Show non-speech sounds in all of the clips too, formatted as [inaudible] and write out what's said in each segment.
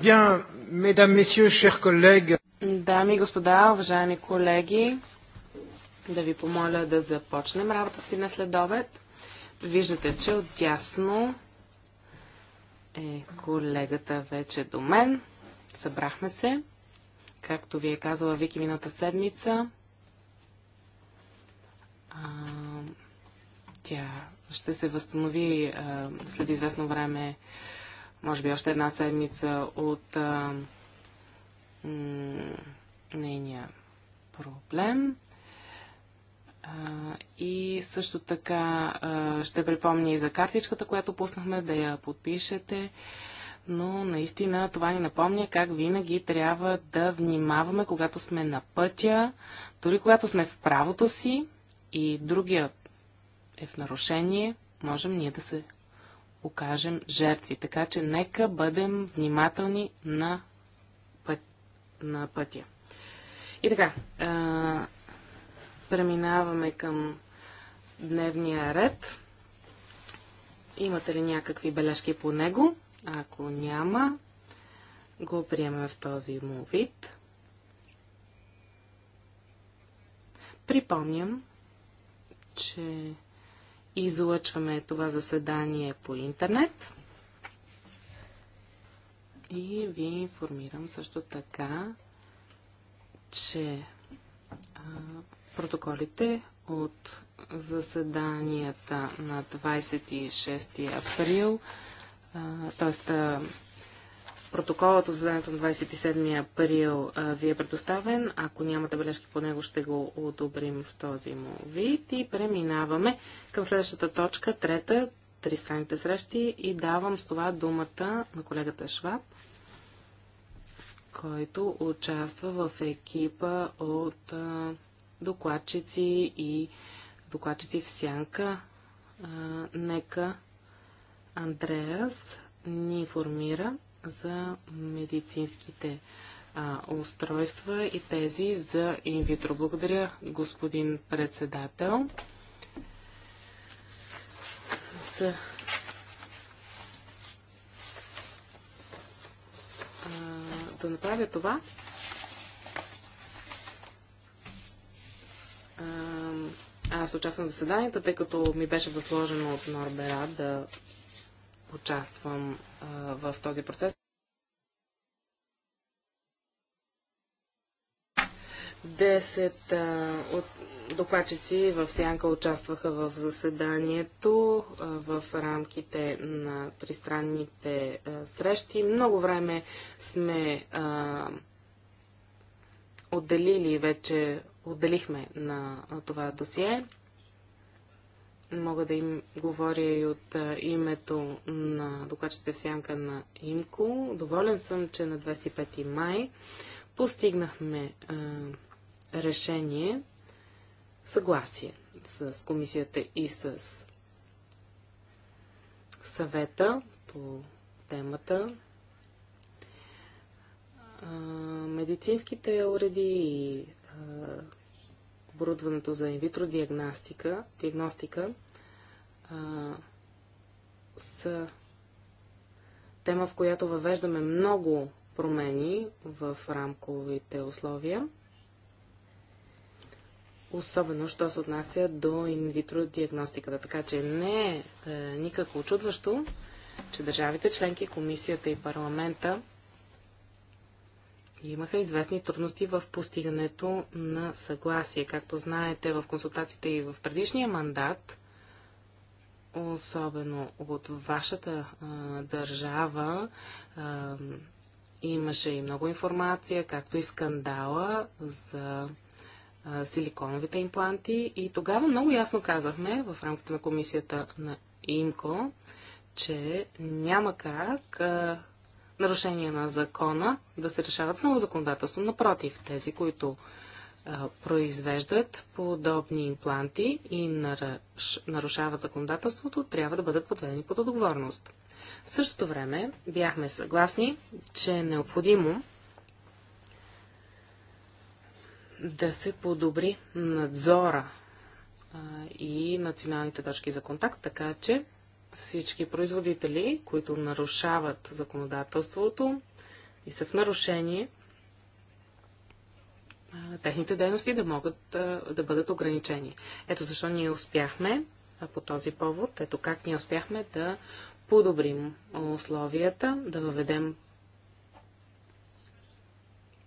Bien, mesdames, messieurs, chers collègues. Дами и господа, уважаеми колеги, да ви помоля да започнем работа си на следобед. Виждате, че отясно е колегата вече до мен. Събрахме се. Както ви е казала Вики миналата седмица, а, тя ще се възстанови а, след известно време а, може би още една седмица от а, нейния проблем. А, и също така а, ще припомня и за картичката, която пуснахме, да я подпишете. Но наистина това ни напомня как винаги трябва да внимаваме, когато сме на пътя, дори когато сме в правото си и другия е в нарушение, можем ние да се окажем жертви. Така че нека бъдем внимателни на, път, на пътя. И така, а, преминаваме към дневния ред. Имате ли някакви бележки по него? Ако няма, го приемем в този му вид. Припомням, че излъчваме това заседание по интернет. И ви информирам също така, че а, протоколите от заседанията на 26 април, т.е. Протоколът от заданието на 27 април ви е предоставен. Ако нямате бележки по него, ще го одобрим в този му вид. И преминаваме към следващата точка, трета, три страните срещи и давам с това думата на колегата Шваб, който участва в екипа от а, докладчици и докладчици в Сянка. А, нека Андреас ни информира за медицинските а, устройства и тези за инвитро. Благодаря, господин председател. За а, да направя това, а, аз участвам в заседанията, тъй като ми беше възложено от Норбера да участвам в този процес. Десет от докладчици в Сянка участваха в заседанието в рамките на тристранните срещи. Много време сме отделили вече, отделихме на това досие мога да им говоря и от а, името на докладчите в сянка на Имко. Доволен съм, че на 25 май постигнахме а, решение, съгласие с комисията и с съвета по темата. А, медицинските уреди и оборудването за инвитро диагностика, диагностика а, са тема, в която въвеждаме много промени в рамковите условия. Особено, що се отнася до инвитро диагностиката. Така че не е, е никакво очудващо, че държавите членки, комисията и парламента Имаха известни трудности в постигането на съгласие. Както знаете, в консултациите и в предишния мандат, особено от вашата а, държава, а, имаше и много информация, както и скандала за а, силиконовите импланти. И тогава много ясно казахме в рамките на комисията на ИМКО, че няма как а, нарушения на закона да се решават с ново законодателство. Напротив, тези, които произвеждат подобни импланти и нарушават законодателството, трябва да бъдат подведени под отговорност. В същото време бяхме съгласни, че е необходимо да се подобри надзора и националните точки за контакт, така че всички производители, които нарушават законодателството и са в нарушение, техните дейности да могат да, бъдат ограничени. Ето защо ние успяхме по този повод, ето как ние успяхме да подобрим условията, да въведем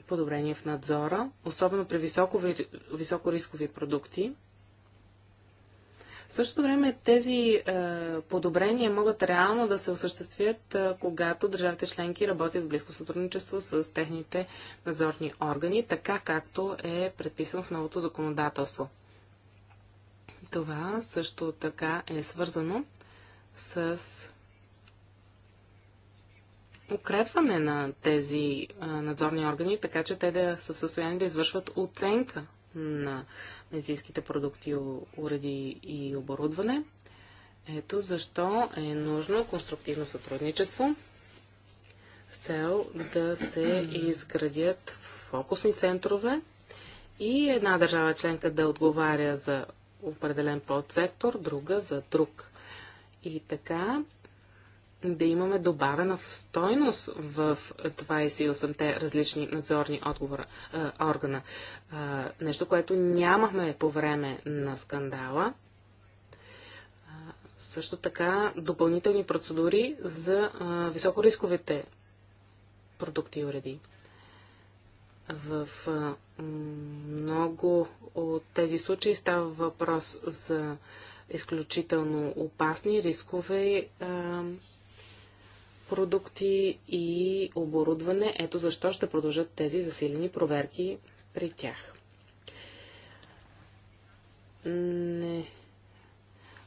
подобрение в надзора, особено при високо, високо рискови продукти, в същото време тези е, подобрения могат реално да се осъществят, е, когато държавите членки работят в близко сътрудничество с техните надзорни органи, така както е предписано в новото законодателство. Това също така е свързано с укрепване на тези е, надзорни органи, така че те да са в състояние да извършват оценка на медицинските продукти, уреди и оборудване. Ето защо е нужно конструктивно сътрудничество с цел да се изградят фокусни центрове и една държава членка да отговаря за определен подсектор, друга за друг. И така да имаме добавена в стойност в 28-те различни надзорни отговора, е, органа. Е, нещо, което нямахме по време на скандала. Е, също така допълнителни процедури за е, високорисковите продукти и уреди. В е, много от тези случаи става въпрос за изключително опасни рискове продукти и оборудване. Ето защо ще продължат тези засилени проверки при тях. Не.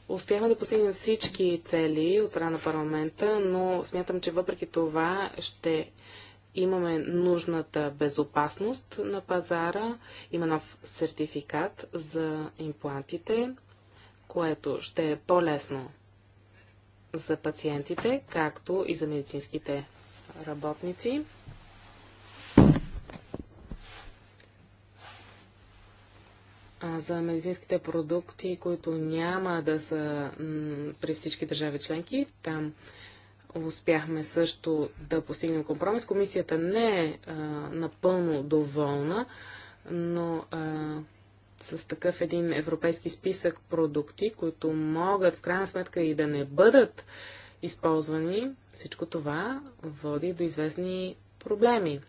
Успяхме да постигнем всички цели от страна на парламента, но смятам, че въпреки това ще имаме нужната безопасност на пазара. Има нов сертификат за имплантите, което ще е по-лесно за пациентите, както и за медицинските работници. А за медицинските продукти, които няма да са при всички държави членки, там успяхме също да постигнем компромис. Комисията не е а, напълно доволна, но а, с такъв един европейски списък продукти, които могат в крайна сметка и да не бъдат използвани, всичко това води до известни проблеми.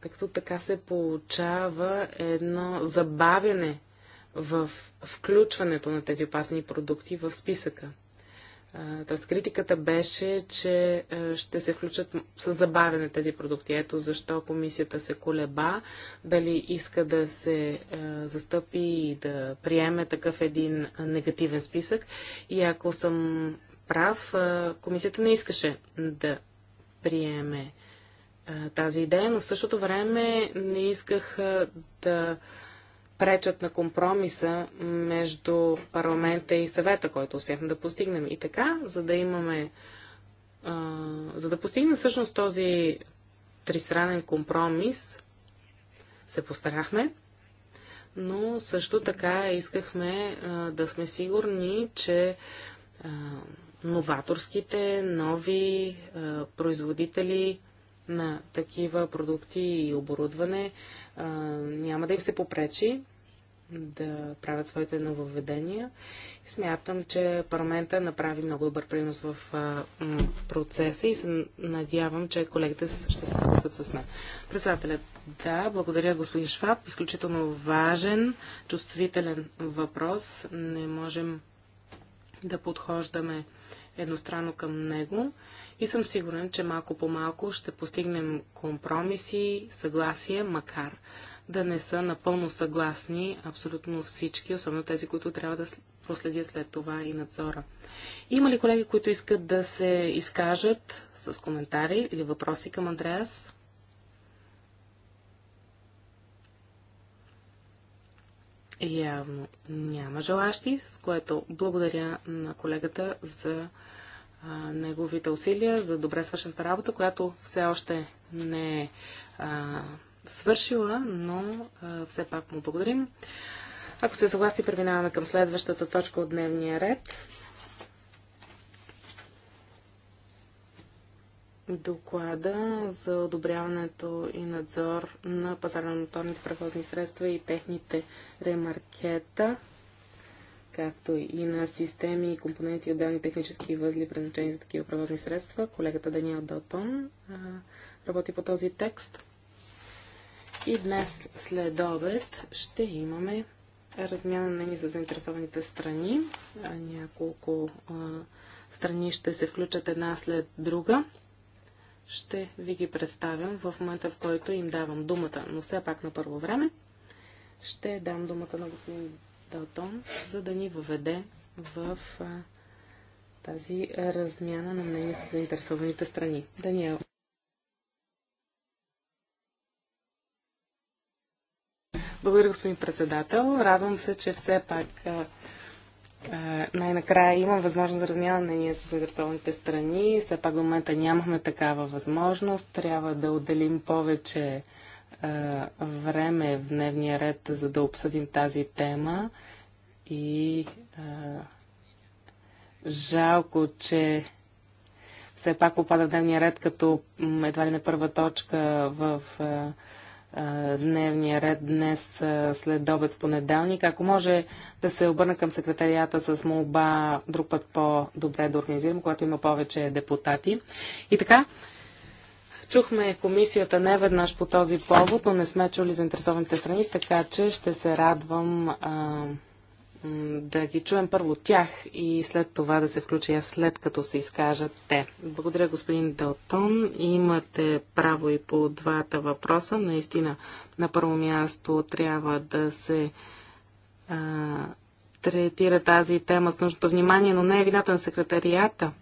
Както така се получава едно забавяне в включването на тези опасни продукти в списъка т.е. критиката беше, че ще се включат с забавене тези продукти. Ето защо комисията се колеба, дали иска да се застъпи и да приеме такъв един негативен списък. И ако съм прав, комисията не искаше да приеме тази идея, но в същото време не исках да пречат на компромиса между парламента и съвета, който успяхме да постигнем. И така, за да имаме, а, за да постигнем всъщност този тристранен компромис, се постарахме, но също така искахме а, да сме сигурни, че а, новаторските, нови а, производители, на такива продукти и оборудване, а, няма да им се попречи да правят своите нововведения. Смятам, че парламента направи много добър принос в, а, в процеса и се надявам, че колегите ще се съгласят с мен. Председателят, да, благодаря господин Шваб. Изключително важен, чувствителен въпрос. Не можем да подхождаме едностранно към него и съм сигурен, че малко по малко ще постигнем компромиси, съгласие, макар да не са напълно съгласни абсолютно всички, особено тези, които трябва да проследят след това и надзора. Има ли колеги, които искат да се изкажат с коментари или въпроси към Андреас? Явно няма желащи, с което благодаря на колегата за неговите усилия за добре свършената работа, която все още не е а, свършила, но а, все пак му благодарим. Ако се съгласи, преминаваме към следващата точка от дневния ред. Доклада за одобряването и надзор на пазара на моторните превозни средства и техните ремаркета както и на системи и компоненти и отделни технически възли, предназначени за такива превозни средства. Колегата Даниел Далтон работи по този текст. И днес след обед ще имаме размяна на ни за заинтересованите страни. Няколко а, страни ще се включат една след друга. Ще ви ги представям в момента, в който им давам думата, но все пак на първо време. Ще дам думата на господин Далтон, за да ни въведе в а, тази размяна на мнение с заинтересованите страни. Даниел. Благодаря, господин председател. Радвам се, че все пак най-накрая имам възможност за размяна на ние с заинтересованите страни. Все пак в момента нямахме такава възможност. Трябва да отделим повече време в дневния ред, за да обсъдим тази тема и а, жалко, че все пак попада в дневния ред като едва ли не първа точка в а, дневния ред днес след обед в понеделник. Ако може да се обърна към секретарията с молба друг път по-добре да организирам, когато има повече депутати. И така, Чухме комисията не веднъж по този повод, но не сме чули заинтересованите страни, така че ще се радвам а, да ги чуем първо тях и след това да се включа я след като се изкажат те. Благодаря, господин Далтон. Имате право и по двата въпроса. Наистина, на първо място трябва да се а, третира тази тема с нужното внимание, но не е вината на секретарията –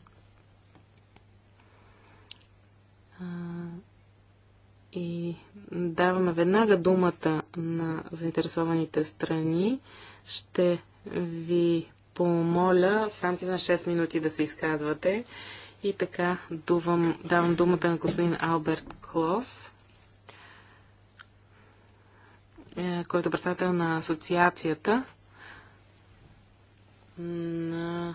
и даваме веднага думата на заинтересованите страни. Ще ви помоля в рамките на 6 минути да се изказвате. И така дувам, давам думата на господин Алберт Клос, е, който е представител на асоциацията на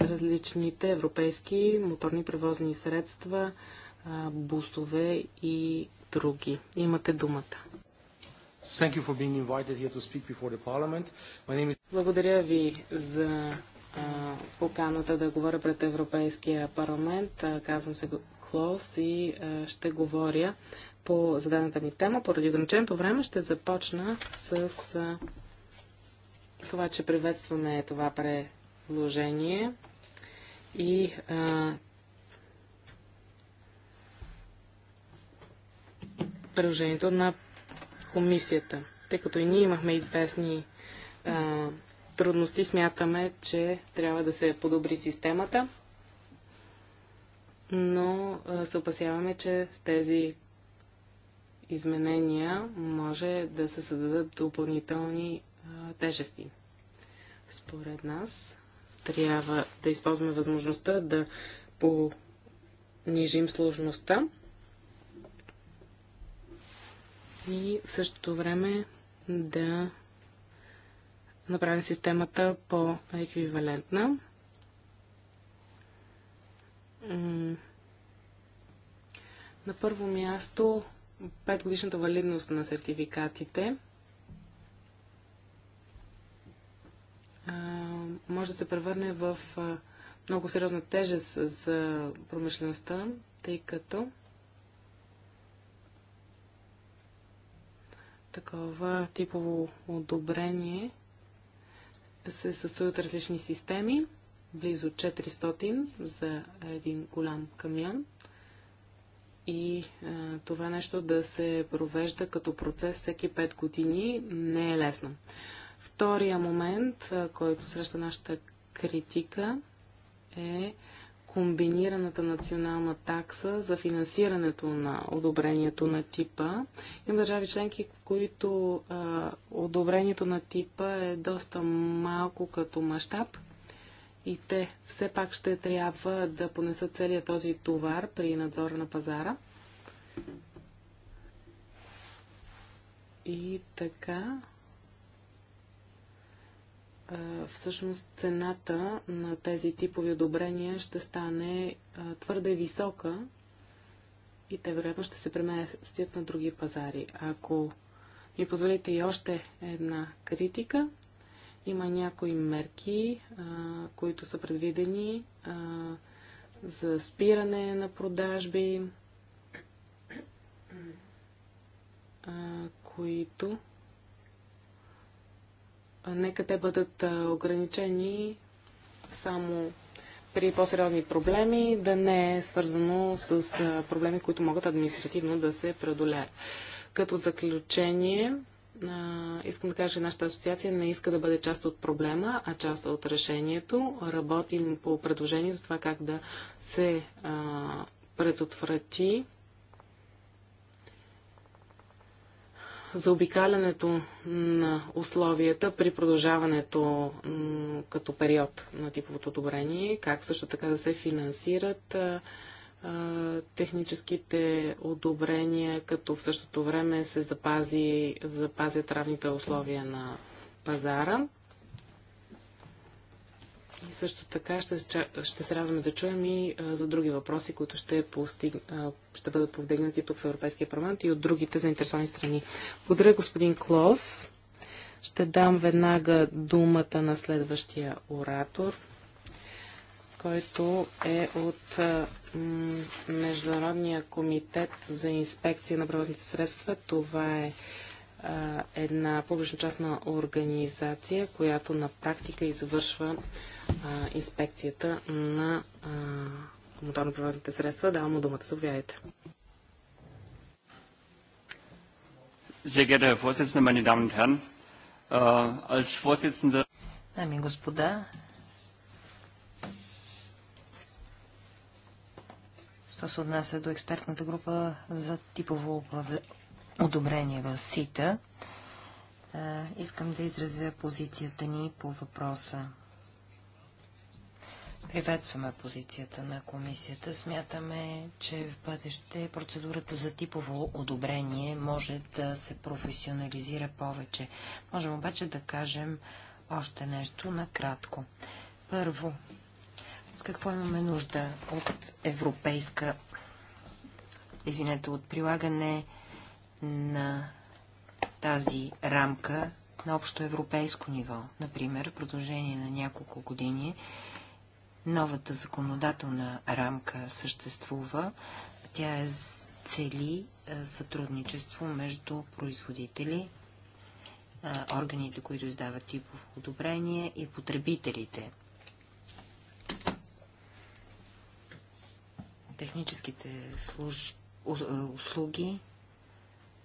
различните европейски моторни превозни средства, бусове и други. Имате думата. Is... Благодаря ви за а, поканата да говоря пред Европейския парламент. А, казвам се Клос и а, ще говоря по зададената ми тема. Поради ограниченото време ще започна с това, че приветстваме това предложение и предложението на комисията. Тъй като и ние имахме известни а, трудности, смятаме, че трябва да се подобри системата, но а, се опасяваме, че с тези изменения може да се създадат допълнителни а, тежести. Според нас трябва да използваме възможността да понижим сложността и в същото време да направим системата по-еквивалентна. На първо място, 5 годишната валидност на сертификатите може да се превърне в много сериозна тежест за промишлеността, тъй като такова типово одобрение се състои от различни системи, близо 400 за един голям камион. И е, това нещо да се провежда като процес всеки 5 години не е лесно. Втория момент, който среща нашата критика е комбинираната национална такса за финансирането на одобрението на типа. Има държави членки, които а, одобрението на типа е доста малко като мащаб и те все пак ще трябва да понесат целият този товар при надзора на пазара. И така, всъщност цената на тези типови одобрения ще стане твърде висока и те вероятно ще се преместят на други пазари. Ако ми позволите и още една критика, има някои мерки, които са предвидени за спиране на продажби, които нека те бъдат ограничени само при по-сериозни проблеми, да не е свързано с проблеми, които могат административно да се преодолеят. Като заключение, искам да кажа, че нашата асоциация не иска да бъде част от проблема, а част от решението. Работим по предложение за това как да се предотврати заобикалянето на условията при продължаването като период на типовото одобрение, как също така да се финансират техническите одобрения, като в същото време се запази, запазят равните условия на пазара. И също така ще, ще се радваме да чуем и а, за други въпроси, които ще, постиг, а, ще бъдат повдигнати тук в Европейския парламент и от другите заинтересовани страни. Благодаря, господин Клос. Ще дам веднага думата на следващия оратор, който е от а, Международния комитет за инспекция на правозните средства. Това е една публично-частна организация, която на практика извършва а, инспекцията на моторно-превозните средства. Давам му думата. Заповядайте. Sehr geehrter Herr Vorsitzender, meine Damen und Herren, äh, Дами господа, що се отнася до експертната група за типово одобрение в СИТА. Искам да изразя позицията ни по въпроса. Приветстваме позицията на комисията. Смятаме, че в бъдеще процедурата за типово одобрение може да се професионализира повече. Можем обаче да кажем още нещо накратко. Първо, какво имаме нужда от европейска, извинете, от прилагане на тази рамка на общо европейско ниво. Например, в продължение на няколко години новата законодателна рамка съществува. Тя е цели е, сътрудничество между производители, е, органите, които издават типово одобрение и потребителите. Техническите служ... Е, услуги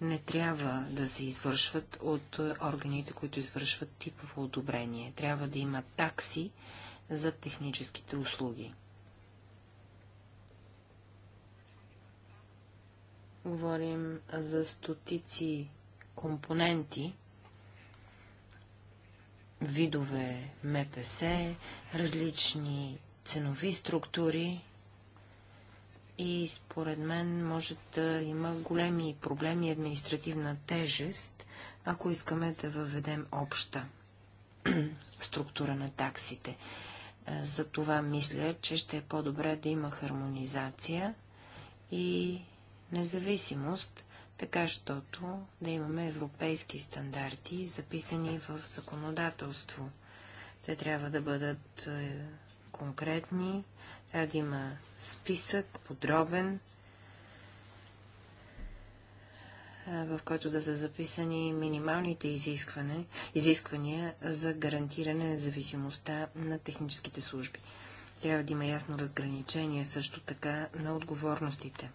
не трябва да се извършват от е, органите, които извършват типово одобрение. Трябва да има такси за техническите услуги. Говорим за стотици компоненти, видове МПС, различни ценови структури, и според мен може да има големи проблеми и административна тежест, ако искаме да въведем обща [clears throat] структура на таксите. Е, за това мисля, че ще е по-добре да има хармонизация и независимост, така щото да имаме европейски стандарти, записани в законодателство. Те трябва да бъдат е, конкретни, трябва да има списък, подробен, в който да са записани минималните изискване, изисквания за гарантиране зависимостта на техническите служби. Трябва да има ясно разграничение също така на отговорностите.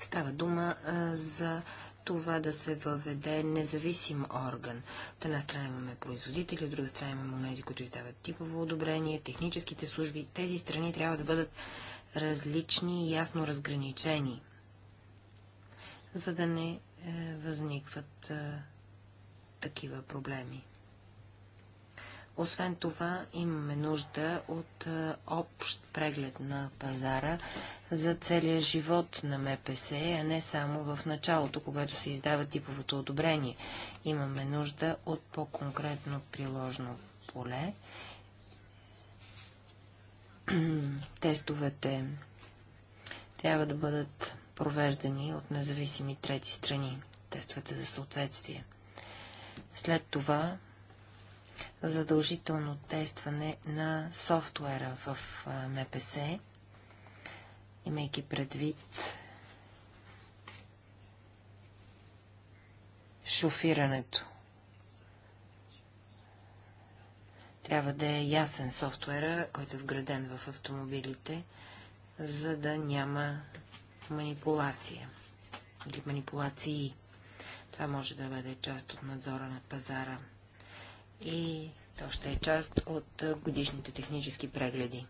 Става дума а, за това да се въведе независим орган. От една страна имаме производители, от друга страна имаме тези, които издават типово одобрение, техническите служби. Тези страни трябва да бъдат различни и ясно разграничени, за да не е, възникват е, такива проблеми. Освен това, имаме нужда от общ преглед на пазара за целия живот на МПС, а не само в началото, когато се издава типовото одобрение. Имаме нужда от по-конкретно приложно поле. [clears throat] Тестовете трябва да бъдат провеждани от независими трети страни, тестовете за съответствие. След това задължително тестване на софтуера в МПС, имайки предвид шофирането. Трябва да е ясен софтуера, който е вграден в автомобилите, за да няма манипулация или манипулации. Това може да бъде част от надзора на пазара и то ще е част от годишните технически прегледи.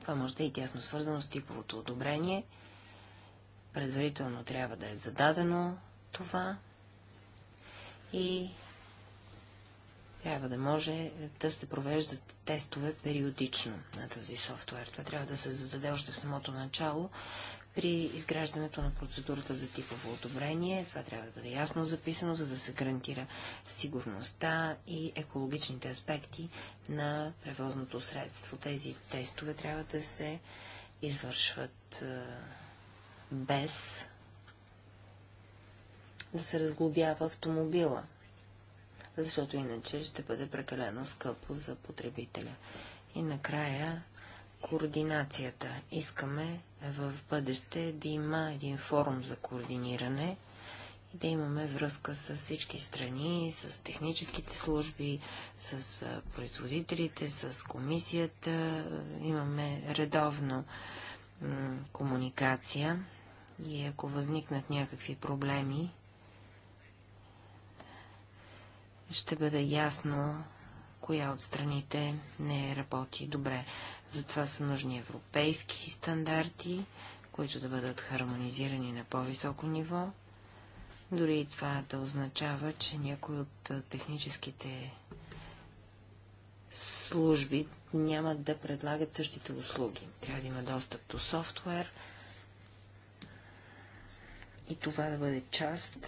Това може да е и тясно свързано с типовото одобрение. Предварително трябва да е зададено това и трябва да може да се провеждат тестове периодично на този софтуер. Това трябва да се зададе още в самото начало, при изграждането на процедурата за типово одобрение. Това трябва да бъде ясно записано, за да се гарантира сигурността и екологичните аспекти на превозното средство. Тези тестове трябва да се извършват без да се разглобява автомобила, защото иначе ще бъде прекалено скъпо за потребителя. И накрая координацията. Искаме в бъдеще да има един форум за координиране и да имаме връзка с всички страни, с техническите служби, с производителите, с комисията. Имаме редовно комуникация и ако възникнат някакви проблеми, ще бъде ясно коя от страните не работи добре. Затова са нужни европейски стандарти, които да бъдат хармонизирани на по-високо ниво. Дори и това да означава, че някои от техническите служби няма да предлагат същите услуги. Трябва да има достъп до софтуер и това да бъде част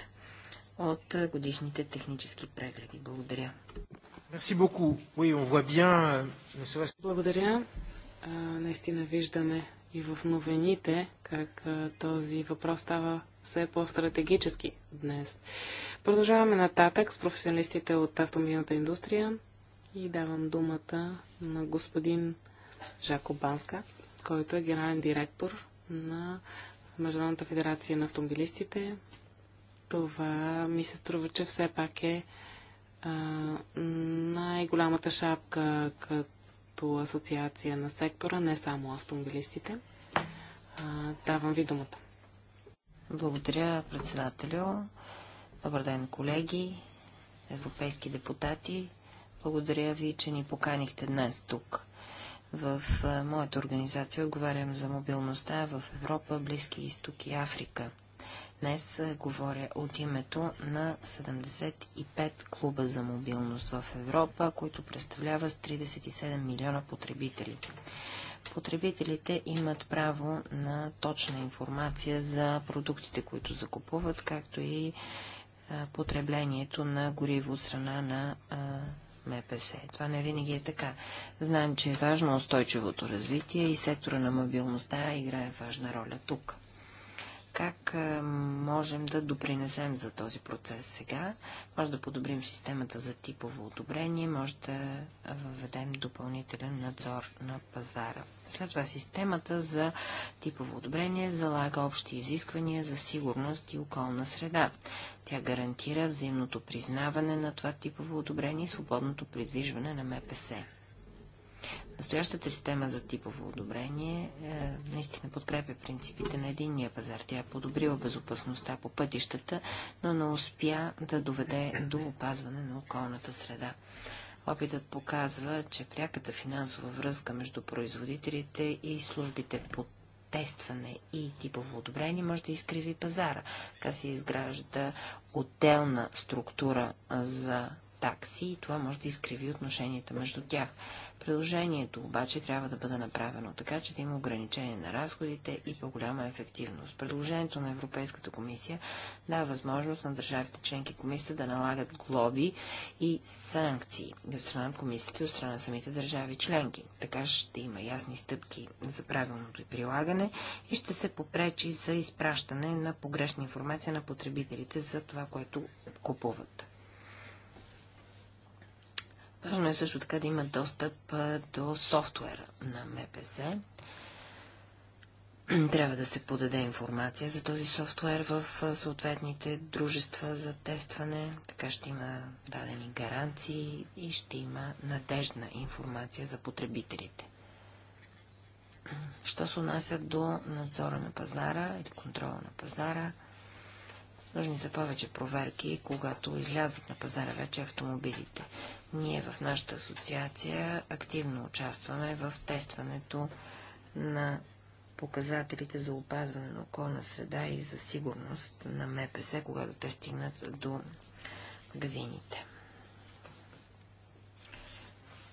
от годишните технически прегледи. Благодаря. Euh, Благодаря а, наистина виждаме и в новините как а, този въпрос става все по-стратегически днес. Продължаваме нататък с професионалистите от автомобилната индустрия и давам думата на господин Жако Банска, който е генерален директор на Международната федерация на автомобилистите. Това ми се струва, че все пак е най-голямата шапка, като като асоциация на сектора, не само автомобилистите. Давам ви думата. Благодаря, председателю. Добър ден, колеги, европейски депутати. Благодаря ви, че ни поканихте днес тук. В моята организация отговарям за мобилността в Европа, Близки изток и Африка. Днес е, говоря от името на 75 клуба за мобилност в Европа, които представлява с 37 милиона потребители. Потребителите имат право на точна информация за продуктите, които закупуват, както и е, потреблението на гориво от страна на е, МПС. Това не винаги е така. Знаем, че е важно устойчивото развитие и сектора на мобилността играе важна роля тук как е, можем да допринесем за този процес сега. Може да подобрим системата за типово одобрение, може да въведем допълнителен надзор на пазара. След това системата за типово одобрение залага общи изисквания за сигурност и околна среда. Тя гарантира взаимното признаване на това типово одобрение и свободното придвижване на МПС. Настоящата система за типово одобрение е, наистина подкрепя принципите на единния пазар. Тя е подобрила безопасността по пътищата, но не успя да доведе до опазване на околната среда. Опитът показва, че пряката финансова връзка между производителите и службите по тестване и типово одобрение може да изкриви пазара. Така се изгражда отделна структура за такси и това може да изкриви отношенията между тях. Приложението обаче трябва да бъде направено така, че да има ограничение на разходите и по-голяма ефективност. Предложението на Европейската комисия дава възможност на държавите членки комисията да налагат глоби и санкции и от страна на комисията и от страна на самите държави членки. Така ще има ясни стъпки за правилното и прилагане и ще се попречи за изпращане на погрешна информация на потребителите за това, което купуват. Важно е също така да има достъп до софтуер на МПС. [clears throat] Трябва да се подаде информация за този софтуер в съответните дружества за тестване. Така ще има дадени гаранции и ще има надежна информация за потребителите. Що се отнася до надзора на пазара или контрола на пазара, нужни са повече проверки, когато излязат на пазара вече автомобилите. Ние в нашата асоциация активно участваме в тестването на показателите за опазване на околна среда и за сигурност на МПС, когато те стигнат до магазините.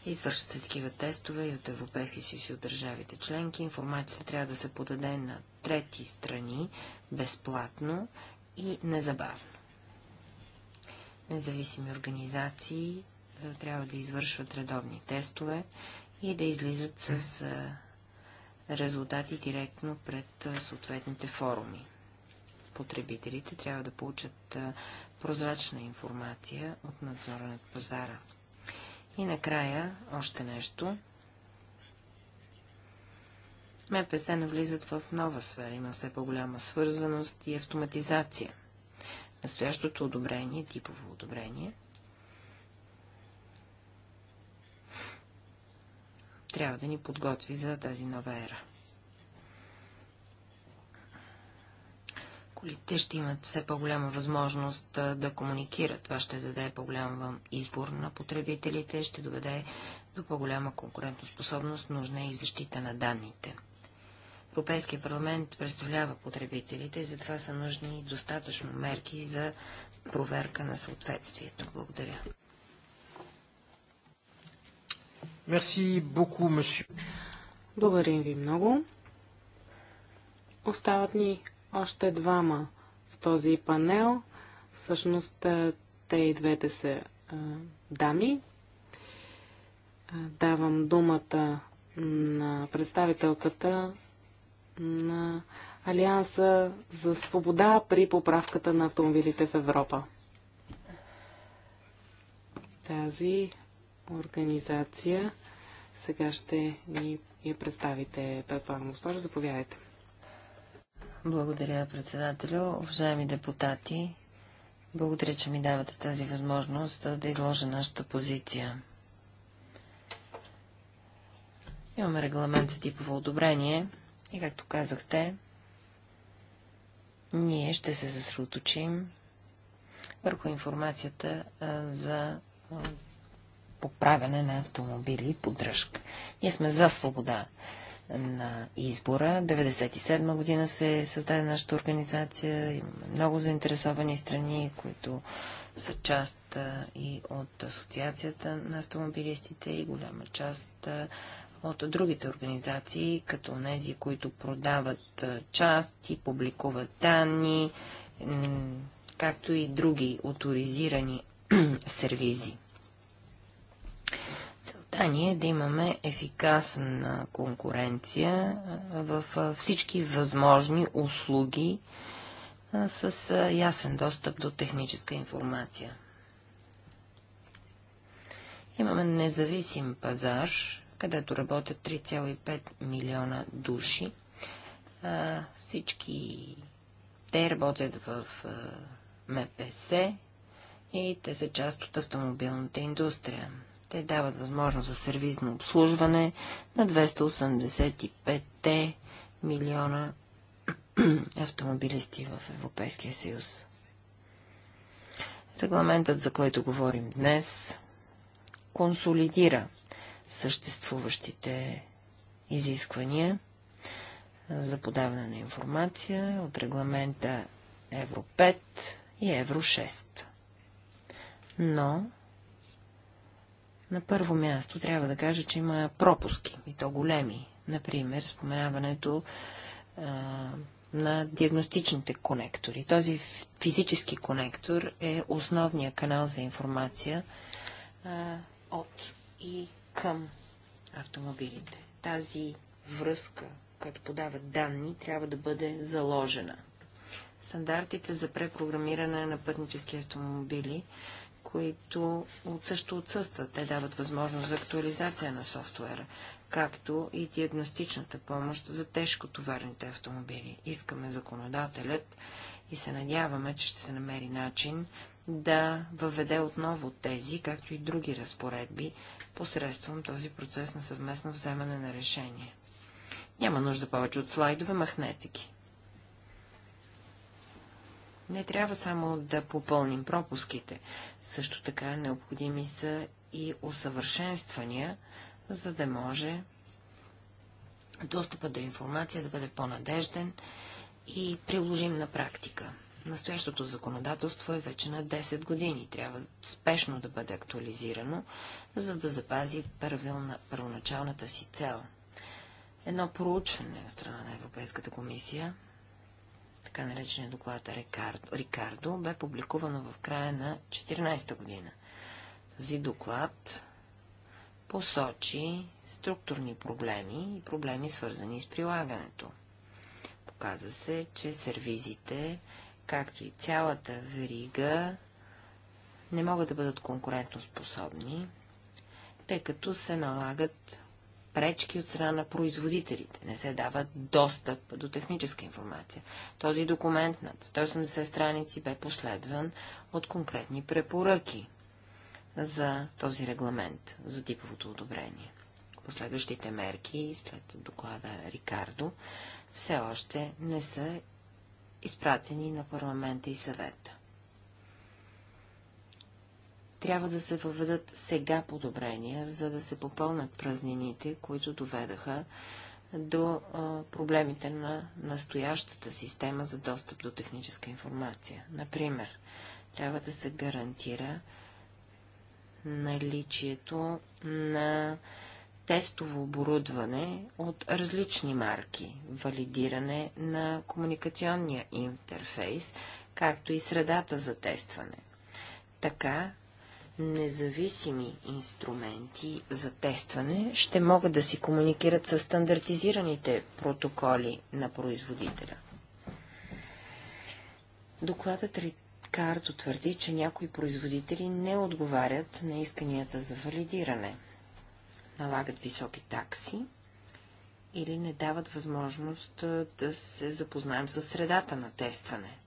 Извършват се такива тестове и от Европейски съюз и от държавите членки. Информацията трябва да се подаде на трети страни безплатно и незабавно. Независими организации трябва да извършват редовни тестове и да излизат с резултати директно пред съответните форуми. Потребителите трябва да получат прозрачна информация от надзора на пазара. И накрая още нещо. МПС навлизат в нова сфера, има все по-голяма свързаност и автоматизация. Настоящото одобрение, типово одобрение, трябва да ни подготви за тази нова ера. Колите ще имат все по-голяма възможност да комуникират. Това ще даде по-голям избор на потребителите, ще доведе до по-голяма конкурентоспособност, нужна е и защита на данните. Европейския парламент представлява потребителите и затова са нужни достатъчно мерки за проверка на съответствието. Благодаря. Мерси боку, monsieur. Благодарим ви много. Остават ни още двама в този панел. Всъщност, те и двете са а, дами. Давам думата на представителката на Алианса за свобода при поправката на автомобилите в Европа. Тази организация. Сега ще ни я представите, предполагам, госпожо. Заповядайте. Благодаря, председателю. Уважаеми депутати, благодаря, че ми давате тази възможност да изложа нашата позиция. Имаме регламент за типово одобрение и, както казахте, ние ще се съсредоточим върху информацията за поправяне на автомобили и поддръжка. Ние сме за свобода на избора. 1997 година се създаде нашата организация. Имаме много заинтересовани страни, които са част и от Асоциацията на автомобилистите и голяма част от другите организации, като тези, които продават части, публикуват данни, както и други авторизирани [clears throat] сервизи възпитание да имаме ефикасна конкуренция в всички възможни услуги с ясен достъп до техническа информация. Имаме независим пазар, където работят 3,5 милиона души. Всички те работят в МПС и те са част от автомобилната индустрия. Те дават възможност за сервизно обслужване на 285 милиона [clears throat] автомобилисти в Европейския съюз. Регламентът, за който говорим днес, консолидира съществуващите изисквания за подаване на информация от регламента Евро 5 и Евро 6. Но на първо място трябва да кажа, че има пропуски, и то големи. Например, споменаването а, на диагностичните конектори. Този физически конектор е основният канал за информация а, от и към автомобилите. Тази връзка, която подава данни, трябва да бъде заложена. Стандартите за препрограмиране на пътнически автомобили които от също отсъстват. Те дават възможност за актуализация на софтуера, както и диагностичната помощ за тежкотоварните автомобили. Искаме законодателят и се надяваме, че ще се намери начин да въведе отново тези, както и други разпоредби, посредством този процес на съвместно вземане на решение. Няма нужда повече от слайдове, махнете ги. Не трябва само да попълним пропуските. Също така необходими са и усъвършенствания, за да може достъпът до информация да бъде по-надежден и приложим на практика. Настоящото законодателство е вече на 10 години. Трябва спешно да бъде актуализирано, за да запази първилна, първоначалната си цел. Едно проучване от страна на Европейската комисия така наречения доклад Рикардо, бе публикувано в края на 14-та година. Този доклад посочи структурни проблеми и проблеми свързани с прилагането. Показа се, че сервизите, както и цялата верига, не могат да бъдат конкурентоспособни, тъй като се налагат пречки от страна на производителите. Не се дава достъп до техническа информация. Този документ над 180 страници бе последван от конкретни препоръки за този регламент за типовото одобрение. Последващите мерки след доклада Рикардо все още не са изпратени на парламента и съвета. Трябва да се въведат сега подобрения, за да се попълнат празнините, които доведаха до а, проблемите на настоящата система за достъп до техническа информация. Например, трябва да се гарантира наличието на тестово оборудване от различни марки, валидиране на комуникационния интерфейс, както и средата за тестване. Така независими инструменти за тестване ще могат да си комуникират с стандартизираните протоколи на производителя. Докладът Рикардо твърди, че някои производители не отговарят на исканията за валидиране, налагат високи такси или не дават възможност да се запознаем с средата на тестване –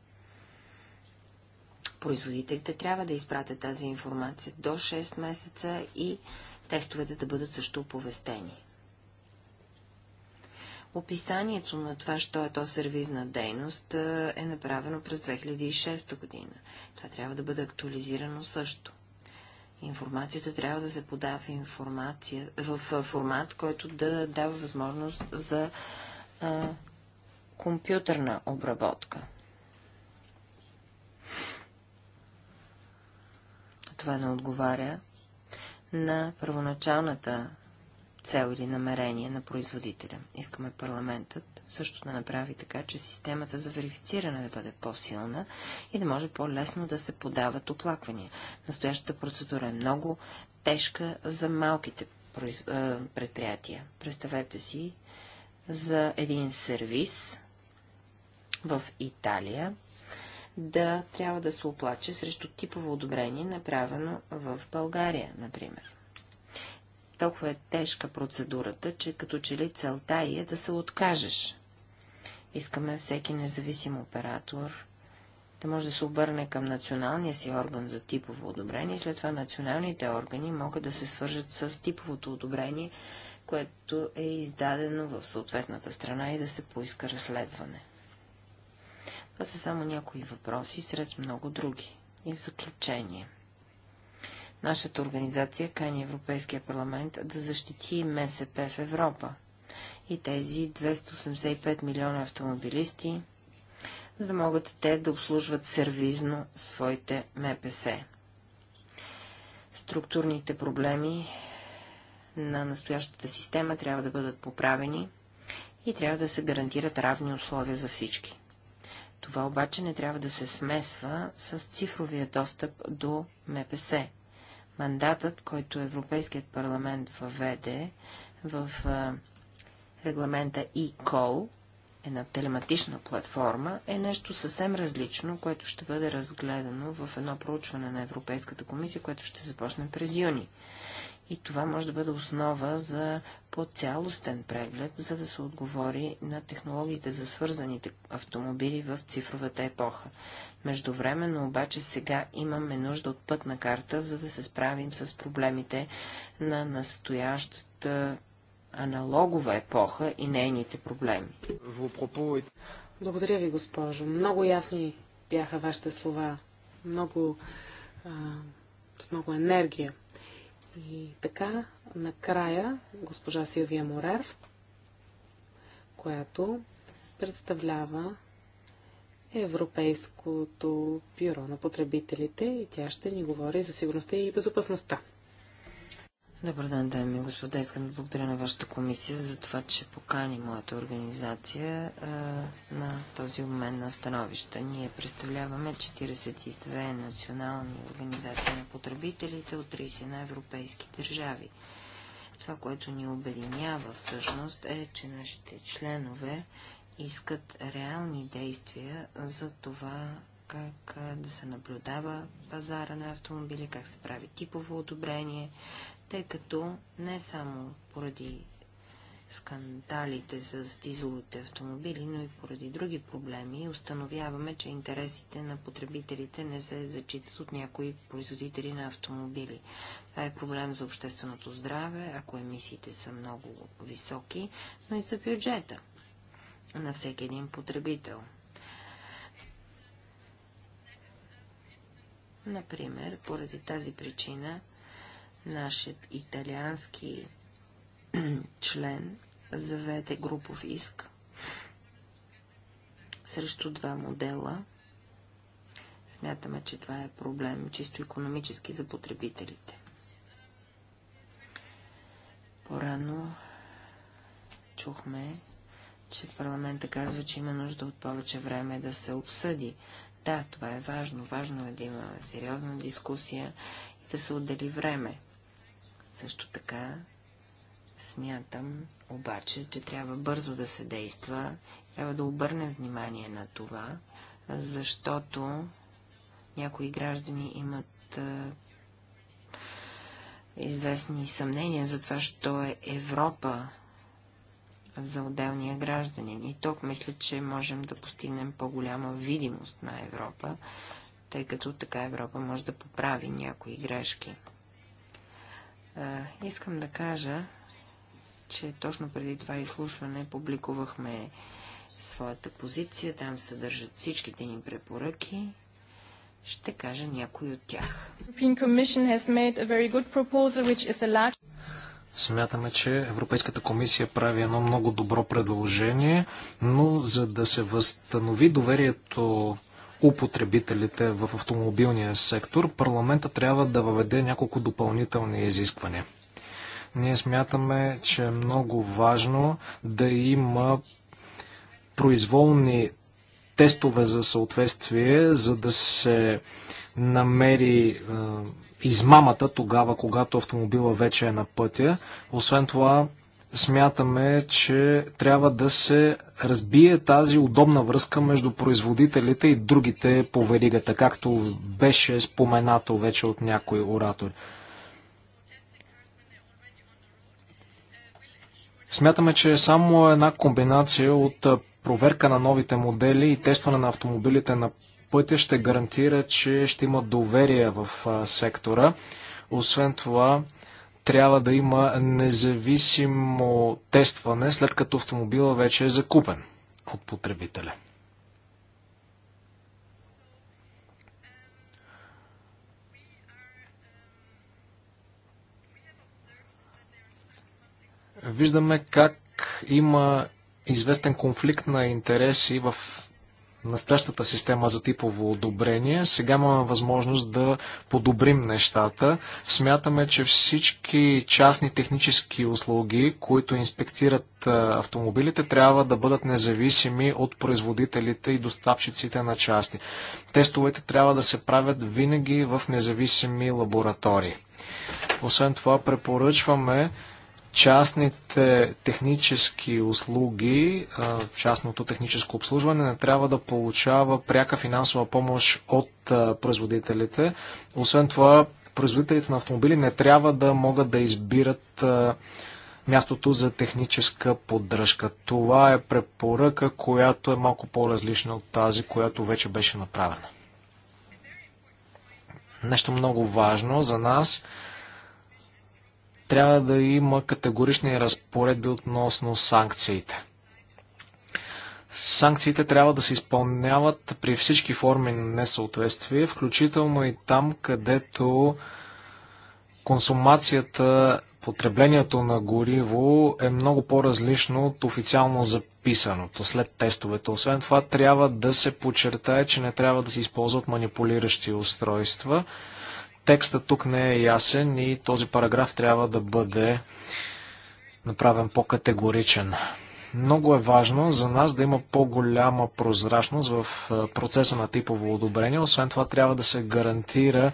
Производителите трябва да изпратят тази информация до 6 месеца и тестовете да бъдат също оповестени. Описанието на това, що е то сервизна дейност, е направено през 2006 година. Това трябва да бъде актуализирано също. Информацията трябва да се подава в, информация, в формат, който да дава възможност за а, компютърна обработка това не отговаря на първоначалната цел или намерение на производителя. Искаме парламентът също да направи така, че системата за верифициране да бъде по-силна и да може по-лесно да се подават оплаквания. Настоящата процедура е много тежка за малките предприятия. Представете си за един сервис в Италия, да трябва да се оплаче срещу типово одобрение, направено в България, например. Толкова е тежка процедурата, че като че ли целта и е да се откажеш. Искаме всеки независим оператор да може да се обърне към националния си орган за типово одобрение след това националните органи могат да се свържат с типовото одобрение, което е издадено в съответната страна и да се поиска разследване. Това са само някои въпроси сред много други. И в заключение. Нашата организация кани Европейския парламент да защити МСП в Европа и тези 285 милиона автомобилисти, за да могат те да обслужват сервизно своите МПС. Структурните проблеми на настоящата система трябва да бъдат поправени и трябва да се гарантират равни условия за всички. Това обаче не трябва да се смесва с цифровия достъп до МПС. Мандатът, който Европейският парламент въведе в регламента e една телематична платформа, е нещо съвсем различно, което ще бъде разгледано в едно проучване на Европейската комисия, което ще започне през юни. И това може да бъде основа за по-цялостен преглед, за да се отговори на технологиите за свързаните автомобили в цифровата епоха. Междувременно обаче сега имаме нужда от пътна карта, за да се справим с проблемите на настоящата аналогова епоха и нейните проблеми. Благодаря ви, госпожо. Много ясни бяха вашите слова. Много, а, с много енергия и така, накрая госпожа Силвия Морер, която представлява Европейското бюро на потребителите и тя ще ни говори за сигурността и безопасността. Добър ден, дами и господа. Искам да благодаря на вашата комисия за това, че покани моята организация а, на този обмен на становища. Ние представляваме 42 национални организации на потребителите от 30 на европейски държави. Това, което ни обединява всъщност е, че нашите членове искат реални действия за това как да се наблюдава пазара на автомобили, как се прави типово одобрение, тъй като не само поради скандалите с дизеловите автомобили, но и поради други проблеми установяваме, че интересите на потребителите не се зачитат от някои производители на автомобили. Това е проблем за общественото здраве, ако емисиите са много високи, но и за бюджета на всеки един потребител. Например, поради тази причина Нашият италиански [clears throat] член заведе групов иск срещу два модела. Смятаме, че това е проблем чисто економически за потребителите. Порано чухме, че парламента казва, че има нужда от повече време да се обсъди. Да, това е важно. Важно е да има сериозна дискусия и да се отдели време. Също така смятам обаче, че трябва бързо да се действа, трябва да обърнем внимание на това, защото някои граждани имат известни съмнения за това, що е Европа за отделния гражданин. И тук мисля, че можем да постигнем по-голяма видимост на Европа, тъй като така Европа може да поправи някои грешки. А, искам да кажа, че точно преди това изслушване публикувахме своята позиция. Там съдържат всичките ни препоръки. Ще кажа някои от тях. Смятаме, че Европейската комисия прави едно много добро предложение, но за да се възстанови доверието употребителите в автомобилния сектор, парламента трябва да въведе няколко допълнителни изисквания. Ние смятаме, че е много важно да има произволни тестове за съответствие, за да се намери е, измамата тогава, когато автомобила вече е на пътя. Освен това, смятаме, че трябва да се разбие тази удобна връзка между производителите и другите по веригата, както беше споменато вече от някой оратори. Смятаме, че е само една комбинация от проверка на новите модели и тестване на автомобилите на пътя ще гарантира, че ще има доверие в сектора. Освен това, трябва да има независимо тестване, след като автомобила вече е закупен от потребителя. Виждаме как има известен конфликт на интереси в настоящата система за типово одобрение. Сега имаме възможност да подобрим нещата. Смятаме, че всички частни технически услуги, които инспектират автомобилите, трябва да бъдат независими от производителите и доставчиците на части. Тестовете трябва да се правят винаги в независими лаборатории. Освен това, препоръчваме частните технически услуги, частното техническо обслужване не трябва да получава пряка финансова помощ от производителите. Освен това, производителите на автомобили не трябва да могат да избират мястото за техническа поддръжка. Това е препоръка, която е малко по-различна от тази, която вече беше направена. Нещо много важно за нас – трябва да има категорични разпоредби относно санкциите. Санкциите трябва да се изпълняват при всички форми на несъответствие, включително и там, където консумацията, потреблението на гориво е много по-различно от официално записаното след тестовете. Освен това, трябва да се подчертае, че не трябва да се използват манипулиращи устройства. Текстът тук не е ясен и този параграф трябва да бъде направен по-категоричен. Много е важно за нас да има по-голяма прозрачност в процеса на типово одобрение. Освен това трябва да се гарантира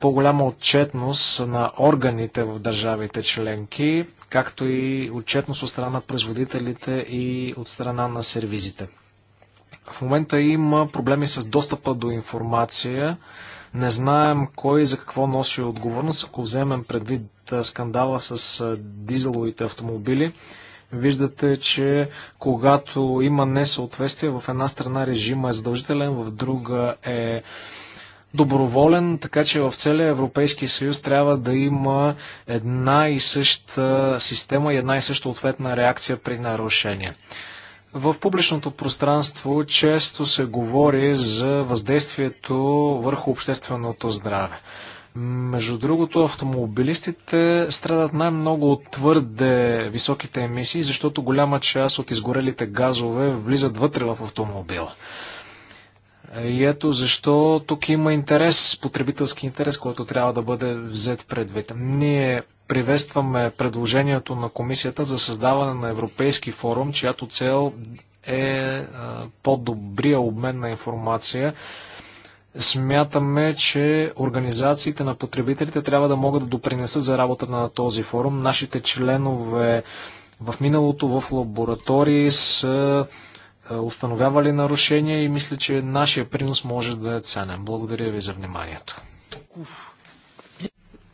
по-голяма отчетност на органите в държавите членки, както и отчетност от страна на производителите и от страна на сервизите. В момента има проблеми с достъпа до информация не знаем кой за какво носи отговорност, ако вземем предвид скандала с дизеловите автомобили. Виждате, че когато има несъответствие в една страна режима е задължителен, в друга е доброволен, така че в целия Европейски съюз трябва да има една и съща система и една и съща ответна реакция при нарушение. В публичното пространство често се говори за въздействието върху общественото здраве. Между другото, автомобилистите страдат най-много от твърде високите емисии, защото голяма част от изгорелите газове влизат вътре в автомобила. И ето защо тук има интерес, потребителски интерес, който трябва да бъде взет предвид. Ние Приветстваме предложението на комисията за създаване на Европейски форум, чиято цел е, е по-добрия обмен на информация. Смятаме, че организациите на потребителите трябва да могат да допринесат за работата на този форум. Нашите членове в миналото в лаборатории са е, установявали нарушения и мисля, че нашия принос може да е ценен. Благодаря ви за вниманието.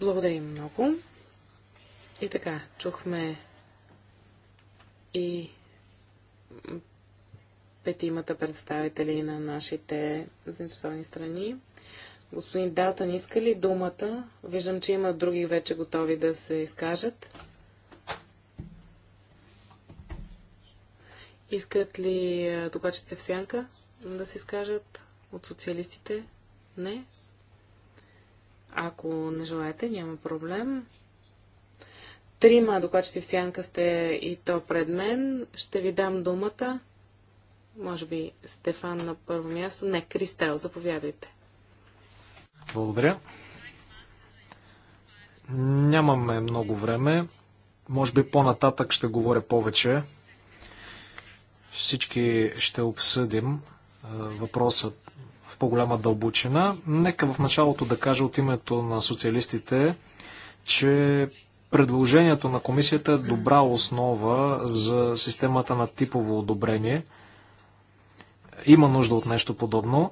Благодаря много. И така, чухме и петимата представители на нашите заинтересовани страни. Господин Далтан, иска ли думата? Виждам, че има други вече готови да се изкажат. Искат ли докачите в сянка да се изкажат от социалистите? Не. Ако не желаете, няма проблем. Трима докладчици в сянка сте и то пред мен. Ще ви дам думата. Може би Стефан на първо място. Не, Кристел, заповядайте. Благодаря. Нямаме много време. Може би по-нататък ще говоря повече. Всички ще обсъдим въпроса в по-голяма дълбочина. Нека в началото да кажа от името на социалистите, че Предложението на комисията е добра основа за системата на типово одобрение. Има нужда от нещо подобно.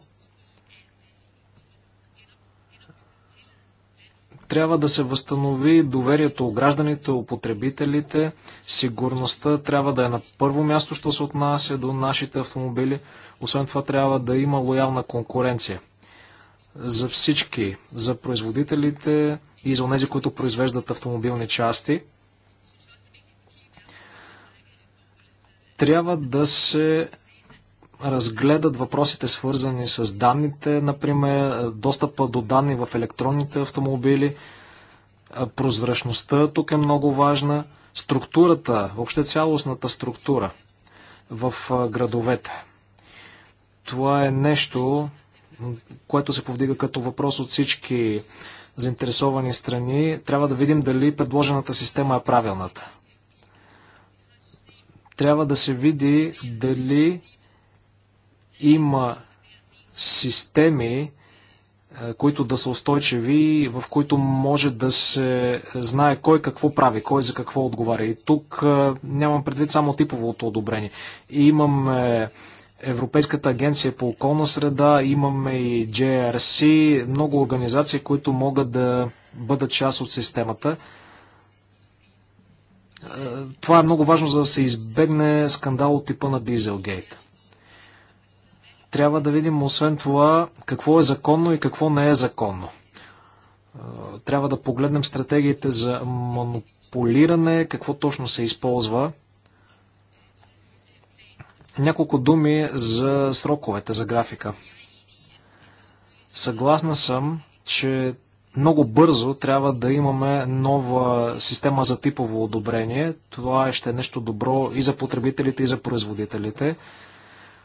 трябва да се възстанови доверието у гражданите, у потребителите, сигурността трябва да е на първо място, що се отнася до нашите автомобили. Освен това трябва да има лоялна конкуренция за всички, за производителите, и за тези, които произвеждат автомобилни части. Трябва да се разгледат въпросите свързани с данните, например, достъпа до данни в електронните автомобили, прозрачността тук е много важна, структурата, въобще цялостната структура в градовете. Това е нещо, което се повдига като въпрос от всички заинтересовани страни, трябва да видим дали предложената система е правилната. Трябва да се види дали има системи, е, които да са устойчиви, в които може да се знае кой какво прави, кой за какво отговаря. И тук е, нямам предвид само типовото одобрение. И имаме Европейската агенция по околна среда, имаме и JRC, много организации, които могат да бъдат част от системата. Е, това е много важно, за да се избегне скандал от типа на Дизелгейт. Трябва да видим, освен това, какво е законно и какво не е законно. Е, трябва да погледнем стратегиите за монополиране, какво точно се използва – няколко думи за сроковете, за графика. Съгласна съм, че много бързо трябва да имаме нова система за типово одобрение. Това е ще е нещо добро и за потребителите, и за производителите.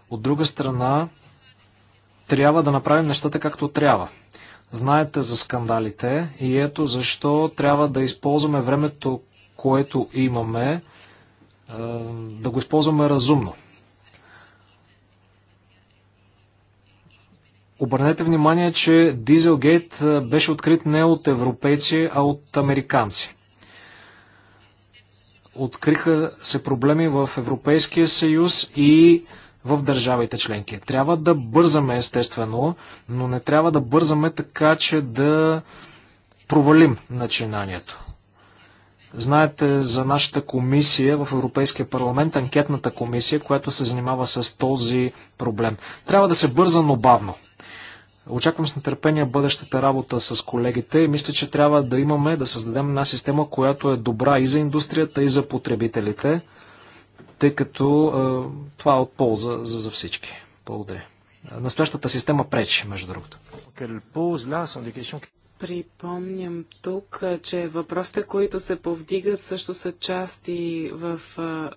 От друга страна, трябва да направим нещата както трябва. Знаете за скандалите и ето защо трябва да използваме времето, което имаме, да го използваме разумно. Обърнете внимание, че Дизелгейт беше открит не от европейци, а от американци. Откриха се проблеми в Европейския съюз и в държавите членки. Трябва да бързаме, естествено, но не трябва да бързаме така, че да провалим начинанието. Знаете за нашата комисия в Европейския парламент, анкетната комисия, която се занимава с този проблем. Трябва да се бърза, но бавно. Очаквам с нетърпение бъдещата работа с колегите и мисля, че трябва да имаме, да създадем една система, която е добра и за индустрията, и за потребителите, тъй като е, това е от полза за, за всички. Благодаря. Настоящата система пречи, между другото. Припомням тук, че въпросите, които се повдигат, също са части в,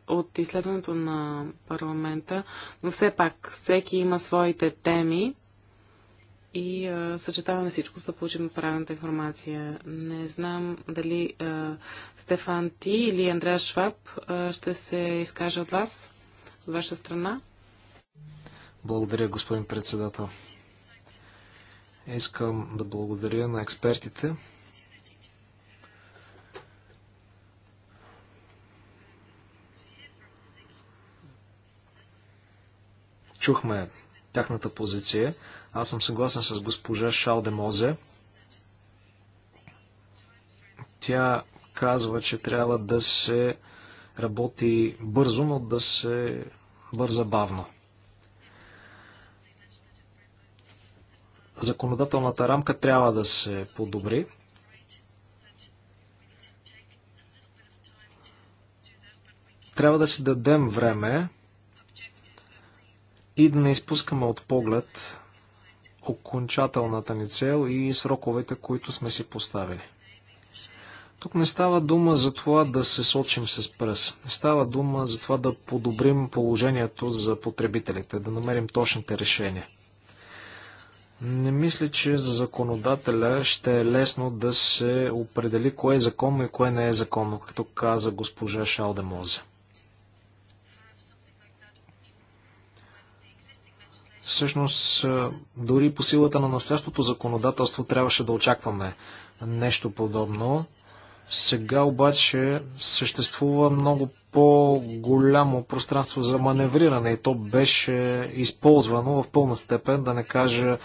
от изследването на парламента, но все пак всеки има своите теми и а, съчетаваме всичко, за да получим правилната информация. Не знам дали а, Стефан Ти или Андреа Шваб а, ще се изкаже от вас, от ваша страна. Благодаря, господин председател. Искам да благодаря на експертите. Чухме тяхната позиция. Аз съм съгласен с госпожа де Мозе. Тя казва, че трябва да се работи бързо, но да се бърза бавно. Законодателната рамка трябва да се подобри. Трябва да си дадем време и да не изпускаме от поглед окончателната ни цел и сроковете, които сме си поставили. Тук не става дума за това да се сочим с пръс. Не става дума за това да подобрим положението за потребителите, да намерим точните решения. Не мисля, че за законодателя ще е лесно да се определи кое е законно и кое не е законно, както каза госпожа Шалдемозе. Всъщност, дори по силата на настоящото законодателство трябваше да очакваме нещо подобно. Сега обаче съществува много по-голямо пространство за маневриране и то беше използвано в пълна степен, да не кажа,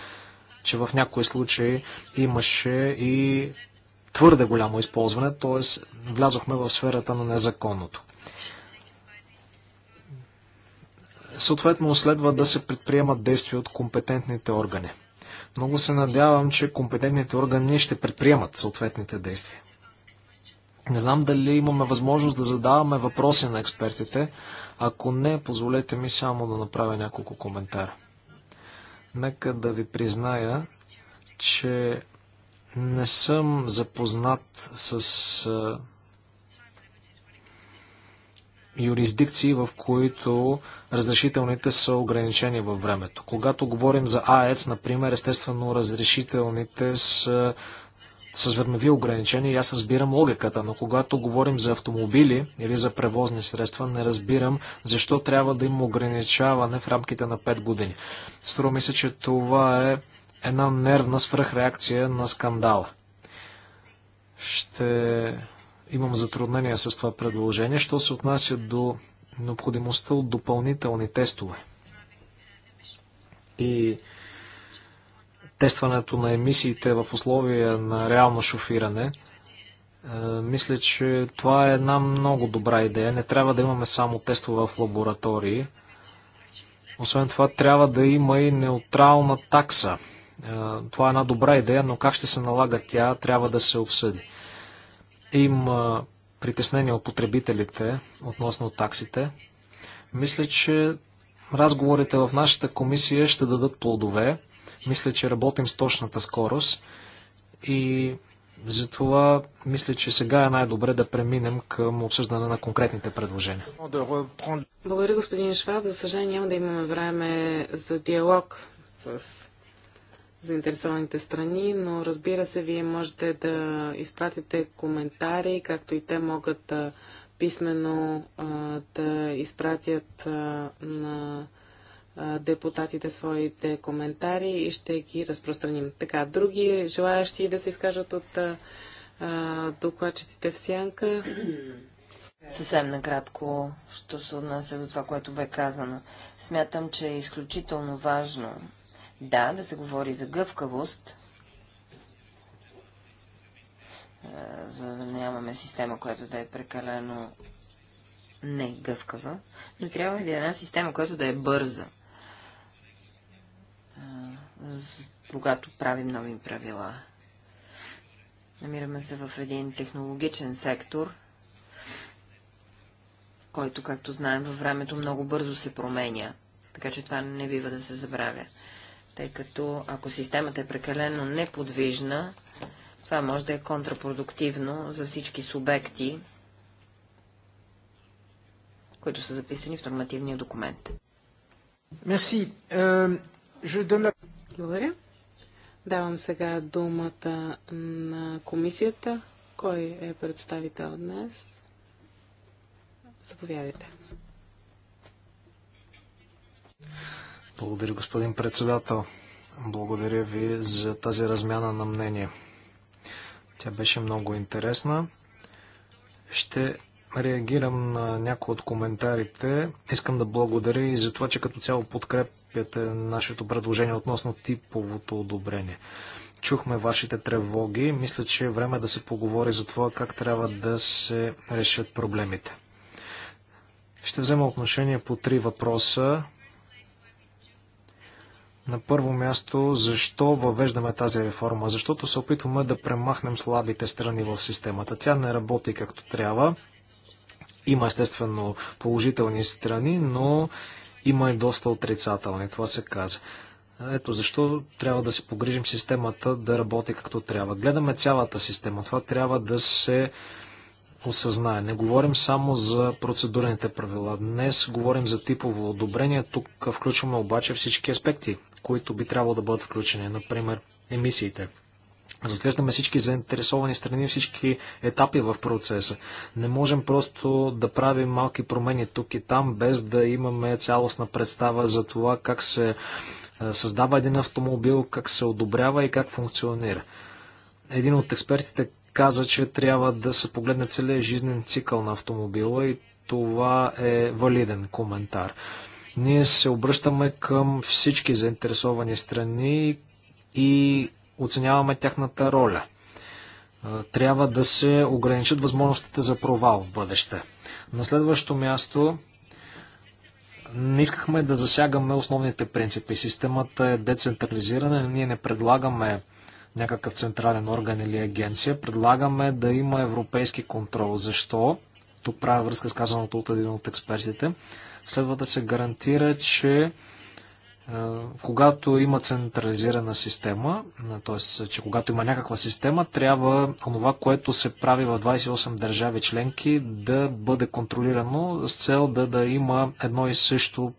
че в някои случаи имаше и твърде голямо използване, т.е. влязохме в сферата на незаконното. Съответно, следва да се предприемат действия от компетентните органи. Много се надявам, че компетентните органи ще предприемат съответните действия. Не знам дали имаме възможност да задаваме въпроси на експертите. Ако не, позволете ми само да направя няколко коментара. Нека да ви призная, че не съм запознат с юрисдикции, в които разрешителните са ограничени във времето. Когато говорим за АЕЦ, например, естествено разрешителните са с времеви ограничения и аз разбирам логиката, но когато говорим за автомобили или за превозни средства, не разбирам защо трябва да има ограничаване в рамките на 5 години. Струва ми се, че това е една нервна свръхреакция на скандала. Ще имам затруднение с това предложение. Що се отнася до необходимостта от допълнителни тестове и тестването на емисиите в условия на реално шофиране, е, мисля, че това е една много добра идея. Не трябва да имаме само тестове в лаборатории. Освен това, трябва да има и неутрална такса. Е, това е една добра идея, но как ще се налага тя, трябва да се обсъди. Има притеснения от потребителите относно таксите. Мисля, че разговорите в нашата комисия ще дадат плодове. Мисля, че работим с точната скорост и затова мисля, че сега е най-добре да преминем към обсъждане на конкретните предложения. Благодаря, господин Шваб. За съжаление няма да имаме време за диалог с заинтересованите страни, но разбира се, вие можете да изпратите коментари, както и те могат да писменно да изпратят на депутатите своите коментари и ще ги разпространим. Така, други желаящи да се изкажат от докладчетите в сянка? Съвсем накратко, що се отнася до това, което бе казано. Смятам, че е изключително важно да, да се говори за гъвкавост, за да нямаме система, която да е прекалено не гъвкава, но трябва да е една система, която да е бърза, когато правим нови правила. Намираме се в един технологичен сектор, който, както знаем, във времето много бързо се променя, така че това не бива да се забравя тъй като ако системата е прекалено неподвижна, това може да е контрапродуктивно за всички субекти, които са записани в нормативния документ. Мерси. Е, Благодаря. Давам сега думата на комисията. Кой е представител днес? Заповядайте. Благодаря, господин председател. Благодаря ви за тази размяна на мнение. Тя беше много интересна. Ще реагирам на някои от коментарите. Искам да благодаря и за това, че като цяло подкрепяте нашето предложение относно типовото одобрение. Чухме вашите тревоги. Мисля, че е време да се поговори за това как трябва да се решат проблемите. Ще взема отношение по три въпроса. На първо място, защо въвеждаме тази реформа? Защото се опитваме да премахнем слабите страни в системата. Тя не работи както трябва. Има естествено положителни страни, но има и доста отрицателни. Това се казва. Ето защо трябва да се погрижим системата да работи както трябва. Гледаме цялата система. Това трябва да се осъзнае. Не говорим само за процедурните правила. Днес говорим за типово одобрение. Тук включваме обаче всички аспекти които би трябвало да бъдат включени, например емисиите. Разглеждаме всички заинтересовани страни, всички етапи в процеса. Не можем просто да правим малки промени тук и там, без да имаме цялостна представа за това как се е, създава един автомобил, как се одобрява и как функционира. Един от експертите каза, че трябва да се погледне целият жизнен цикъл на автомобила и това е валиден коментар. Ние се обръщаме към всички заинтересовани страни и оценяваме тяхната роля. Трябва да се ограничат възможностите за провал в бъдеще. На следващо място не искахме да засягаме основните принципи. Системата е децентрализирана, ние не предлагаме някакъв централен орган или агенция, предлагаме да има европейски контрол. Защо? Тук правя връзка с казаното от един от експертите. Следва да се гарантира, че когато има централизирана система, т.е. че когато има някаква система, трябва онова, което се прави в 28 държави членки да бъде контролирано с цел да, да има едно и също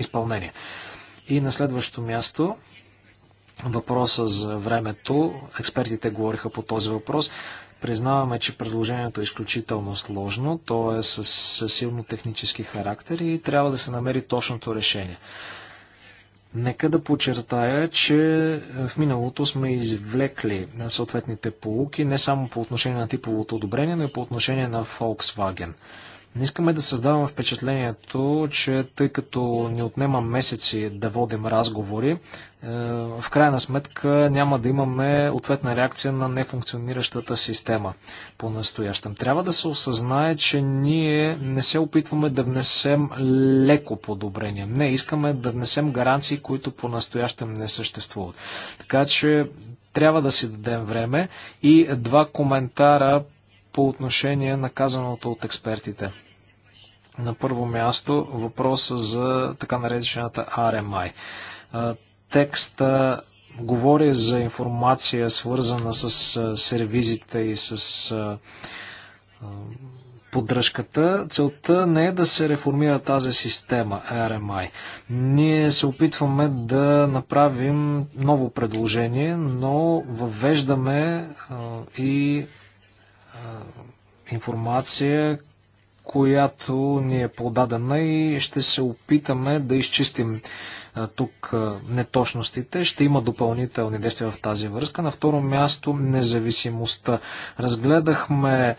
изпълнение. И на следващо място, въпроса за времето, експертите говориха по този въпрос, Признаваме, че предложението е изключително сложно, то е с, с силно технически характер и трябва да се намери точното решение. Нека да подчертая, че в миналото сме извлекли съответните полуки не само по отношение на типовото одобрение, но и по отношение на Volkswagen. Не искаме да създаваме впечатлението, че тъй като ни отнема месеци да водим разговори, е, в крайна сметка няма да имаме ответна реакция на нефункциониращата система по-настоящем. Трябва да се осъзнае, че ние не се опитваме да внесем леко подобрение. Не, искаме да внесем гаранции, които по-настоящем не съществуват. Така че трябва да си дадем време и два коментара по отношение на казаното от експертите. На първо място въпроса за така наречената RMI е, текста говори за информация, свързана с сервизите и с поддръжката. Целта не е да се реформира тази система RMI. Ние се опитваме да направим ново предложение, но въвеждаме и информация, която ни е подадена и ще се опитаме да изчистим тук неточностите. Ще има допълнителни действия в тази връзка. На второ място независимостта. Разгледахме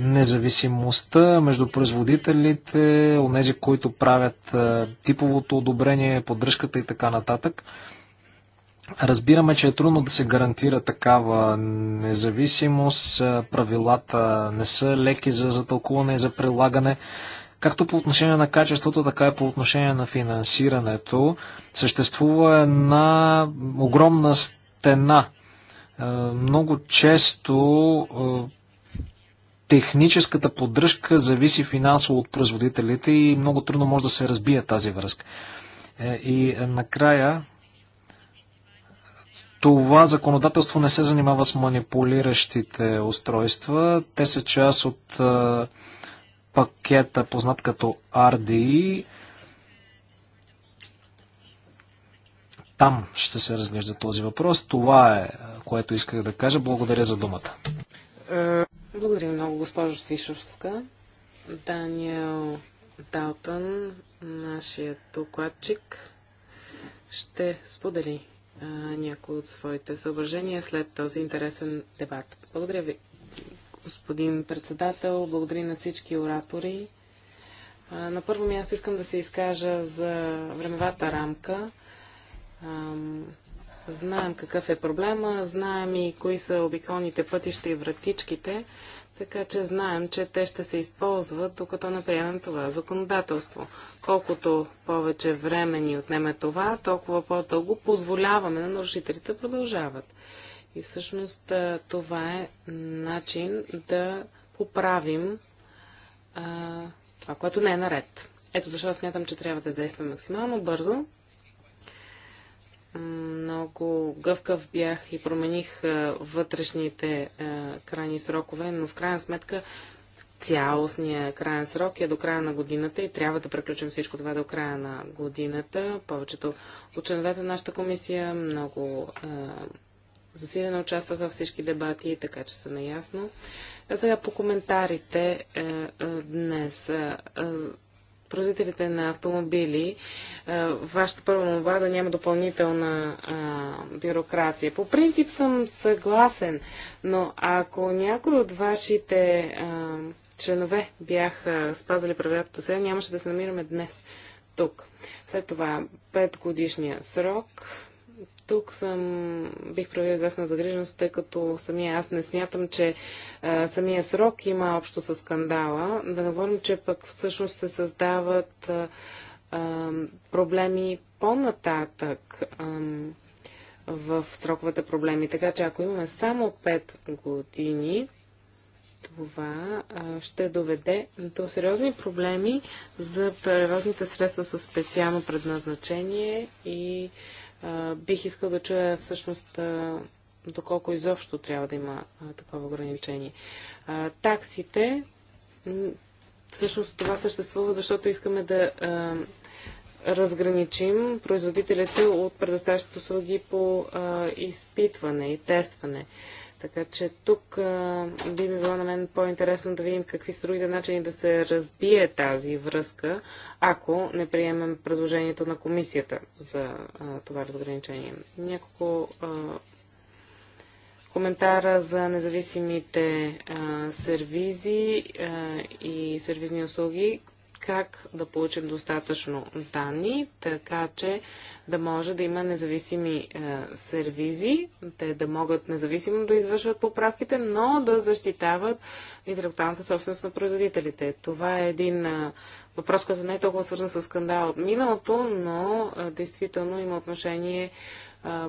независимостта между производителите, онези, които правят типовото одобрение, поддръжката и така нататък. Разбираме, че е трудно да се гарантира такава независимост. Правилата не са леки за затълкуване и за прилагане. Както по отношение на качеството, така и по отношение на финансирането, съществува една огромна стена. Е, много често е, техническата поддръжка зависи финансово от производителите и много трудно може да се разбие тази връзка. Е, и накрая, това законодателство не се занимава с манипулиращите устройства. Те са част от пакета, познат като RDI. Там ще се разглежда този въпрос. Това е, което исках да кажа. Благодаря за думата. Благодаря много, госпожо Свишовска. Даниел Далтън, нашия докладчик, ще сподели а, някои от своите съображения след този интересен дебат. Благодаря ви, господин председател. Благодаря на всички оратори. На първо място искам да се изкажа за времевата рамка. Знаем какъв е проблема, знаем и кои са обиколните пътища и вратичките, така че знаем, че те ще се използват, докато наприемем това законодателство. Колкото повече време ни отнеме това, толкова по-дълго позволяваме на нарушителите да продължават. И всъщност това е начин да поправим а, това, което не е наред. Ето защо смятам, че трябва да действам максимално бързо. Много гъвкав бях и промених а, вътрешните а, крайни срокове, но в крайна сметка цялостния крайен срок е до края на годината и трябва да преключим всичко това до края на годината. Повечето от членовете на нашата комисия много а, засилено участваха всички дебати, така че са наясно. А сега по коментарите е, е, днес. Е, е производителите на автомобили, е, вашата първа молба е да няма допълнителна бюрокрация. По принцип съм съгласен, но ако някой от вашите членове бяха спазвали правилата до сега, нямаше да се намираме днес тук. След това 5 годишния срок тук съм, бих проявил известна загриженост, тъй като самия аз не смятам, че а, самия срок има общо с скандала. Да не говорим, че пък всъщност се създават а, а, проблеми по-нататък в сроковете проблеми. Така че ако имаме само 5 години, това а, ще доведе до сериозни проблеми за превозните средства с специално предназначение и бих искал да чуя всъщност доколко изобщо трябва да има такова ограничение. таксите, всъщност това съществува, защото искаме да разграничим производителите от предоставящите услуги по изпитване и тестване. Така че тук а, би ми било на мен по-интересно да видим какви са другите начини да се разбие тази връзка, ако не приемем предложението на комисията за а, това разграничение. Няколко а, коментара за независимите а, сервизи а, и сервизни услуги как да получим достатъчно данни, така че да може да има независими е, сервизи, те да могат независимо да извършват поправките, но да защитават интелектуалната собственост на производителите. Това е един е, въпрос, който не е толкова свързан с скандал от миналото, но е, действително има отношение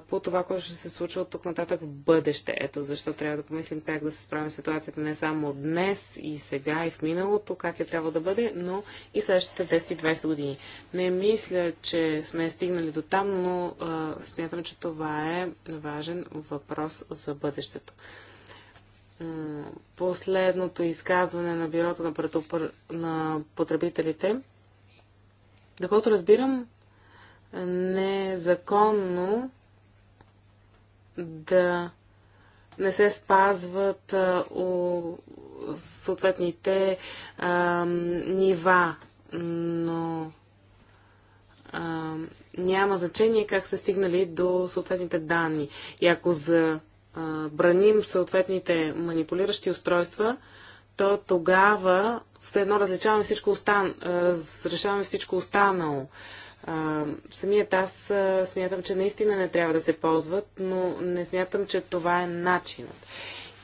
по това, което ще се случва от тук нататък в бъдеще. Ето защо трябва да помислим как да се справим с ситуацията не само днес и сега и в миналото, как е трябва да бъде, но и следващите 10-20 години. Не мисля, че сме стигнали до там, но а, смятам, че това е важен въпрос за бъдещето последното изказване на бюрото на, претопър... на потребителите. Доколкото разбирам, незаконно да не се спазват а, у, съответните а, нива, но а, няма значение как сте стигнали до съответните данни. И ако забраним съответните манипулиращи устройства, то тогава все едно различаваме всичко, остан... разрешаваме всичко останало самият аз а, смятам, че наистина не трябва да се ползват, но не смятам, че това е начинът.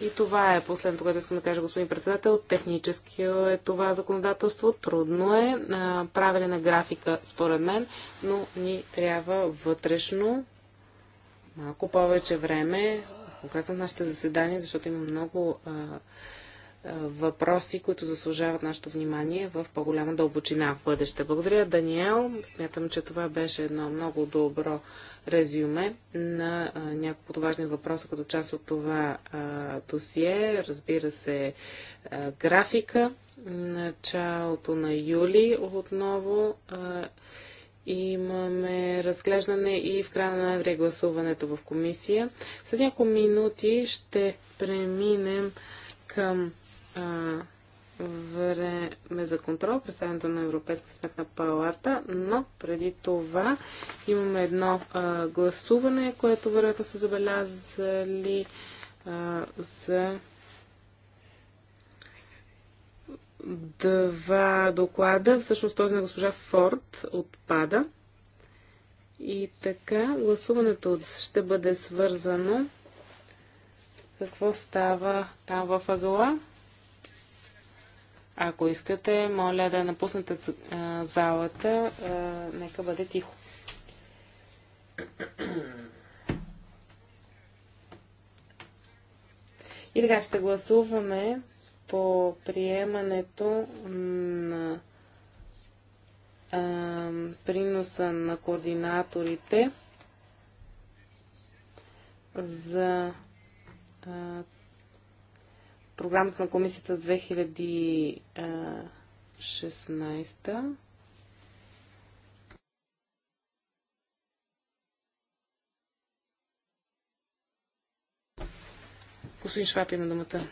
И това е последното, което искам да кажа, господин председател. Технически е това законодателство, трудно е, а, графика според мен, но ни трябва вътрешно малко повече време, конкретно в нашите заседания, защото има много а, въпроси, които заслужават нашето внимание в по-голяма дълбочина в бъдеще. Благодаря, Даниел. Смятам, че това беше едно много добро резюме на а, няколкото важни въпроса като част от това досие. Разбира се, графика началото на юли отново имаме разглеждане и в края на ноември е гласуването в комисия. След няколко минути ще преминем към а, време за контрол, представянето на Европейска сметна палата, но преди това имаме едно а, гласуване, което вероятно са забелязали а, за два доклада. Всъщност този на госпожа Форд отпада. И така, гласуването ще бъде свързано какво става там в Агала ако искате, моля да напуснете залата. Нека бъде тихо. И така ще гласуваме по приемането на а, приноса на координаторите за а, програмата на комисията 2016 Господин Шваб на думата.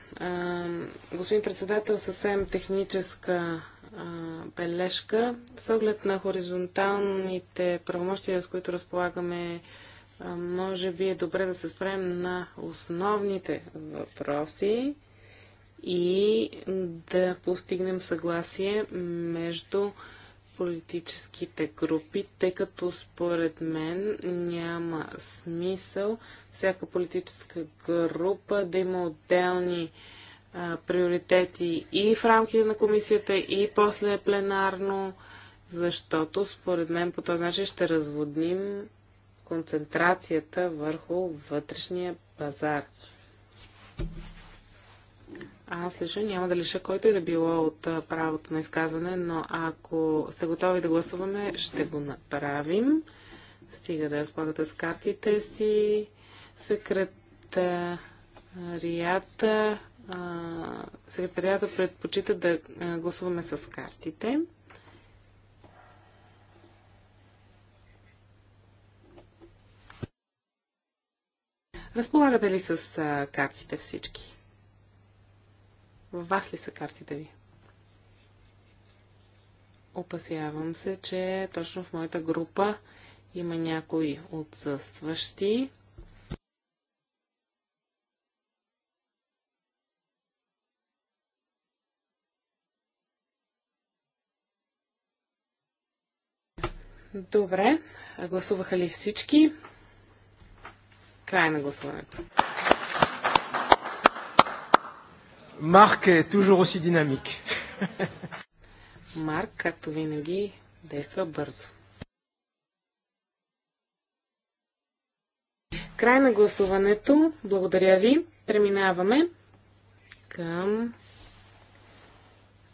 господин председател, съвсем техническа бележка. С оглед на хоризонталните правомощия, с които разполагаме, може би е добре да се спрем на основните въпроси и да постигнем съгласие между политическите групи, тъй като според мен няма смисъл всяка политическа група да има отделни а, приоритети и в рамките на комисията, и после пленарно, защото според мен по този начин ще разводним концентрацията върху вътрешния пазар. Аз лично няма да лиша който и да било от правото на изказване, но ако сте готови да гласуваме, ще го направим. Стига да разполагате с картите си. Секретарията, а, секретарията предпочита да гласуваме с картите. Разполагате ли с а, картите всички? в вас ли са картите ви? Опасявам се, че точно в моята група има някои отсъстващи. Добре. Гласуваха ли всички? Край на гласуването. Марк е toujours aussi динамик. Марк, както винаги, действа бързо. Край на гласуването. Благодаря ви. Преминаваме към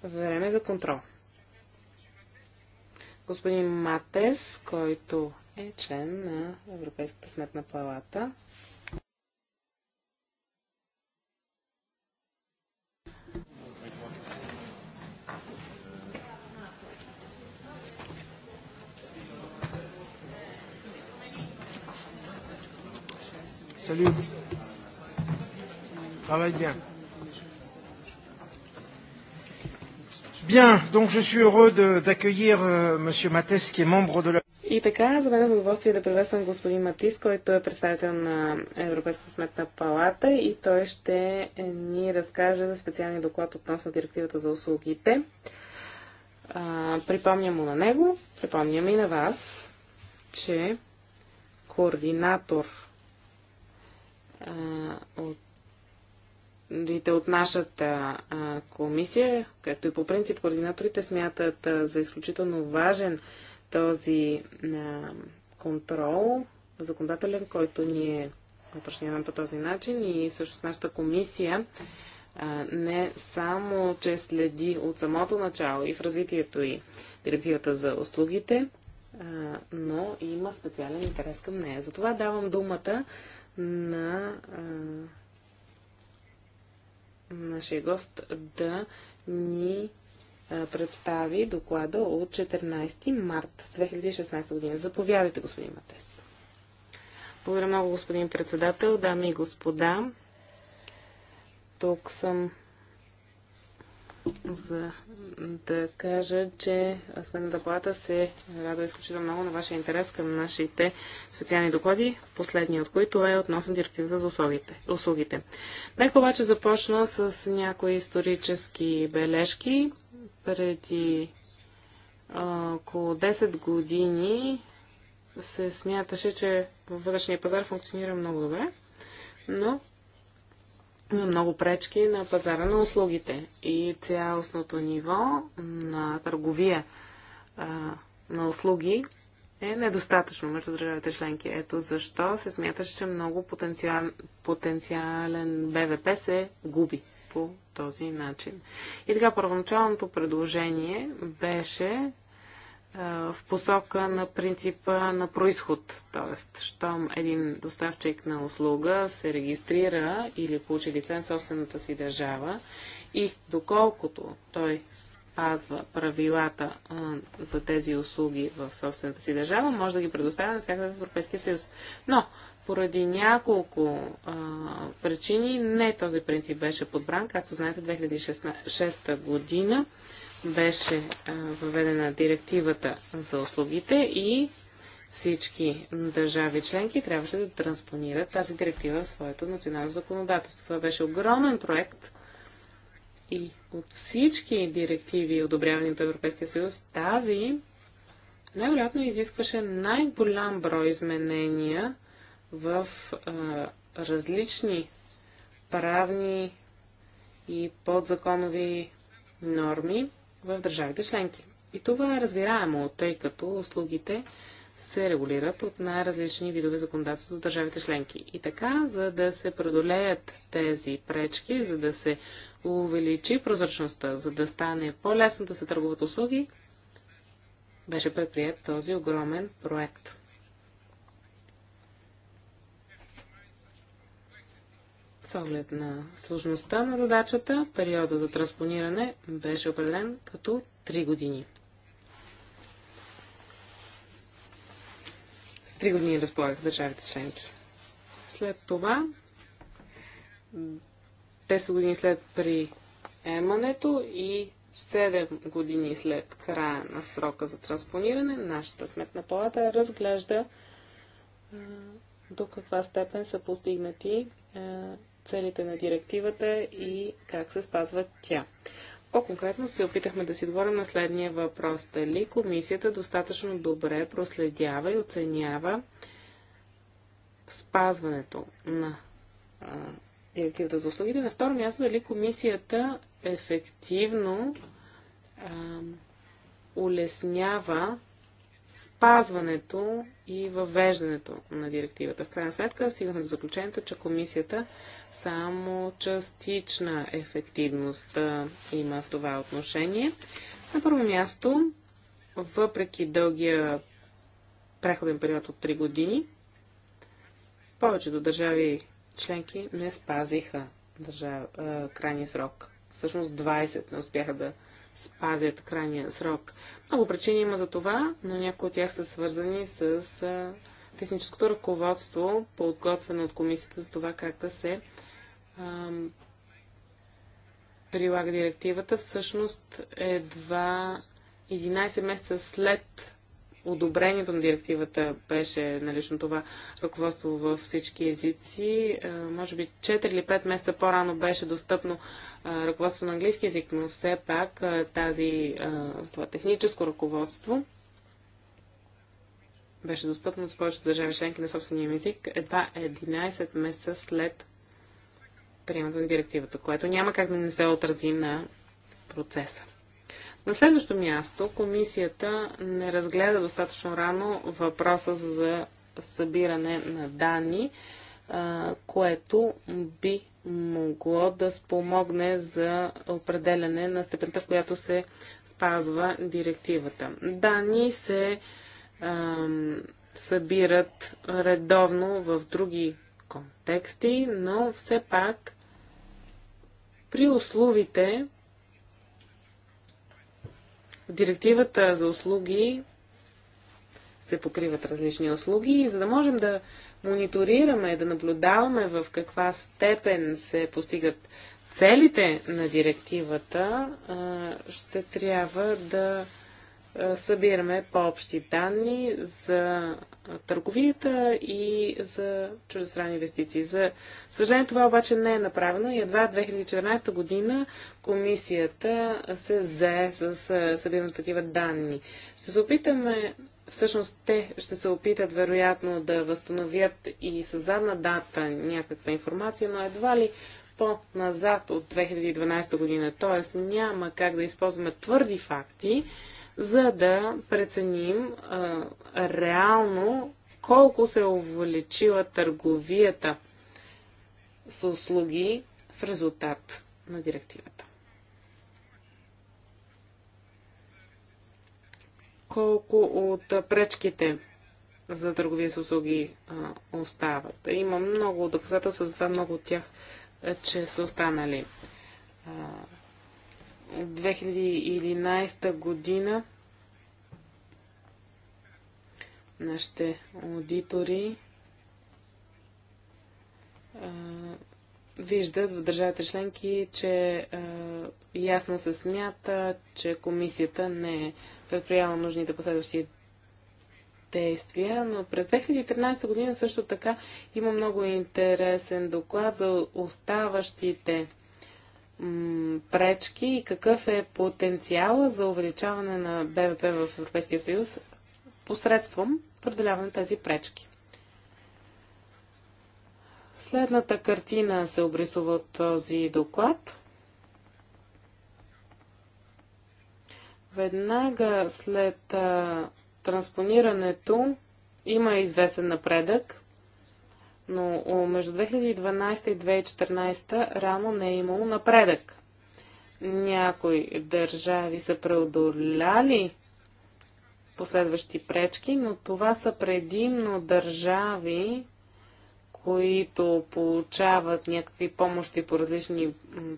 време за контрол. Господин Матес, който е член на Европейската сметна палата, Salut. Travaille bien. Bien, donc je suis heureux d'accueillir euh, Monsieur qui est membre de la... И така, за мен е удоволствие да приветствам господин Матис, който е представител на Европейска сметна палата и той ще ни разкаже за специалния доклад относно директивата за услугите. А, припомням му на него, припомням и на вас, че координатор от от нашата комисия, както и по принцип координаторите смятат за изключително важен този контрол, законодателен, който ние упражняваме по този начин и също с нашата комисия не само, че следи от самото начало и в развитието и директивата за услугите, но има специален интерес към нея. Затова давам думата на нашия гост да ни представи доклада от 14 март 2016 година. Заповядайте, господин Матес. Благодаря много, господин председател, дами и господа. Тук съм за да кажа, че Сметната палата се радва изключително много на вашия интерес към нашите специални доклади, последния от които е относно директивата за услугите. услугите. Нека обаче започна с някои исторически бележки. Преди около 10 години се смяташе, че вътрешния пазар функционира много добре, но много пречки на пазара на услугите и цялостното ниво на търговия а, на услуги е недостатъчно между държавите членки. Ето защо се смяташе, че много потенциал, потенциален БВП се губи по този начин. И така, първоначалното предложение беше в посока на принципа на происход. Тоест, щом един доставчик на услуга се регистрира или получи лиценз в собствената си държава и доколкото той спазва правилата а, за тези услуги в собствената си държава, може да ги предоставя на всяка в Европейския съюз. Но поради няколко а, причини не този принцип беше подбран. Както знаете, 2006 година беше въведена директивата за услугите и всички държави членки трябваше да транспонират тази директива в своето национално законодателство. Това беше огромен проект и от всички директиви, одобрявани от Европейския съюз, тази най-вероятно изискваше най-голям брой изменения в а, различни правни и подзаконови норми в държавите членки. И това е разбираемо, тъй като услугите се регулират от най-различни видове законодателство за държавите членки. И така, за да се преодолеят тези пречки, за да се увеличи прозрачността, за да стане по-лесно да се търгуват услуги, беше предприят този огромен проект. С оглед на сложността на задачата, периода за транспониране беше определен като 3 години. С 3 години разполагах държавите членки. След това, 10 години след приемането и 7 години след края на срока за транспониране, нашата сметна палата разглежда до каква степен са постигнати целите на директивата и как се спазва тя. По-конкретно се опитахме да си говорим на следния въпрос. Дали комисията достатъчно добре проследява и оценява спазването на а, директивата за услугите? На второ място, дали комисията ефективно а, улеснява спазването и въвеждането на директивата. В крайна сметка стигнахме до заключението, че комисията само частична ефективност има в това отношение. На първо място, въпреки дългия преходен период от 3 години, повечето държави членки не спазиха държав... крайния срок. Всъщност 20 не успяха да спазят крайния срок. Много причини има за това, но някои от тях са свързани с техническото ръководство, подготвено от комисията за това как да се прилага директивата. Всъщност едва 11 месеца след одобрението на директивата беше налично нали, това ръководство във всички езици. Може би 4 или 5 месеца по-рано беше достъпно ръководство на английски язик, но все пак тази, това техническо ръководство беше достъпно с повечето държави членки на собствения език едва 11 месеца след приемането на директивата, което няма как да не се отрази на процеса. На следващо място, комисията не разгледа достатъчно рано въпроса за събиране на данни, което би могло да спомогне за определене на степента, в която се спазва директивата. Данни се ам, събират редовно в други контексти, но все пак при условите, в директивата за услуги се покриват различни услуги и за да можем да мониторираме, да наблюдаваме в каква степен се постигат целите на директивата, ще трябва да е, събираме по-общи данни за търговията и за чуждестранни инвестиции. За съжаление това обаче не е направено и едва 2014 година комисията се зае с е, събиране на такива данни. Ще се опитаме, всъщност те ще се опитат вероятно да възстановят и с задна дата някаква информация, но едва ли по-назад от 2012 година. Тоест няма как да използваме твърди факти, за да преценим а, реално колко се е увеличила търговията с услуги в резултат на директивата. Колко от пречките за търговия с услуги а, остават. Има много доказателства за това, много от тях, че са останали. А, 2011 година нашите аудитори а, виждат в държавите членки, че а, ясно се смята, че комисията не е предприяла нужните последващи действия, но през 2013 година също така има много интересен доклад за оставащите пречки и какъв е потенциала за увеличаване на БВП в Европейския съюз посредством определяване на тези пречки. Следната картина се обрисува от този доклад. Веднага след а, транспонирането има известен напредък но между 2012 и 2014 рано не е имало напредък. Някои държави са преодоляли последващи пречки, но това са предимно държави, които получават някакви помощи по различни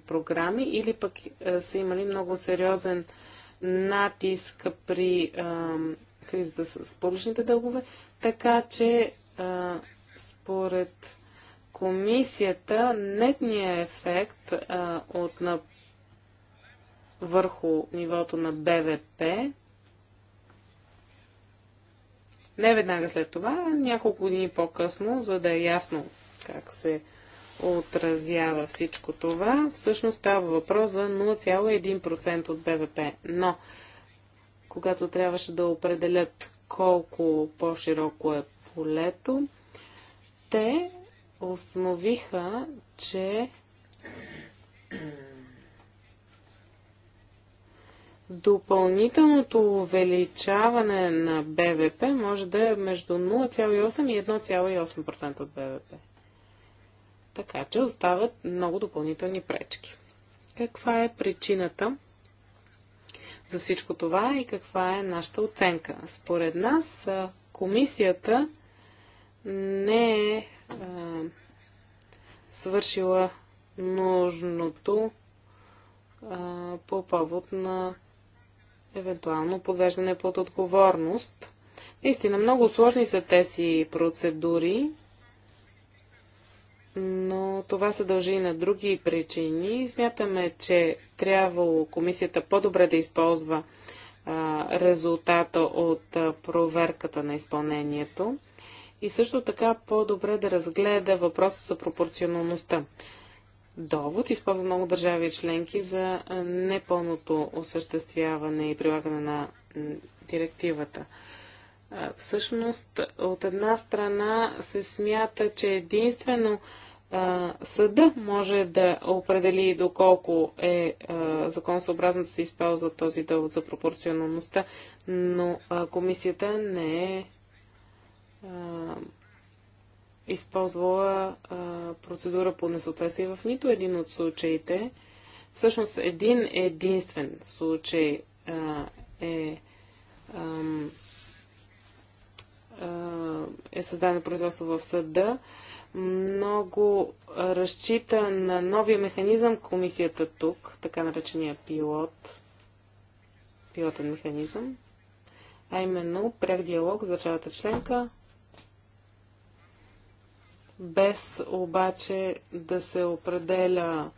програми или пък е, са имали много сериозен натиск при е, кризата с публичните дългове, така че според комисията, нетният ефект а, от на... върху нивото на БВП не веднага след това, няколко години по-късно, за да е ясно как се отразява всичко това. Всъщност става въпрос за 0,1% от БВП. Но, когато трябваше да определят колко по-широко е полето, те установиха, че допълнителното увеличаване на БВП може да е между 0,8 и 1,8% от БВП. Така че остават много допълнителни пречки. Каква е причината за всичко това и каква е нашата оценка? Според нас комисията свършила нужното а, по повод на евентуално подвеждане под отговорност. Наистина, много сложни са тези процедури, но това се дължи и на други причини. Смятаме, че трябва комисията по-добре да използва а, резултата от а, проверката на изпълнението и също така по-добре да разгледа въпроса за пропорционалността. Довод използва много държави и членки за непълното осъществяване и прилагане на директивата. Всъщност, от една страна се смята, че единствено съда може да определи доколко е законосъобразно да се използва този довод за пропорционалността, но комисията не е използвала а, процедура по несъответствие в нито един от случаите. Всъщност един единствен случай а, е, а, е създадено производство в съда. Много разчита на новия механизъм комисията тук, така наречения пилот, пилотен механизъм, а именно пряк диалог с държавата членка, без обаче да се определя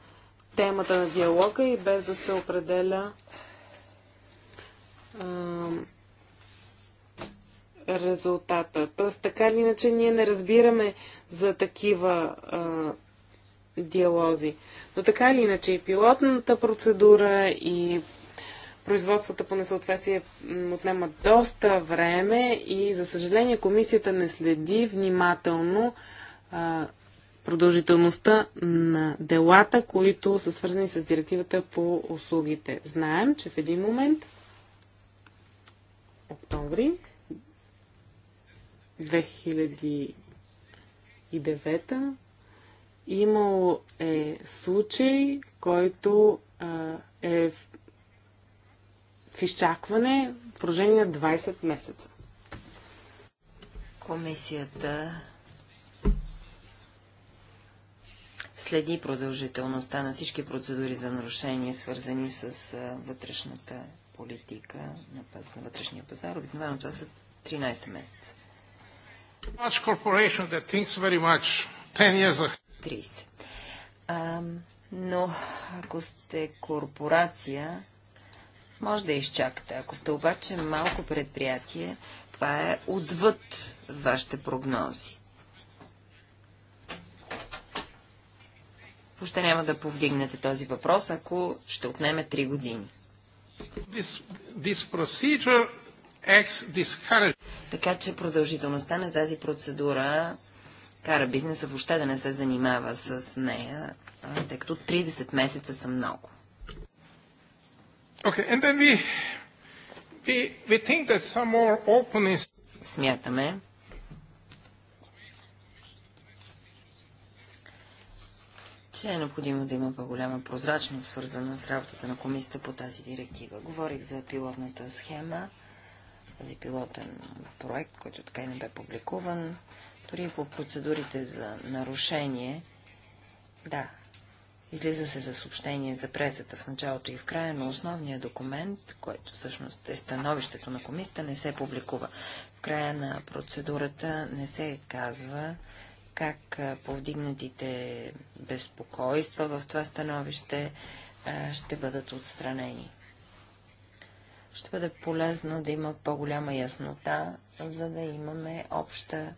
темата на диалога и без да се определя а, резултата. Тоест, така или иначе, ние не разбираме за такива а, диалози. Но така или иначе, и пилотната процедура, и производствата по несъответствие отнемат доста време и, за съжаление, комисията не следи внимателно продължителността на делата, които са свързани с директивата по услугите. Знаем, че в един момент, октомври 2009, имало е случай, който а, е в, в изчакване в продължение на 20 месеца. Комисията следи продължителността на всички процедури за нарушение, свързани с вътрешната политика на, паз, на вътрешния пазар. Обикновено това са 13 месеца. 30. А, но ако сте корпорация, може да изчакате. Ако сте обаче малко предприятие, това е отвъд вашите прогнози. въобще няма да повдигнете този въпрос, ако ще отнеме 3 години. This, this this така че продължителността на тази процедура кара бизнеса въобще да не се занимава с нея, тъй като 30 месеца са много. Okay, and then we, we, we think that some more openness... Смятаме, че е необходимо да има по-голяма прозрачност, свързана с работата на комисията по тази директива. Говорих за пилотната схема, за пилотен проект, който така и не бе публикуван, дори по процедурите за нарушение. Да, излиза се за съобщение за пресата в началото и в края, но основният документ, който всъщност е становището на комисията, не се публикува. В края на процедурата не се казва как повдигнатите безпокойства в това становище ще бъдат отстранени. Ще бъде полезно да има по-голяма яснота, за да имаме обща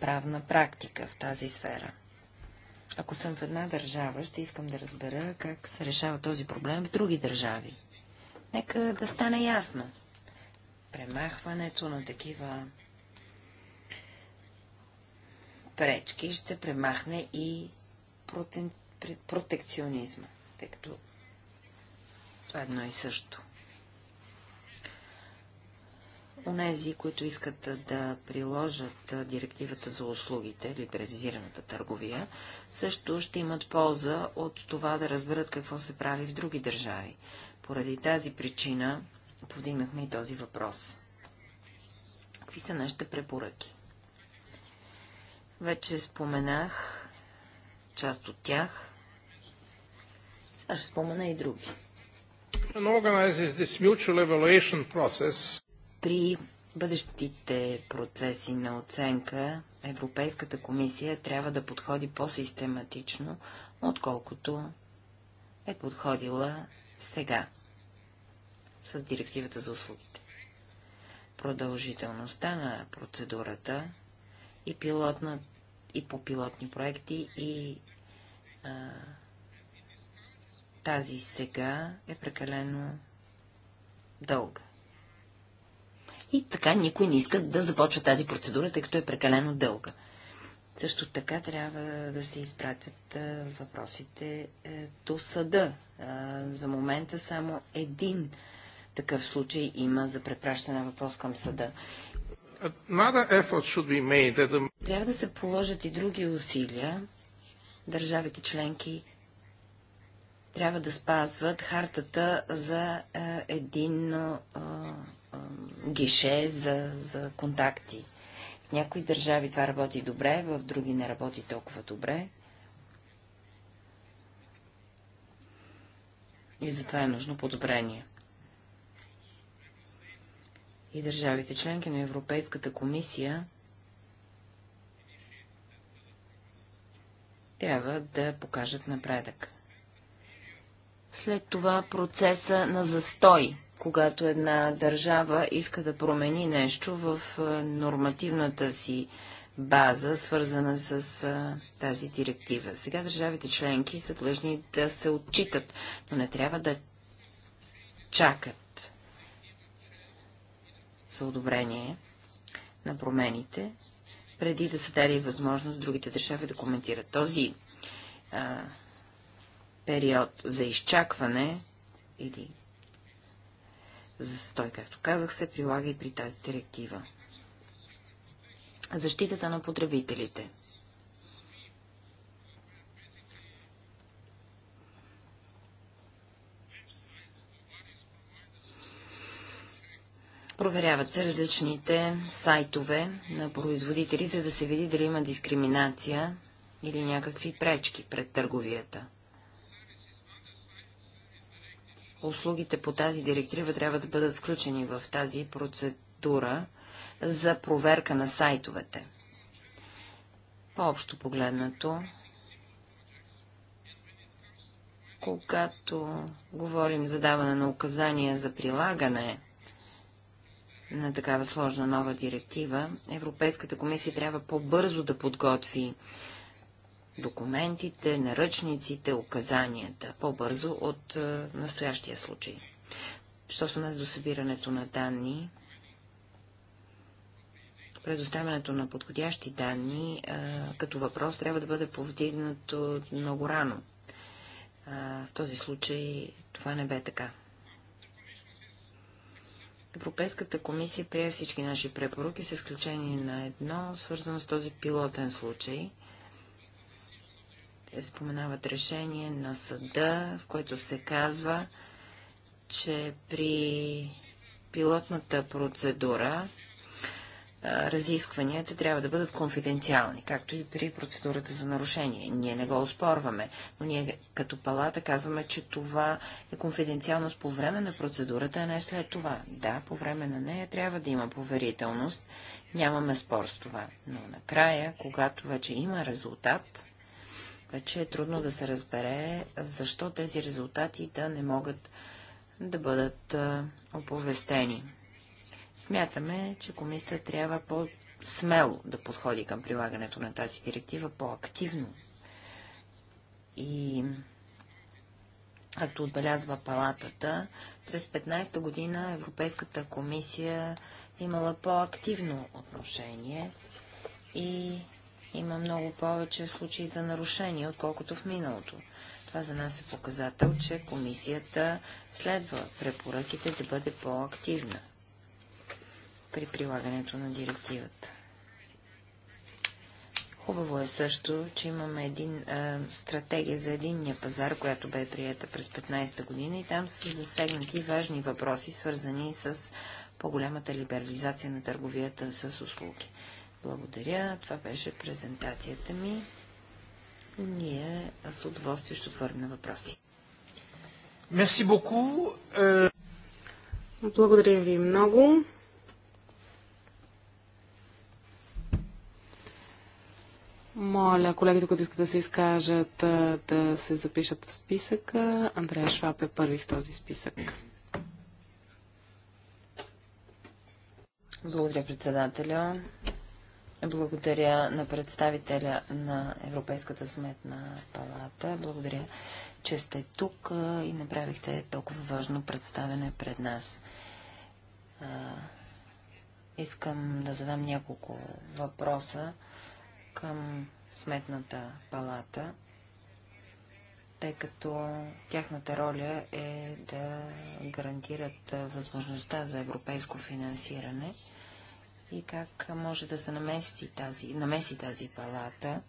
правна практика в тази сфера. Ако съм в една държава, ще искам да разбера как се решава този проблем в други държави. Нека да стане ясно. Премахването на такива пречки, ще премахне и протекционизма, тъй като това е едно и също. Онези, които искат да приложат директивата за услугите, либерализираната търговия, също ще имат полза от това да разберат какво се прави в други държави. Поради тази причина повдигнахме и този въпрос. Какви са нашите препоръки? Вече споменах част от тях. Сега ще спомена и други. При бъдещите процеси на оценка Европейската комисия трябва да подходи по-систематично, отколкото е подходила сега с директивата за услугите. Продължителността на процедурата и, пилотна, и по пилотни проекти, и а, тази сега е прекалено дълга. И така никой не иска да започва тази процедура, тъй като е прекалено дълга. Също така трябва да се изпратят а, въпросите е, до съда. А, за момента само един такъв случай има за препращане на въпрос към съда. Трябва да се положат и други усилия. Държавите членки трябва да спазват хартата за е, един гише за, за контакти. В някои държави това работи добре, в други не работи толкова добре. И затова е нужно подобрение и държавите членки на Европейската комисия трябва да покажат напредък. След това процеса на застой, когато една държава иска да промени нещо в нормативната си база, свързана с а, тази директива. Сега държавите членки са длъжни да се отчитат, но не трябва да чакат за одобрение на промените, преди да се даде възможност другите държави да коментират. Този а, период за изчакване или за стой, както казах, се прилага и при тази директива. Защитата на потребителите. Проверяват се различните сайтове на производители, за да се види дали има дискриминация или някакви пречки пред търговията. Услугите по тази директива трябва да бъдат включени в тази процедура за проверка на сайтовете. По-общо погледнато, когато говорим за даване на указания за прилагане на такава сложна нова директива, Европейската комисия трябва по-бързо да подготви документите, наръчниците, указанията, по-бързо от е, настоящия случай. Що се нас до събирането на данни, предоставянето на подходящи данни е, като въпрос трябва да бъде повдигнато много рано. Е, в този случай това не бе така. Европейската комисия прие всички наши препоръки, с изключение на едно, свързано с този пилотен случай. Те споменават решение на съда, в което се казва, че при пилотната процедура разискванията трябва да бъдат конфиденциални, както и при процедурата за нарушение. Ние не го оспорваме, но ние като палата казваме, че това е конфиденциалност по време на процедурата, а не след това. Да, по време на нея трябва да има поверителност, нямаме спор с това. Но накрая, когато вече има резултат, вече е трудно да се разбере защо тези резултати да не могат да бъдат оповестени. Смятаме, че комисията трябва по-смело да подходи към прилагането на тази директива, по-активно. И както отбелязва палатата, през 15-та година Европейската комисия имала по-активно отношение и има много повече случаи за нарушения, отколкото в миналото. Това за нас е показател, че комисията следва препоръките да бъде по-активна при прилагането на директивата. Хубаво е също, че имаме един а, стратегия за единния пазар, която бе приета през 15-та година и там са засегнати важни въпроси, свързани с по-голямата либерализация на търговията с услуги. Благодаря. Това беше презентацията ми. Ние с удоволствие ще отворим на въпроси. Мерси Благодаря ви много. Моля колегите, които искат да се изкажат, да се запишат в списъка. Андрея Шваб е първи в този списък. Благодаря, председателя. Благодаря на представителя на Европейската сметна палата. Благодаря, че сте тук и направихте толкова важно представене пред нас. Искам да задам няколко въпроса към Сметната палата, тъй като тяхната роля е да гарантират възможността за европейско финансиране и как може да се намести тази, намеси тази палата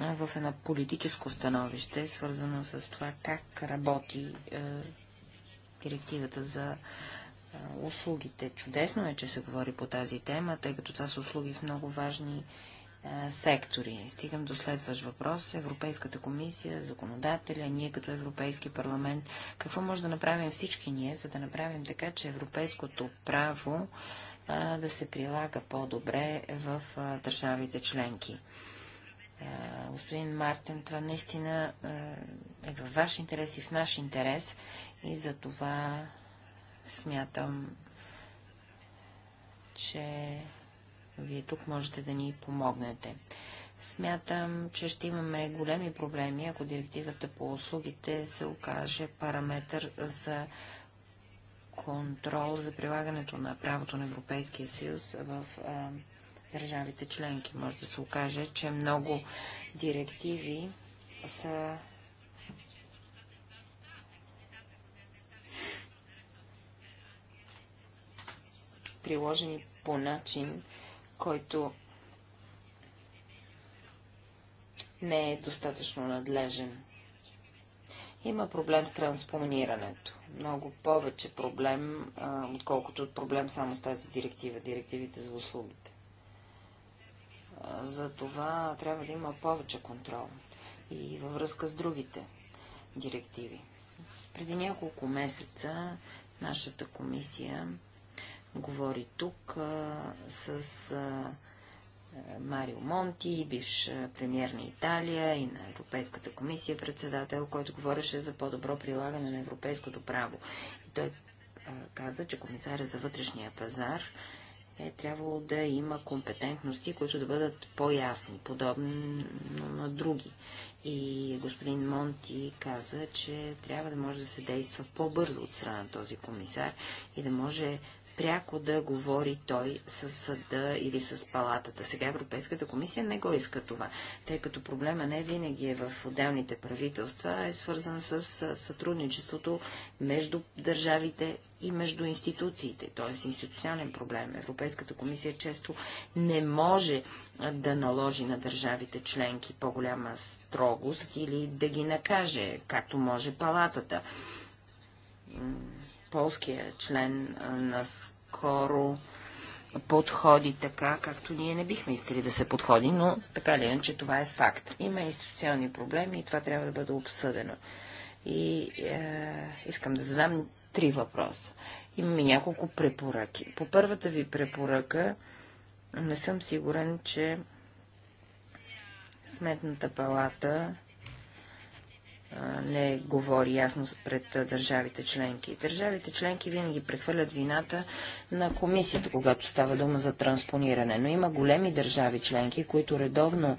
в едно политическо становище, свързано с това как работи е, директивата за е, услугите. Чудесно е, че се говори по тази тема, тъй като това са услуги в много важни е, сектори. Стигам до следващ въпрос. Европейската комисия, законодателя, ние като Европейски парламент, какво може да направим всички ние, за да направим така, че европейското право е, да се прилага по-добре в е, държавите членки? господин Мартин, това наистина е във ваш интерес и в наш интерес и за това смятам, че вие тук можете да ни помогнете. Смятам, че ще имаме големи проблеми, ако директивата по услугите се окаже параметър за контрол за прилагането на правото на Европейския съюз в а, държавите членки. Може да се окаже, че много директиви са приложени по начин, който не е достатъчно надлежен. Има проблем с транспонирането. Много повече проблем, отколкото отколкото проблем само с тази директива, директивите за услугите. за това трябва да има повече контрол и във връзка с другите директиви. Преди няколко месеца нашата комисия говори тук с Марио Монти, бивш премьер на Италия и на Европейската комисия председател, който говореше за по-добро прилагане на европейското право. И той каза, че комисаря за вътрешния пазар е трябвало да има компетентности, които да бъдат по-ясни, подобно на други. И господин Монти каза, че трябва да може да се действа по-бързо от страна на този комисар и да може пряко да говори той с съда или с палатата. Сега Европейската комисия не го иска това, тъй като проблема не винаги е в отделните правителства, а е свързан с сътрудничеството между държавите и между институциите, т.е. институционален проблем. Европейската комисия често не може да наложи на държавите членки по-голяма строгост или да ги накаже, както може палатата полския член наскоро подходи така, както ние не бихме искали да се подходи, но така ли иначе това е факт. Има институционални проблеми и това трябва да бъде обсъдено. И е, искам да задам три въпроса. Имаме няколко препоръки. По първата ви препоръка не съм сигурен, че Сметната палата не говори ясно пред държавите членки. Държавите членки винаги прехвърлят вината на комисията, когато става дума за транспониране. Но има големи държави членки, които редовно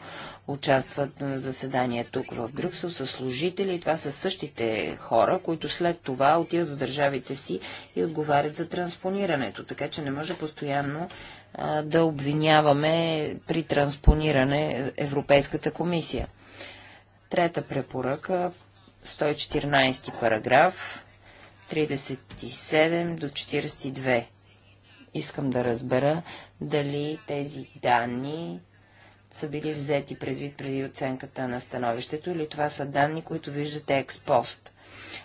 участват на заседания тук в Брюксел с служители. Това са същите хора, които след това отиват в държавите си и отговарят за транспонирането. Така че не може постоянно да обвиняваме при транспониране Европейската комисия. Трета препоръка, 114 параграф, 37 до 42. Искам да разбера дали тези данни са били взети предвид преди оценката на становището или това са данни, които виждате експост.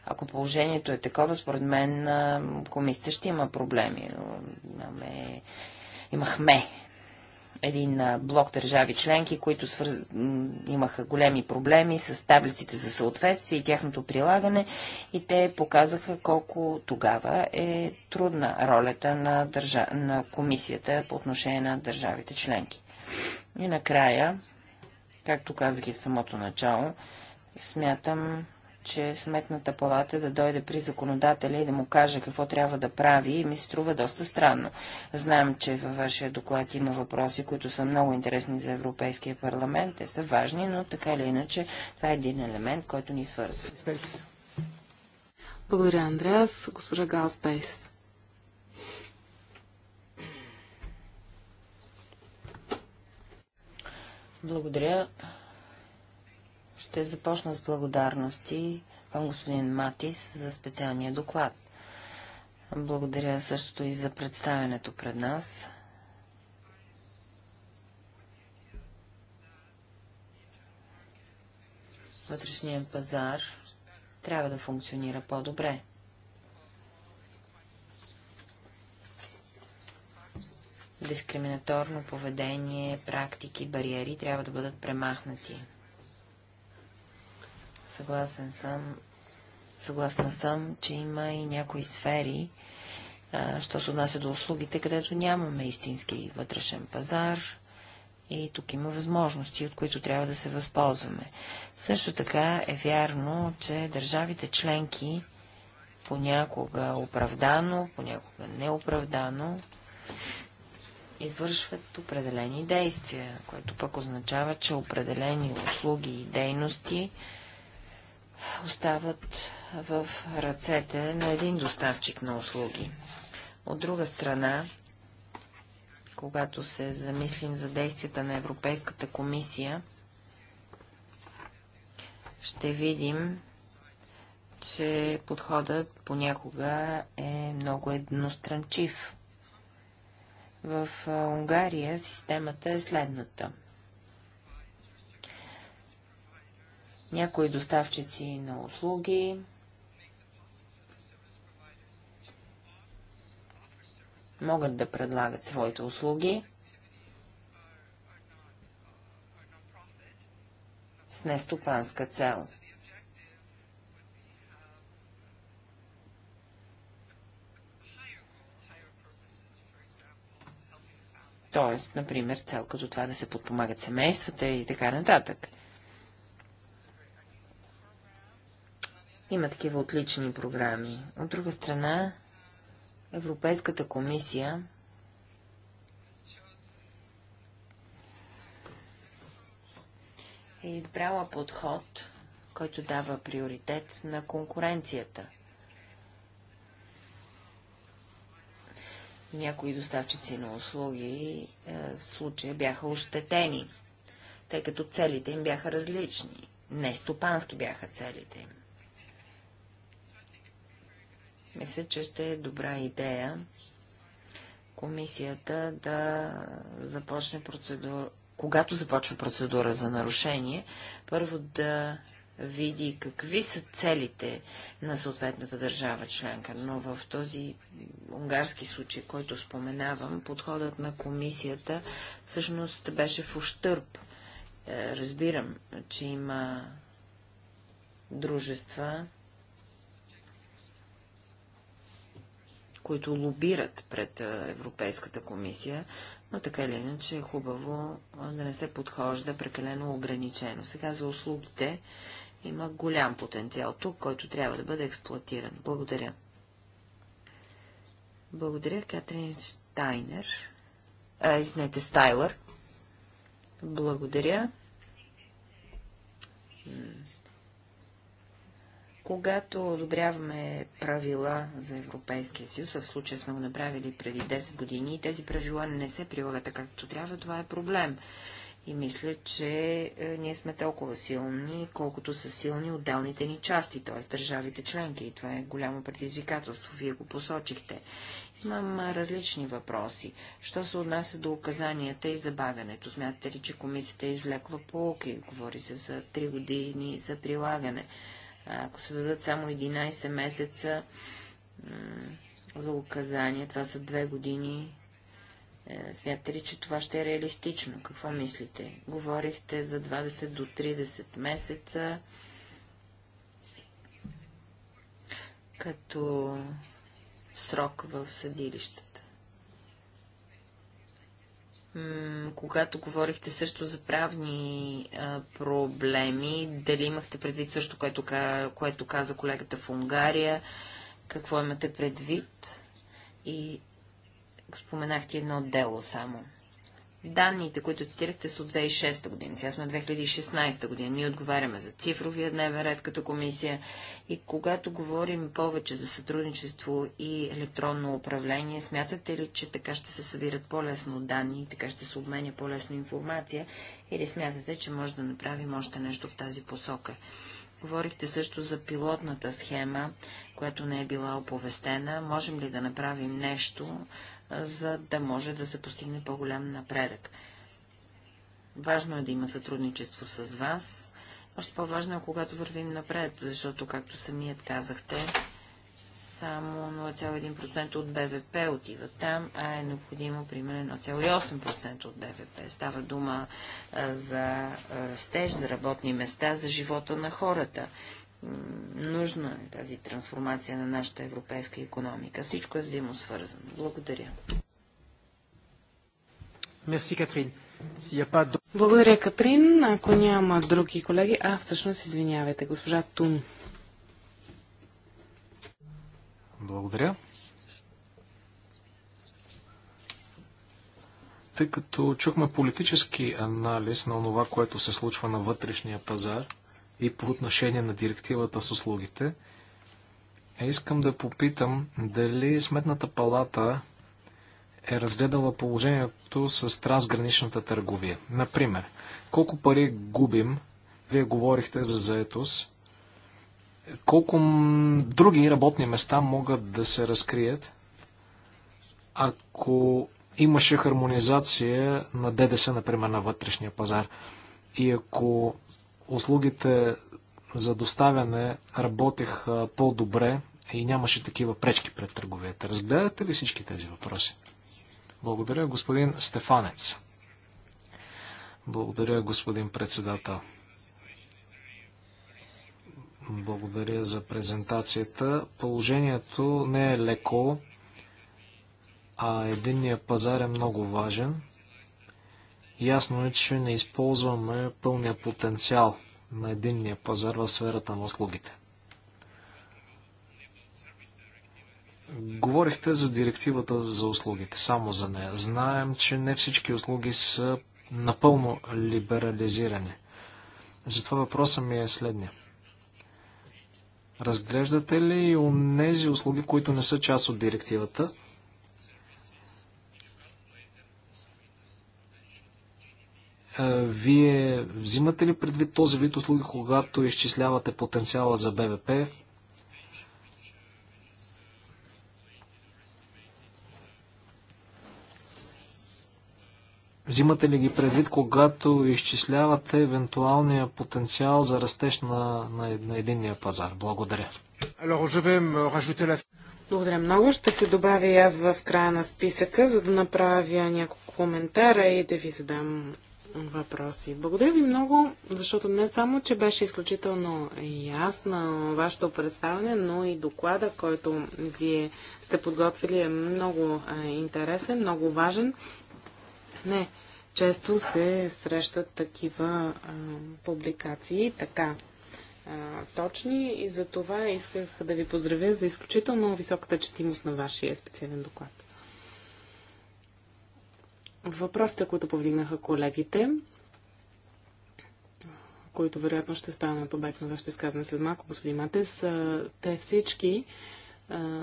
Ако положението е такова, според мен комисията ще има проблеми. Имаме... Имахме един блок държави членки, които свърз... имаха големи проблеми с таблиците за съответствие и тяхното прилагане и те показаха колко тогава е трудна ролята на, държа... на комисията по отношение на държавите членки. И накрая, както казах и в самото начало, смятам, че сметната палата да дойде при законодателя и да му каже какво трябва да прави, и ми се струва доста странно. Знам, че във вашия доклад има въпроси, които са много интересни за Европейския парламент. Те са важни, но така или иначе това е един елемент, който ни свързва. Благодаря, Андреас. Госпожа Галспейс. Благодаря. Ще започна с благодарности към господин Матис за специалния доклад. Благодаря същото и за представянето пред нас. Вътрешният пазар трябва да функционира по-добре. Дискриминаторно поведение, практики, бариери трябва да бъдат премахнати. Съгласен съм, съгласна съм, че има и някои сфери, а, що се отнася до услугите, където нямаме истински вътрешен пазар и тук има възможности, от които трябва да се възползваме. Също така е вярно, че държавите членки понякога оправдано, понякога неоправдано извършват определени действия, което пък означава, че определени услуги и дейности остават в ръцете на един доставчик на услуги. От друга страна, когато се замислим за действията на Европейската комисия, ще видим, че подходът понякога е много едностранчив. В Унгария системата е следната – Някои доставчици на услуги могат да предлагат своите услуги с нестопанска цел. Тоест, например, цел като това да се подпомагат семействата и така нататък. Има такива отлични програми. От друга страна, Европейската комисия е избрала подход, който дава приоритет на конкуренцията. Някои доставчици на услуги е, в случая бяха ощетени, тъй като целите им бяха различни. Не стопански бяха целите им. Мисля, че ще е добра идея комисията да започне процедура, когато започва процедура за нарушение, първо да види какви са целите на съответната държава членка. Но в този унгарски случай, който споменавам, подходът на комисията всъщност беше в ущърп. Е, разбирам, че има дружества, които лобират пред Европейската комисия, но така или иначе е хубаво да не се подхожда прекалено ограничено. Сега за услугите има голям потенциал тук, който трябва да бъде експлуатиран. Благодаря. Благодаря, Катрин Штайнер. А, изнете, Стайлър. Благодаря. Когато одобряваме правила за Европейския съюз, в случая сме го направили преди 10 години, и тези правила не се прилагат както трябва, това е проблем. И мисля, че е, ние сме толкова силни, колкото са силни отделните ни части, т.е. държавите членки. И това е голямо предизвикателство. Вие го посочихте. Имам е, различни въпроси. Що се отнася до указанията и забавянето? Смятате ли, че комисията е извлекла полки? Говори се за 3 години за прилагане. Ако се дадат само 11 месеца за указания, това са две години, е, смятате ли, че това ще е реалистично? Какво мислите? Говорихте за 20 до 30 месеца, като срок в съдилищата когато говорихте също за правни а, проблеми, дали имахте предвид също, което, което каза колегата в Унгария, какво имате предвид и споменахте едно дело само. Данните, които цитирахте, са от 2006 година. Сега сме 2016 година. Ние отговаряме за цифровия дневен ред като комисия. И когато говорим повече за сътрудничество и електронно управление, смятате ли, че така ще се събират по-лесно данни, така ще се обменя по-лесно информация? Или смятате, че може да направим още нещо в тази посока? Говорихте също за пилотната схема, която не е била оповестена. Можем ли да направим нещо, за да може да се постигне по-голям напредък. Важно е да има сътрудничество с вас. Още по-важно е, когато вървим напред, защото, както самият казахте, само 0,1% от БВП отива там, а е необходимо примерно 1,8% от БВП. Става дума а, за стеж, за работни места, за живота на хората нужна е тази трансформация на нашата европейска економика. Всичко е взаимосвързано. Благодаря. Мерси, Катрин. Благодаря, Катрин. Ако няма други колеги... А, всъщност, извинявайте, госпожа Тун. Благодаря. Тъй като чухме политически анализ на това, което се случва на вътрешния пазар, и по отношение на директивата с услугите. Е, искам да попитам дали Сметната палата е разгледала положението с трансграничната търговия. Например, колко пари губим, вие говорихте за заетост, колко други работни места могат да се разкрият, ако имаше хармонизация на ДДС, например, на вътрешния пазар. И ако услугите за доставяне работеха по-добре и нямаше такива пречки пред търговията. Разгледате ли всички тези въпроси? Благодаря, господин Стефанец. Благодаря, господин председател. Благодаря за презентацията. Положението не е леко, а единния пазар е много важен. Ясно е, че не използваме пълния потенциал на единния пазар в сферата на услугите. Говорихте за директивата за услугите, само за нея. Знаем, че не всички услуги са напълно либерализирани. Затова въпросът ми е следния. Разглеждате ли и онези услуги, които не са част от директивата, Вие взимате ли предвид този вид услуги, когато изчислявате потенциала за БВП? Взимате ли ги предвид, когато изчислявате евентуалния потенциал за растеж на, на, на единния пазар? Благодаря. Благодаря много. Ще се добавя и аз в края на списъка, за да направя няколко коментара и да ви задам въпроси. Благодаря ви много, защото не само, че беше изключително ясно вашето представяне, но и доклада, който вие сте подготвили е много е, интересен, много важен. Не, често се срещат такива а, е, публикации, така а, е, точни и за това исках да ви поздравя за изключително високата четимост на вашия специален доклад въпросите, които повдигнаха колегите, които вероятно ще станат обект на вашето изказване след малко, господин Матес, те всички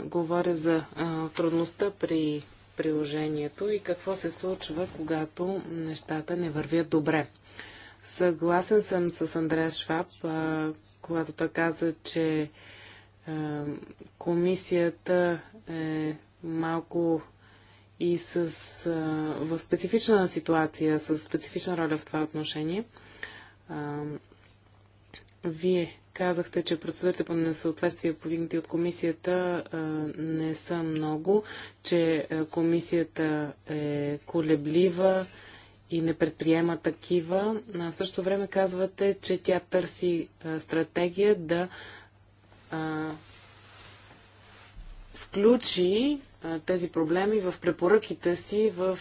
говоря за трудността при приложението и какво се случва, когато нещата не вървят добре. Съгласен съм с Андрея Шваб, когато той каза, че комисията е малко и с, а, в специфична ситуация, с специфична роля в това отношение. А, вие казахте, че процедурите по несъответствие, повдигнати от комисията, не са много, че комисията е колеблива и не предприема такива. В същото време казвате, че тя търси стратегия да включи тези проблеми в препоръките си, в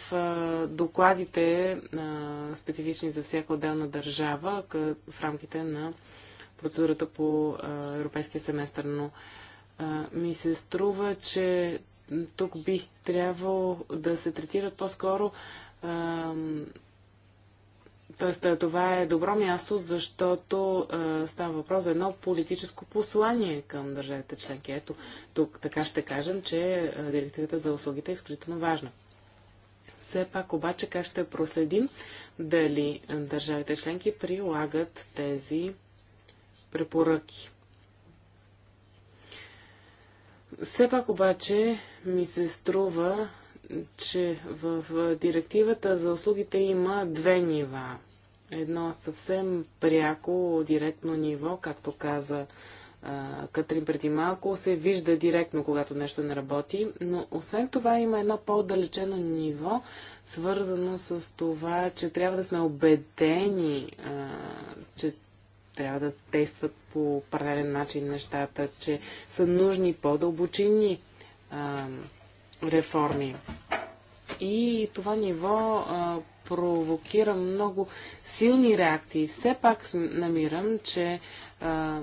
докладите специфични за всяка отделна държава в рамките на процедурата по европейския семестър. Но ми се струва, че тук би трябвало да се третират по-скоро Тоест, това е добро място, защото е, става въпрос за едно политическо послание към държавите членки. Ето, тук така ще кажем, че директивата за услугите е изключително важна. Все пак обаче как ще проследим дали държавите членки прилагат тези препоръки. Все пак обаче ми се струва, че в директивата за услугите има две нива. Едно съвсем пряко, директно ниво, както каза Катрин преди малко, се вижда директно, когато нещо не работи, но освен това има едно по-отдалечено ниво, свързано с това, че трябва да сме убедени, че трябва да действат по правилен начин нещата, че са нужни по-дълбочини реформи. И това ниво а, провокира много силни реакции. Все пак намирам, че а,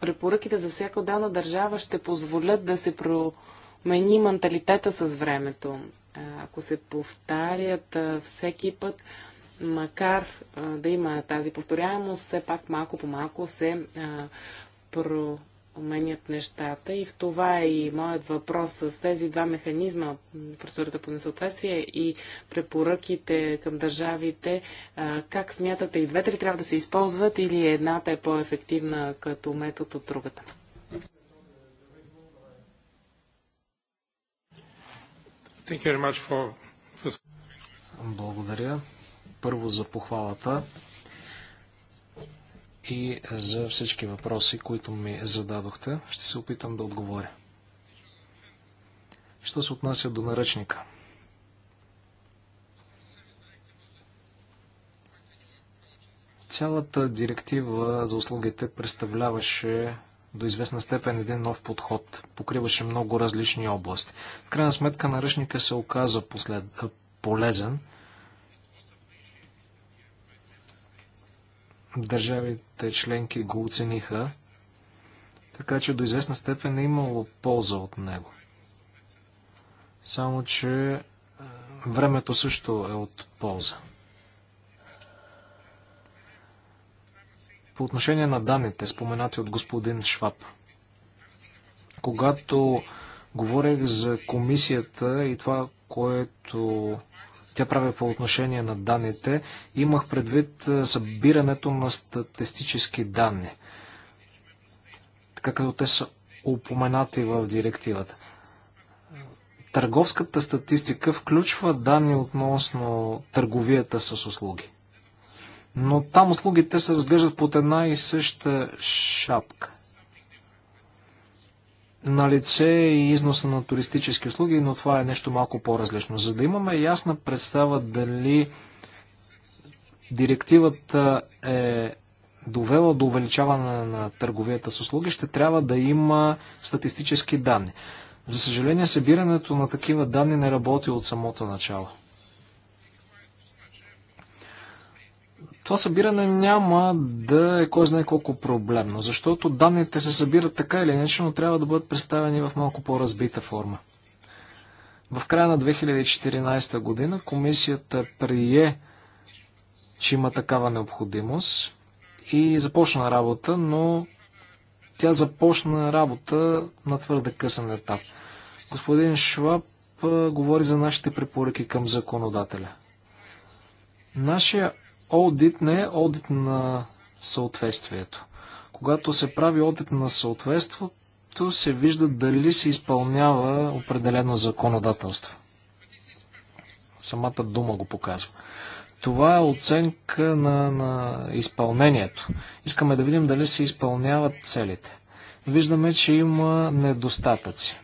препоръките за всяка отделна държава ще позволят да се промени менталитета с времето. Ако се повтарят а, всеки път, макар а, да има тази повторяемост, все пак малко по малко се а, про променят нещата и в това е и моят въпрос с тези два механизма, процедурата по несъответствие и препоръките към държавите, как смятате и двете ли трябва да се използват или едната е по-ефективна като метод от другата? Благодаря. Първо за похвалата и за всички въпроси, които ми зададохте. Ще се опитам да отговоря. Що се отнася до наръчника? Цялата директива за услугите представляваше до известна степен един нов подход, покриваше много различни области. В крайна сметка наръчника се оказа послед... полезен – държавите членки го оцениха, така че до известна степен е имало полза от него. Само, че е, времето също е от полза. По отношение на данните, споменати от господин Шваб, когато говорех за комисията и това, което тя прави по отношение на данните, имах предвид е, събирането на статистически данни, така като те са упоменати в директивата. Търговската статистика включва данни относно търговията с услуги. Но там услугите се разглеждат под една и съща шапка – на лице и износа на туристически услуги, но това е нещо малко по-различно. За да имаме ясна представа дали директивата е довела до увеличаване на търговията с услуги, ще трябва да има статистически данни. За съжаление, събирането на такива данни не работи от самото начало. Това събиране няма да е кой знае колко проблемно, защото данните се събират така или иначе, но трябва да бъдат представени в малко по-разбита форма. В края на 2014 година комисията прие, че има такава необходимост и започна работа, но тя започна работа на твърде късен етап. Господин Шваб говори за нашите препоръки към законодателя. Нашия Одит не е одит на съответствието. Когато се прави одит на съответството, се вижда дали се изпълнява определено законодателство. Самата дума го показва. Това е оценка на, на изпълнението. Искаме да видим дали се изпълняват целите. Виждаме, че има недостатъци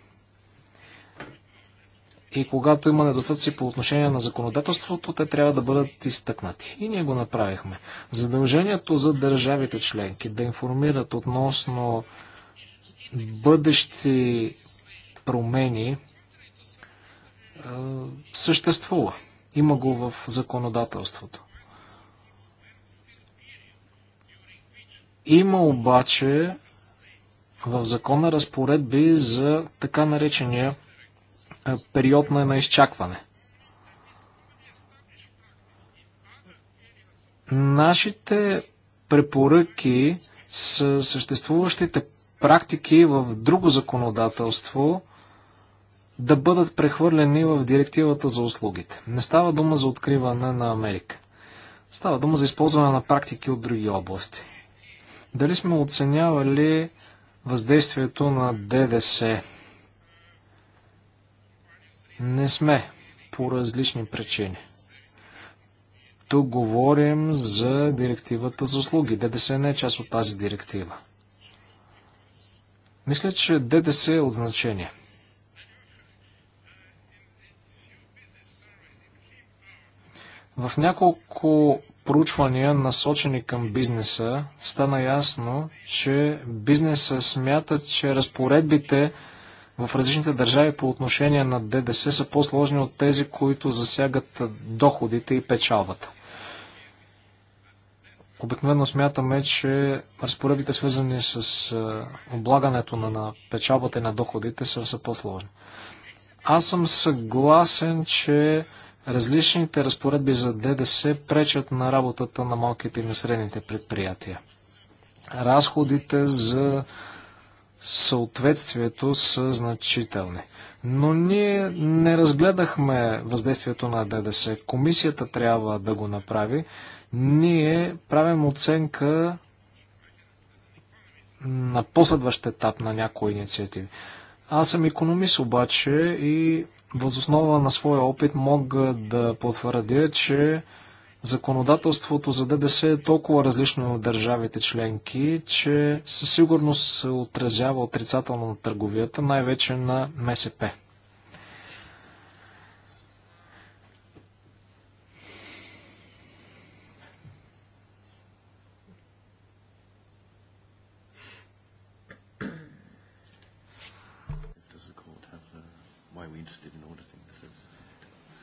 и когато има недостатъци по отношение на законодателството, те трябва да бъдат изтъкнати. И ние го направихме. Задължението за държавите членки да информират относно бъдещи промени съществува. Има го в законодателството. Има обаче в закона разпоредби за така наречения е, период на, на изчакване. Нашите препоръки с съществуващите практики в друго законодателство да бъдат прехвърлени в директивата за услугите. Не става дума за откриване на Америка. Става дума за използване на практики от други области. Дали сме оценявали въздействието на ДДС не сме по различни причини. Тук говорим за директивата за услуги. ДДС не е част от тази директива. Мисля, че ДДС е от значение. В няколко проучвания, насочени към бизнеса, стана ясно, че бизнеса смята, че разпоредбите в различните държави по отношение на ДДС са по-сложни от тези, които засягат доходите и печалбата. Обикновено смятаме, че разпоредбите, свързани с облагането на, на печалбата и на доходите, са, са по-сложни. Аз съм съгласен, че различните разпоредби за ДДС пречат на работата на малките и на средните предприятия. Разходите за съответствието са значителни. Но ние не разгледахме въздействието на ДДС. Комисията трябва да го направи. Ние правим оценка на последващ етап на някои инициативи. Аз съм економист обаче и възоснова на своя опит мога да потвърдя, че законодателството за ДДС е толкова различно от държавите членки, че със сигурност се отразява отрицателно на търговията, най-вече на МСП.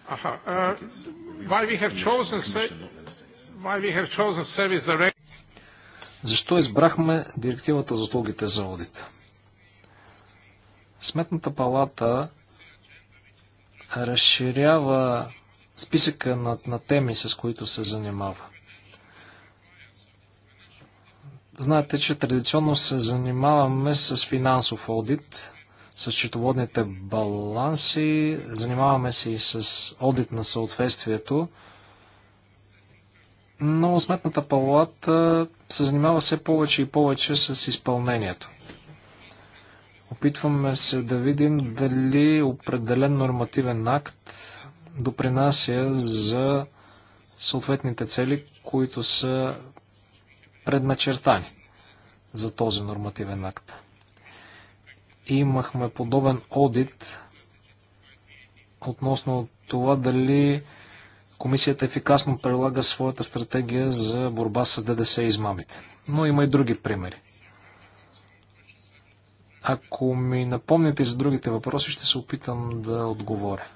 Uh, Aha, uh, защо избрахме директивата за услугите за одит? Сметната палата разширява списъка на, на теми, с които се занимава. Знаете, че традиционно се занимаваме с финансов аудит с счетоводните баланси, занимаваме се и с одит на съответствието, но Сметната палата се занимава все повече и повече с изпълнението. Опитваме се да видим дали определен нормативен акт допринася за съответните цели, които са предначертани за този нормативен акт имахме подобен одит относно това дали комисията ефикасно прилага своята стратегия за борба с ДДС и измамите. Но има и други примери. Ако ми напомните за другите въпроси, ще се опитам да отговоря.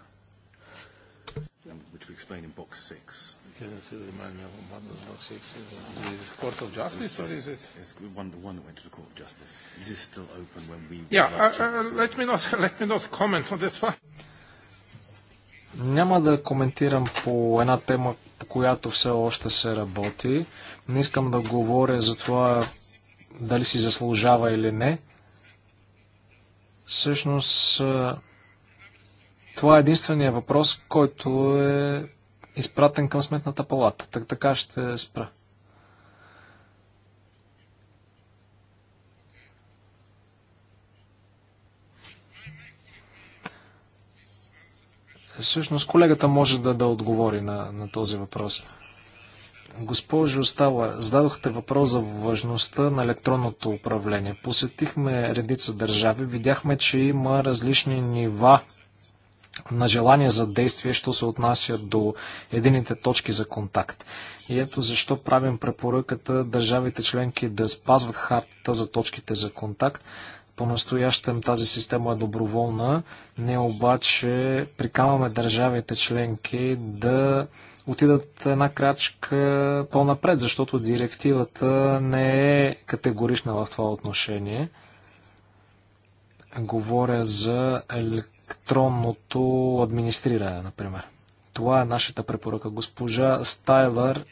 Is it Court of Justice or is it? It's one, the one that went to the Court of Justice. This still open when we. Yeah, uh, uh, let me not [laughs] let me not comment on this one. Няма да коментирам по една тема, по която все още се работи. Не искам да говоря за това дали си заслужава или не. Всъщност, това е единствения въпрос, който е изпратен към сметната палата. Так, така ще спра. Всъщност колегата може да, да отговори на, на този въпрос. Госпожо Става, зададохте въпрос за важността на електронното управление. Посетихме редица държави, видяхме, че има различни нива на желание за действие, що се отнася до едините точки за контакт. И ето защо правим препоръката държавите членки да спазват хартата за точките за контакт. По-настоящем тази система е доброволна. не, обаче прикамаме държавите членки да отидат една крачка по-напред, защото директивата не е категорична в това отношение – Говоря за електронното администриране, например. Това е нашата препоръка. Госпожа Стайлър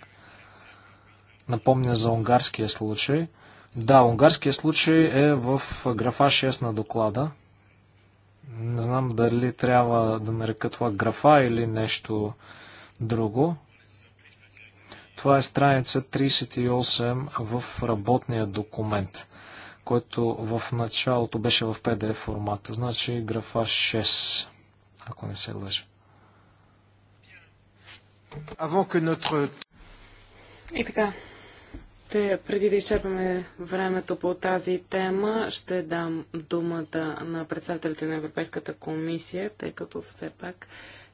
напомня за унгарския случай. Да, унгарския случай е в графа 6 на доклада. Не знам дали трябва да нарека това графа или нещо друго. Това е страница 38 в работния документ. Който в началото беше в PDF формата. Значи графа 6, ако не се лъжа. И така, те, преди да изчерпаме времето по тази тема, ще дам думата на председателите на Европейската комисия, тъй като все пак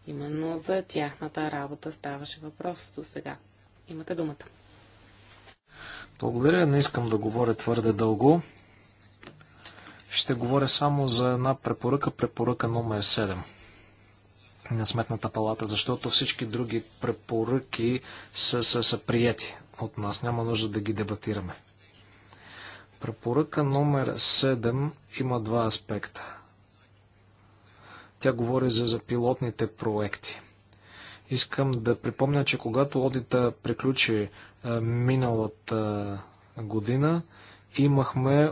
именно за тяхната работа ставаше въпрос до сега. Имате думата. Благодаря. Не искам да говоря твърде дълго. Ще говоря само за една препоръка, препоръка номер 7 на Сметната палата, защото всички други препоръки са, са, са прияти от нас. Няма нужда да ги дебатираме. Препоръка номер 7 има два аспекта. Тя говори за, за пилотните проекти. Искам да припомня, че когато одита приключи е, миналата е, година, имахме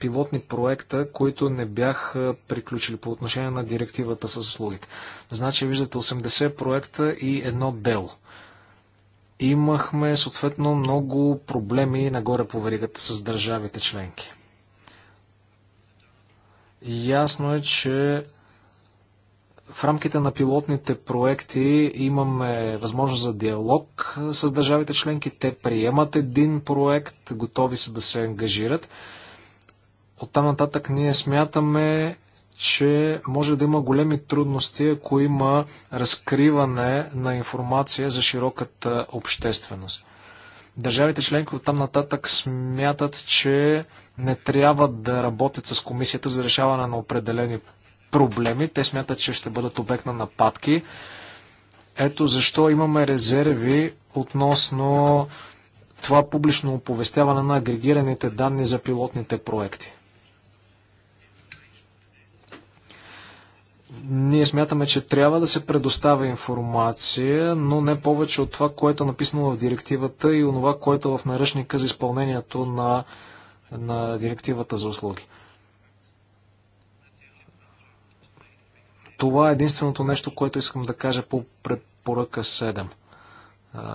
пилотни проекта, които не бяха приключили по отношение на директивата с услугите. Значи, виждате 80 проекта и едно дело. Имахме съответно много проблеми нагоре по веригата с държавите членки. Ясно е, че в рамките на пилотните проекти имаме възможност за диалог с държавите членки. Те приемат един проект, готови са да се ангажират. Оттам нататък ние смятаме, че може да има големи трудности, ако има разкриване на информация за широката общественост. Държавите членки оттам нататък смятат, че не трябва да работят с комисията за решаване на определени проблеми. Те смятат, че ще бъдат обект на нападки. Ето защо имаме резерви относно това публично оповестяване на агрегираните данни за пилотните проекти. Ние смятаме, че трябва да се предоставя информация, но не повече от това, което е написано в директивата и онова, което е в наръчника за изпълнението на, на директивата за услуги. Това е единственото нещо, което искам да кажа по препоръка 7.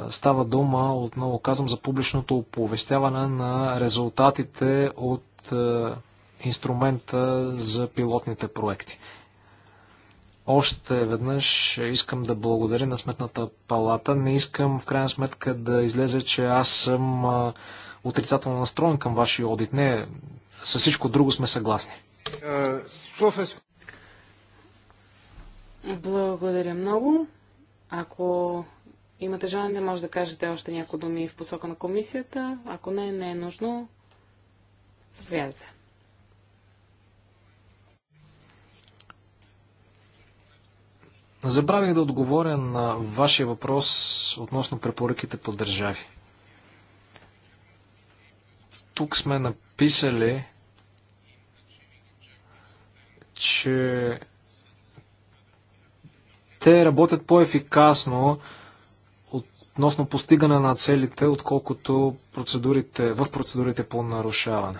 Става дума, отново казвам, за публичното оповестяване на резултатите от инструмента за пилотните проекти. Още веднъж искам да благодаря на Сметната палата. Не искам в крайна сметка да излезе, че аз съм отрицателно настроен към вашия одит. Не, със всичко друго сме съгласни. Благодаря много. Ако имате желание, може да кажете още някои думи в посока на комисията. Ако не, не е нужно. Заповядайте. Забравих да отговоря на вашия въпрос относно препоръките по държави. Тук сме написали, че те работят по-ефикасно относно постигане на целите, отколкото процедурите, в процедурите по нарушаване.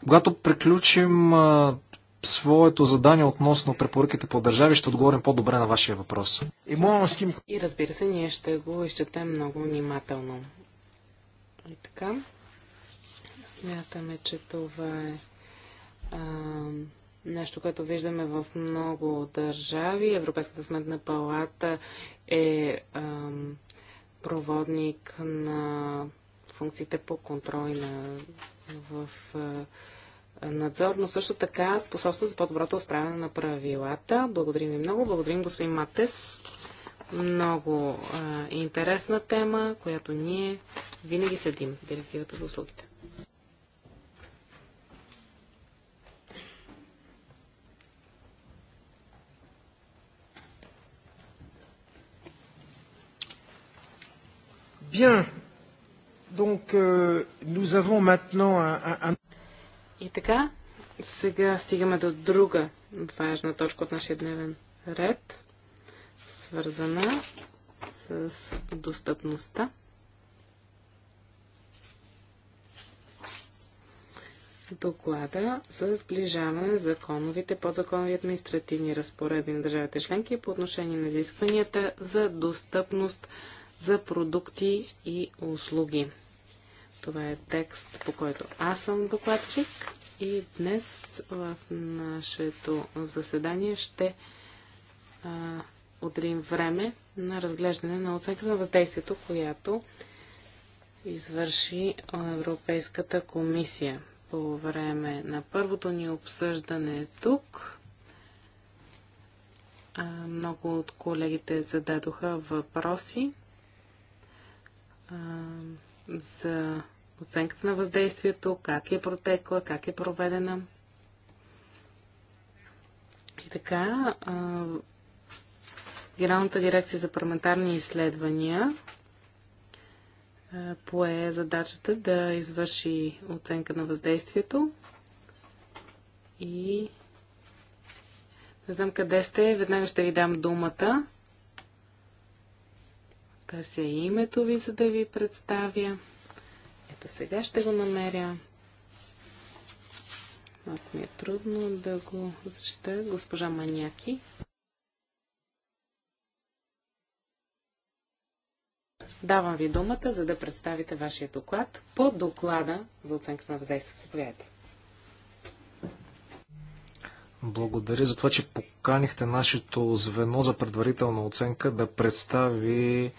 Когато приключим своето задание относно препоръките по държави, ще отговорим по-добре на вашия въпрос. И разбира се, ние ще го изчетем много внимателно. И така. Смятаме, че това е а, нещо, което виждаме в много държави. Европейската сметна палата е а, проводник на функциите по контрол на, в а, надзор, но също така способства за по-доброто справяне на правилата. Благодарим ви много. Благодарим господин Матес. Много а, интересна тема, която ние винаги следим. Директивата за услугите. Bien. Donc, euh, nous avons maintenant un, un, un... И така, сега стигаме до друга важна точка от нашия дневен ред, свързана с достъпността. доклада за сближаване на законовите, подзаконови административни разпоредби на държавите членки по отношение на изискванията за достъпност за продукти и услуги. Това е текст, по който аз съм докладчик и днес в нашето заседание ще а, отделим време на разглеждане на оценка на въздействието, която извърши Европейската комисия по време на първото ни обсъждане тук. А, много от колегите зададоха въпроси. А, за оценката на въздействието, как е протекла, как е проведена. И така, Генералната дирекция за парламентарни изследвания пое задачата да извърши оценка на въздействието и не знам къде сте, веднага ще ви дам думата. Търся е името ви, за да ви представя. Ето сега ще го намеря. Малко ми е трудно да го зачета. Госпожа Маняки. Давам ви думата, за да представите вашия доклад по доклада за оценка на въздействието. Заповядайте. Благодаря за това, че поканихте нашето звено за предварителна оценка да представи е,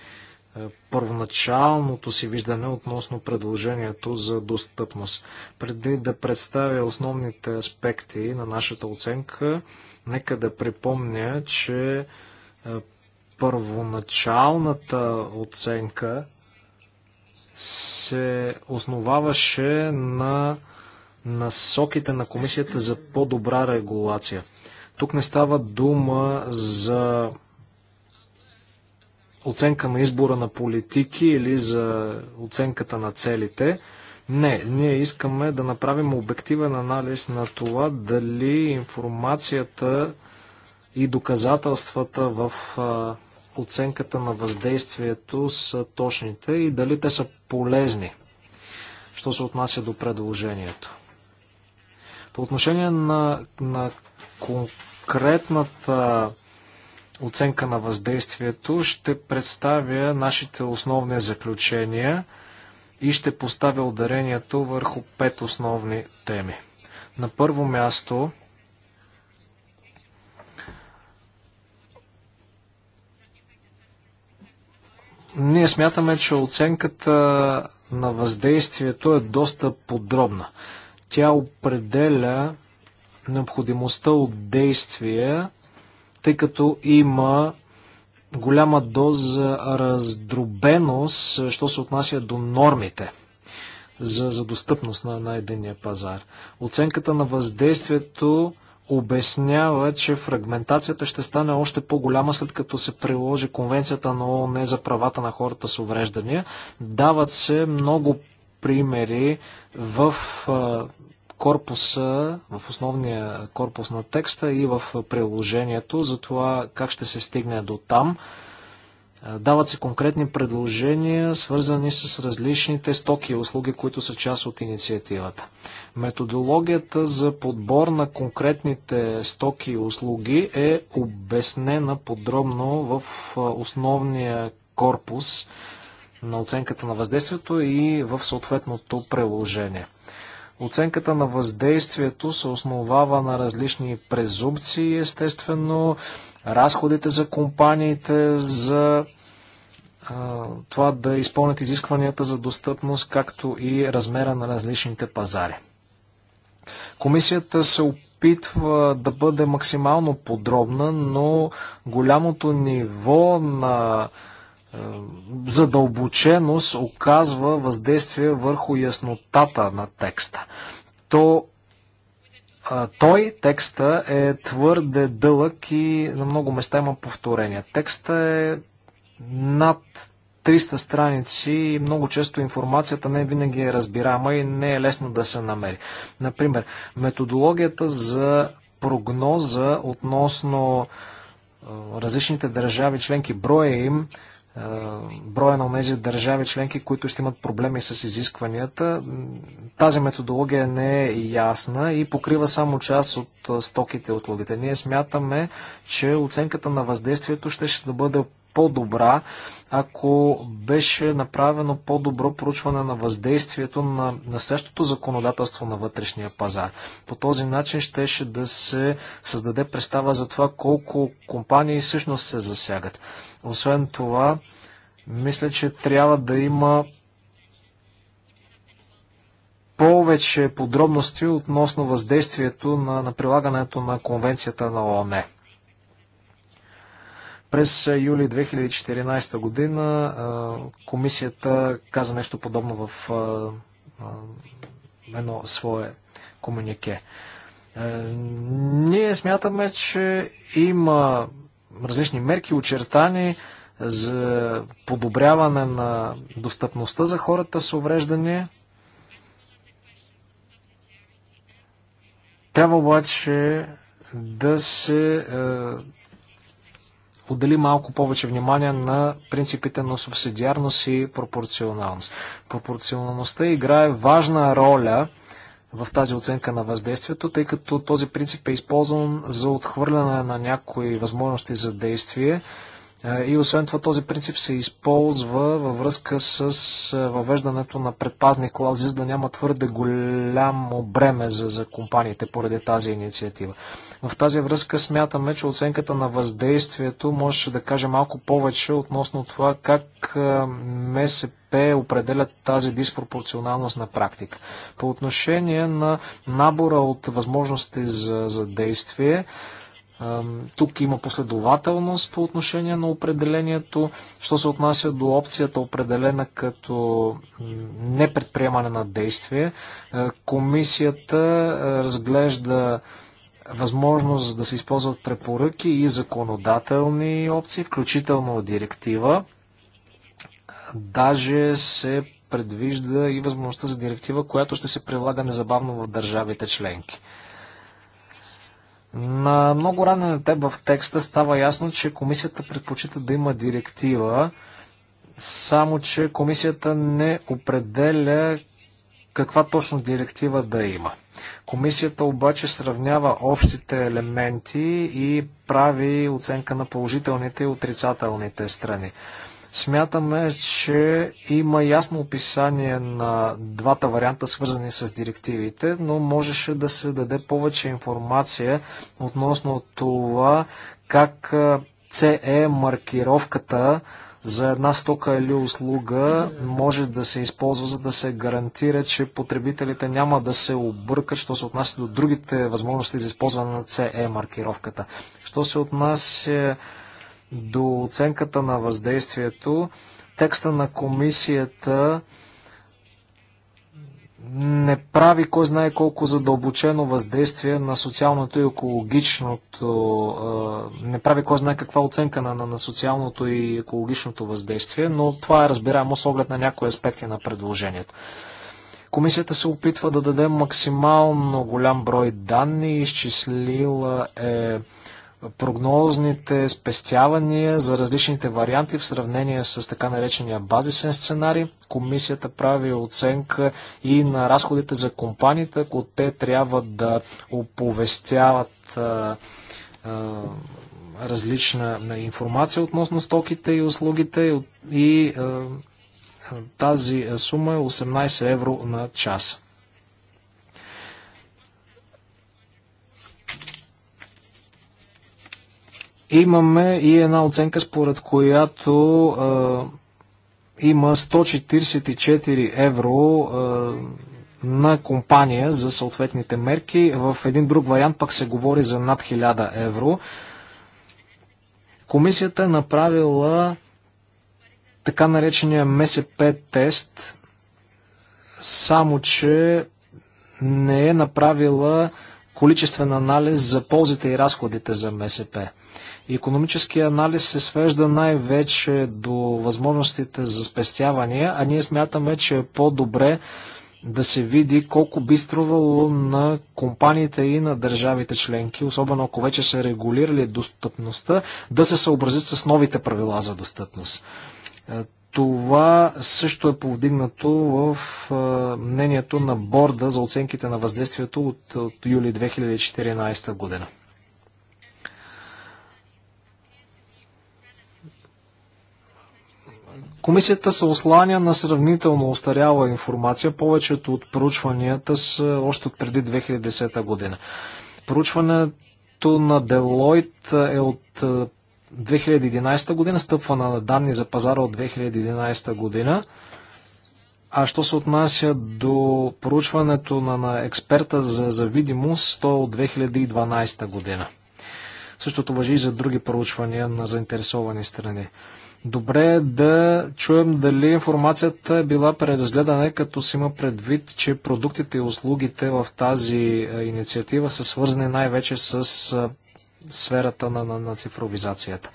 първоначалното си виждане относно предложението за достъпност. Преди да представя основните аспекти на нашата оценка, нека да припомня, че е, първоначалната оценка се основаваше на насоките на комисията за по-добра регулация. Тук не става дума за оценка на избора на политики или за оценката на целите. Не, ние искаме да направим обективен анализ на това дали информацията и доказателствата в оценката на въздействието са точните и дали те са полезни, що се отнася до предложението. По отношение на, на конкретната оценка на въздействието, ще представя нашите основни заключения и ще поставя ударението върху пет основни теми. На първо място ние смятаме, че оценката на въздействието е доста подробна. Тя определя необходимостта от действия, тъй като има голяма доза раздробеност, що се отнася до нормите за, за достъпност на, на единния пазар. Оценката на въздействието обяснява, че фрагментацията ще стане още по-голяма след като се приложи Конвенцията на ООН за правата на хората с увреждания. Дават се много примери в корпуса, в основния корпус на текста и в приложението за това как ще се стигне до там. Дават се конкретни предложения, свързани с различните стоки и услуги, които са част от инициативата. Методологията за подбор на конкретните стоки и услуги е обяснена подробно в основния корпус на оценката на въздействието и в съответното приложение. Оценката на въздействието се основава на различни презумпции, естествено, разходите за компаниите, за а, това да изпълнят изискванията за достъпност, както и размера на различните пазари. Комисията се опитва да бъде максимално подробна, но голямото ниво на задълбоченост оказва въздействие върху яснотата на текста. То той, текста е твърде дълъг и на много места има повторения. Текста е над 300 страници и много често информацията не винаги е разбираема и не е лесно да се намери. Например, методологията за прогноза относно различните държави членки, броя им, броя на тези държави членки, които ще имат проблеми с изискванията. Тази методология не е ясна и покрива само част от стоките и услугите. Ние смятаме, че оценката на въздействието ще, ще бъде по-добра, ако беше направено по-добро проучване на въздействието на настоящото законодателство на вътрешния пазар. По този начин щеше да се създаде представа за това колко компании всъщност се засягат. Освен това, мисля, че трябва да има повече подробности относно въздействието на, на прилагането на конвенцията на ООН. През юли 2014 година комисията каза нещо подобно в едно свое комунике. Е, ние смятаме, че има различни мерки, очертани за подобряване на достъпността за хората с увреждания. Трябва обаче да се е, Отдели малко повече внимание на принципите на субсидиарност и пропорционалност. Пропорционалността играе важна роля в тази оценка на въздействието, тъй като този принцип е използван за отхвърляне на някои възможности за действие. Е, и освен това този принцип се използва във връзка с е, въвеждането на предпазни клаузи, за да няма твърде голямо бреме за, за компаниите поради тази инициатива. В тази връзка смятаме, че оценката на въздействието може да каже малко повече относно това как МСП определят тази диспропорционалност на практика. По отношение на набора от възможности за, за действие, тук има последователност по отношение на определението, що се отнася до опцията определена като непредприемане на действие. Комисията разглежда възможност да се използват препоръки и законодателни опции, включително директива. Даже се предвижда и възможността за директива, която ще се прилага незабавно в държавите членки. На много ранен етап в текста става ясно, че комисията предпочита да има директива, само че комисията не определя каква точно директива да има. Комисията обаче сравнява общите елементи и прави оценка на положителните и отрицателните страни. Смятаме, че има ясно описание на двата варианта, свързани с директивите, но можеше да се даде повече информация относно това как CE маркировката за една стока или услуга може да се използва, за да се гарантира, че потребителите няма да се объркат, що се отнася до другите възможности за използване на CE маркировката. Що се отнася до оценката на въздействието, текста на комисията не прави кой знае колко задълбочено въздействие на социалното и екологичното, не прави кой знае каква оценка на, на, на социалното и екологичното въздействие, но това е разбираемо с оглед на някои аспекти на предложението. Комисията се опитва да даде максимално голям брой данни, изчислила е прогнозните спестявания за различните варианти в сравнение с така наречения базисен сценарий. Комисията прави оценка и на разходите за компаниите, ако те трябва да оповестяват а, а, различна информация относно стоките и услугите и а, тази сума е 18 евро на час. Имаме и една оценка, според която а, има 144 евро а, на компания за съответните мерки. В един друг вариант пък се говори за над 1000 евро. Комисията е направила така наречения МСП тест, само че не е направила количествен анализ за ползите и разходите за МСП. Економическия анализ се свежда най-вече до възможностите за спестявания, а ние смятаме, че е по-добре да се види колко би струвало на компаниите и на държавите членки, особено ако вече са регулирали достъпността, да се съобразят с новите правила за достъпност. Е, това също е повдигнато в е, мнението на борда за оценките на въздействието от, от юли 2014 година. Комисията се осланя на сравнително устаряла информация. Повечето от проучванията са още от преди 2010 година. Проучването на Делойт е от 2011 е, година, стъпва на данни за пазара от 2011 година. А що се отнася до проучването на, на експерта за, завидимост, видимост, то е от 2012 година. Същото въжи и за други проучвания на заинтересовани страни. Добре е да чуем дали информацията е била преразгледана, като си има предвид, че продуктите и услугите в тази е, инициатива са свързани най-вече с е, сферата на, на, на цифровизацията.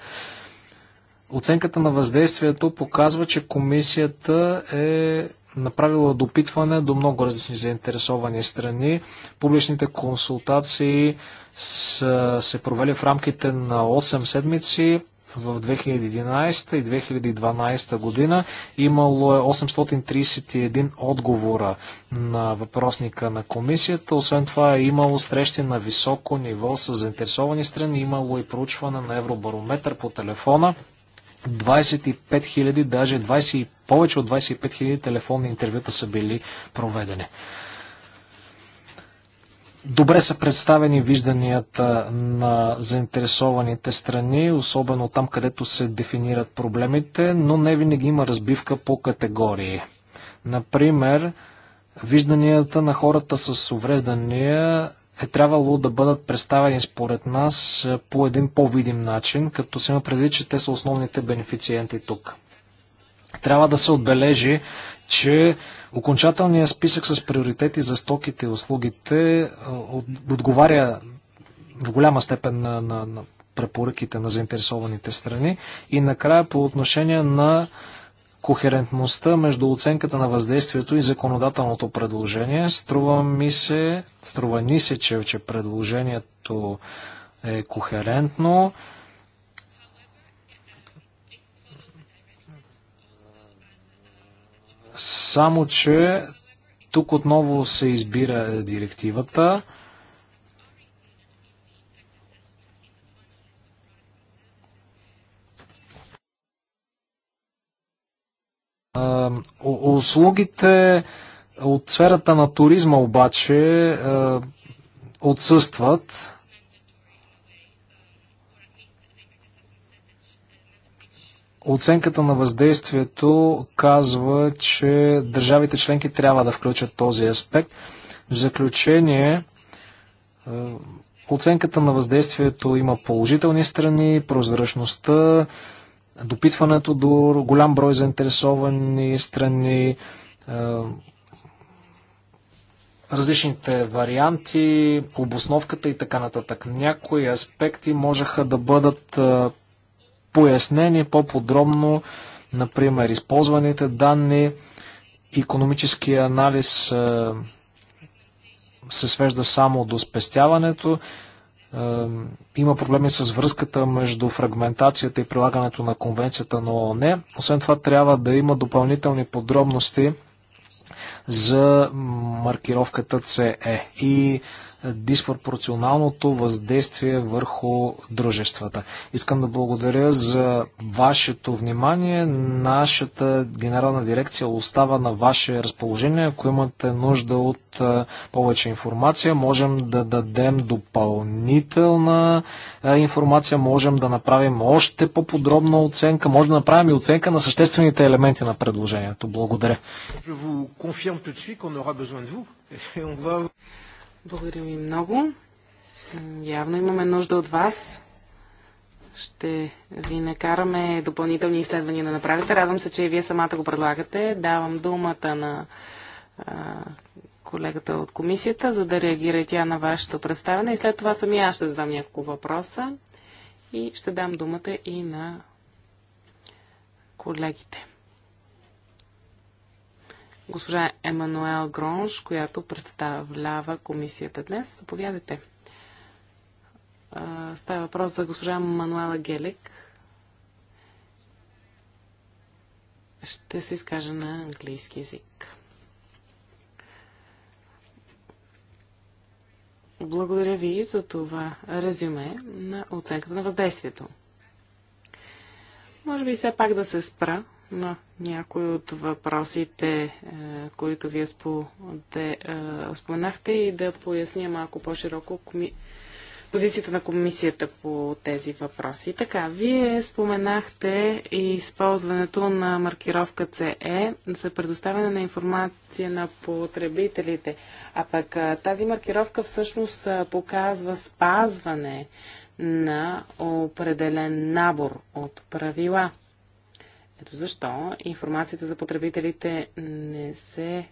Оценката на въздействието показва, че комисията е направила допитване до много различни заинтересовани страни. Публичните консултации са е, се провели в рамките на 8 седмици в 2011 и 2012 година. Имало е 831 отговора на въпросника на комисията. Освен това е имало срещи на високо ниво с заинтересовани страни. Имало и проучване на Евробарометър по телефона. 25 000, даже 20, повече от 25 000 телефонни интервюта са били проведени. Добре са представени вижданията на заинтересованите страни, особено там, където се дефинират проблемите, но не винаги има разбивка по категории. Например, вижданията на хората с увреждания е трябвало да бъдат представени според нас по един по-видим начин, като се има предвид, че те са основните бенефициенти тук. Трябва да се отбележи, че Окончателният списък с приоритети за стоките и услугите отговаря в голяма степен на, на, на препоръките на заинтересованите страни. И накрая по отношение на кохерентността между оценката на въздействието и законодателното предложение. Струва ми се, струва ни се, че, че предложението е кохерентно. Само, че тук отново се избира директивата. Услугите от сферата на туризма обаче отсъстват. Оценката на въздействието казва, че държавите членки трябва да включат този аспект. В заключение, е, оценката на въздействието има положителни страни, прозрачността, допитването до голям брой заинтересовани страни, е, различните варианти, обосновката и така нататък. Някои аспекти можеха да бъдат е, пояснени по-подробно, например, използваните данни, економическия анализ се свежда само до спестяването. Има проблеми с връзката между фрагментацията и прилагането на конвенцията на ООН. Освен това трябва да има допълнителни подробности за маркировката CE. И диспропорционалното въздействие върху дружествата. Искам да благодаря за вашето внимание. Нашата генерална дирекция остава на ваше разположение. Ако имате нужда от повече информация, можем да дадем допълнителна информация, можем да направим още по-подробна оценка, може да направим и оценка на съществените елементи на предложението. Благодаря. Благодаря ви много. Явно имаме нужда от вас. Ще ви накараме допълнителни изследвания да направите. Радвам се, че и вие самата го предлагате. Давам думата на колегата от комисията, за да реагира тя на вашето представяне. И след това сами аз ще задам няколко въпроса и ще дам думата и на колегите госпожа Емануел Гронш, която представлява комисията днес. Заповядайте. Става въпрос за госпожа Мануела Гелик. Ще се изкажа на английски язик. Благодаря ви за това резюме на оценката на въздействието. Може би все пак да се спра на някои от въпросите, е, които вие е, споменахте и да поясня малко по-широко позицията на комисията по тези въпроси. Така, вие споменахте използването на маркировка CE за предоставяне на информация на потребителите, а пък е, тази маркировка всъщност показва спазване на определен набор от правила – ето защо информацията за потребителите не се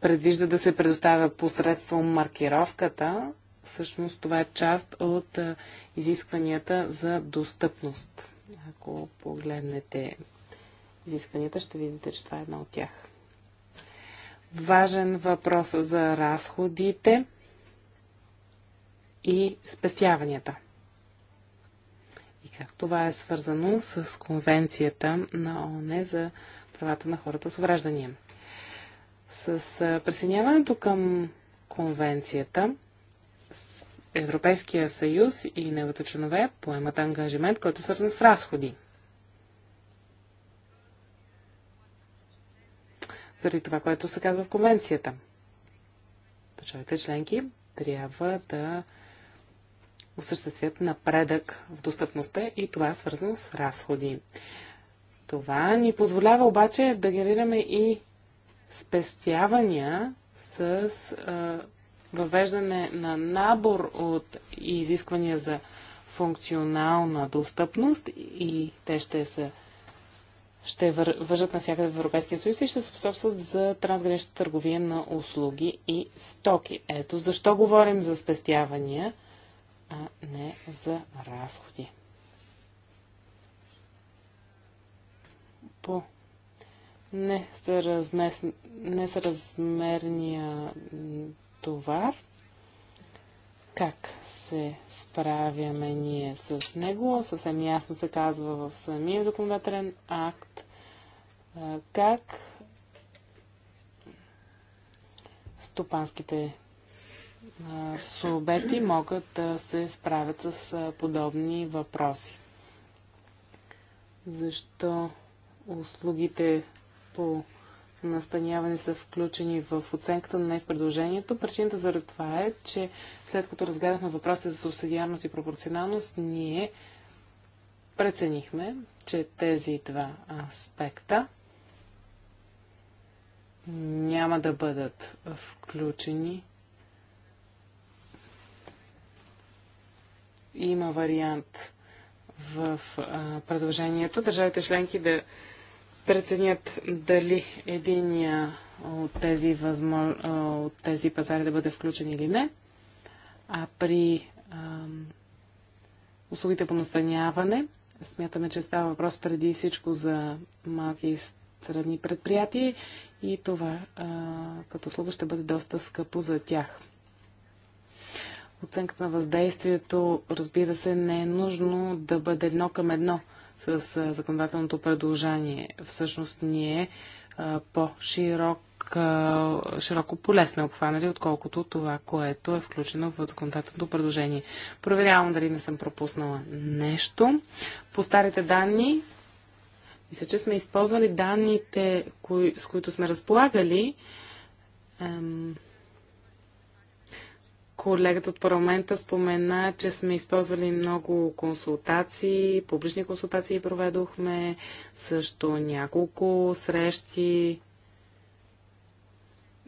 предвижда да се предоставя посредством маркировката. Всъщност това е част от изискванията за достъпност. Ако погледнете изискванията, ще видите, че това е една от тях. Важен въпрос за разходите и спестяванията тях. Това е свързано с Конвенцията на ООН за правата на хората с увреждания. С присъединяването към Конвенцията, Европейския съюз и неговите членове поемат ангажимент, който е свързан с разходи. Заради това, което се казва в Конвенцията. Държавите членки трябва да осъществят напредък в достъпността и това е свързано с разходи. Това ни позволява обаче да генерираме и спестявания с а, въвеждане на набор от изисквания за функционална достъпност и те ще се ще въжат навсякъде в Европейския съюз и ще способстват за трансгранична търговия на услуги и стоки. Ето защо говорим за спестявания – а не за разходи. По несъразмерния товар, как се справяме ние с него, съвсем ясно се казва в самия законодателен акт, как стопанските субети могат да се справят с подобни въпроси. Защо услугите по настаняване са включени в оценката на в предложението. Причината за това е, че след като разгледахме въпросите за субсидиарност и пропорционалност, ние преценихме, че тези два аспекта няма да бъдат включени има вариант в а, предложението държавите членки да преценят дали единия от тези, възмож... от тези пазари да бъде включен или не. А при а, услугите по настаняване, смятаме, че става въпрос преди всичко за малки и средни предприятия и това а, като услуга ще бъде доста скъпо за тях. Оценката на въздействието, разбира се, не е нужно да бъде едно към едно с законодателното предложение. Всъщност ние по-широк широко поле сме обхванали, отколкото това, което е включено в законодателното предложение. Проверявам дали не съм пропуснала нещо. По старите данни, мисля, че сме използвали данните, кои, с които сме разполагали. Ем, Колегата от парламента спомена, че сме използвали много консултации, публични консултации проведохме, също няколко срещи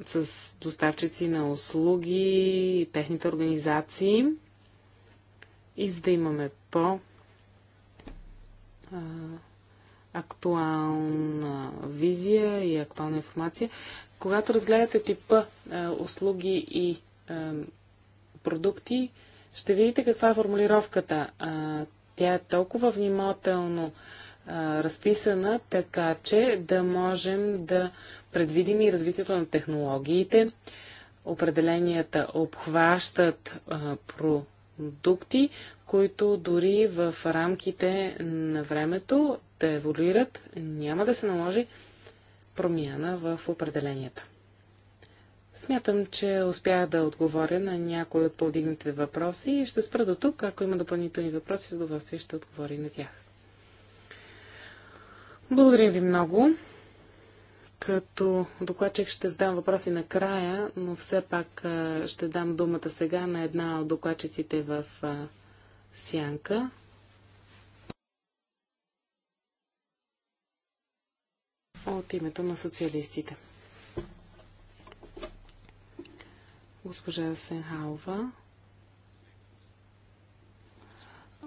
с доставчици на услуги и техните организации. И за да имаме по актуална визия и актуална информация. Когато разгледате типа услуги и продукти, ще видите каква е формулировката. А, тя е толкова внимателно а, разписана, така че да можем да предвидим и развитието на технологиите. Определенията обхващат а, продукти, които дори в рамките на времето да еволюират, няма да се наложи промяна в определенията. Смятам, че успях да отговоря на някои от повдигнатите въпроси и ще спра до тук. Ако има допълнителни въпроси, с удоволствие ще отговоря на тях. Благодаря ви много. Като докладчик ще задам въпроси накрая, но все пак ще дам думата сега на една от докладчиците в Сянка. От името на социалистите. госпожа Сенхалва.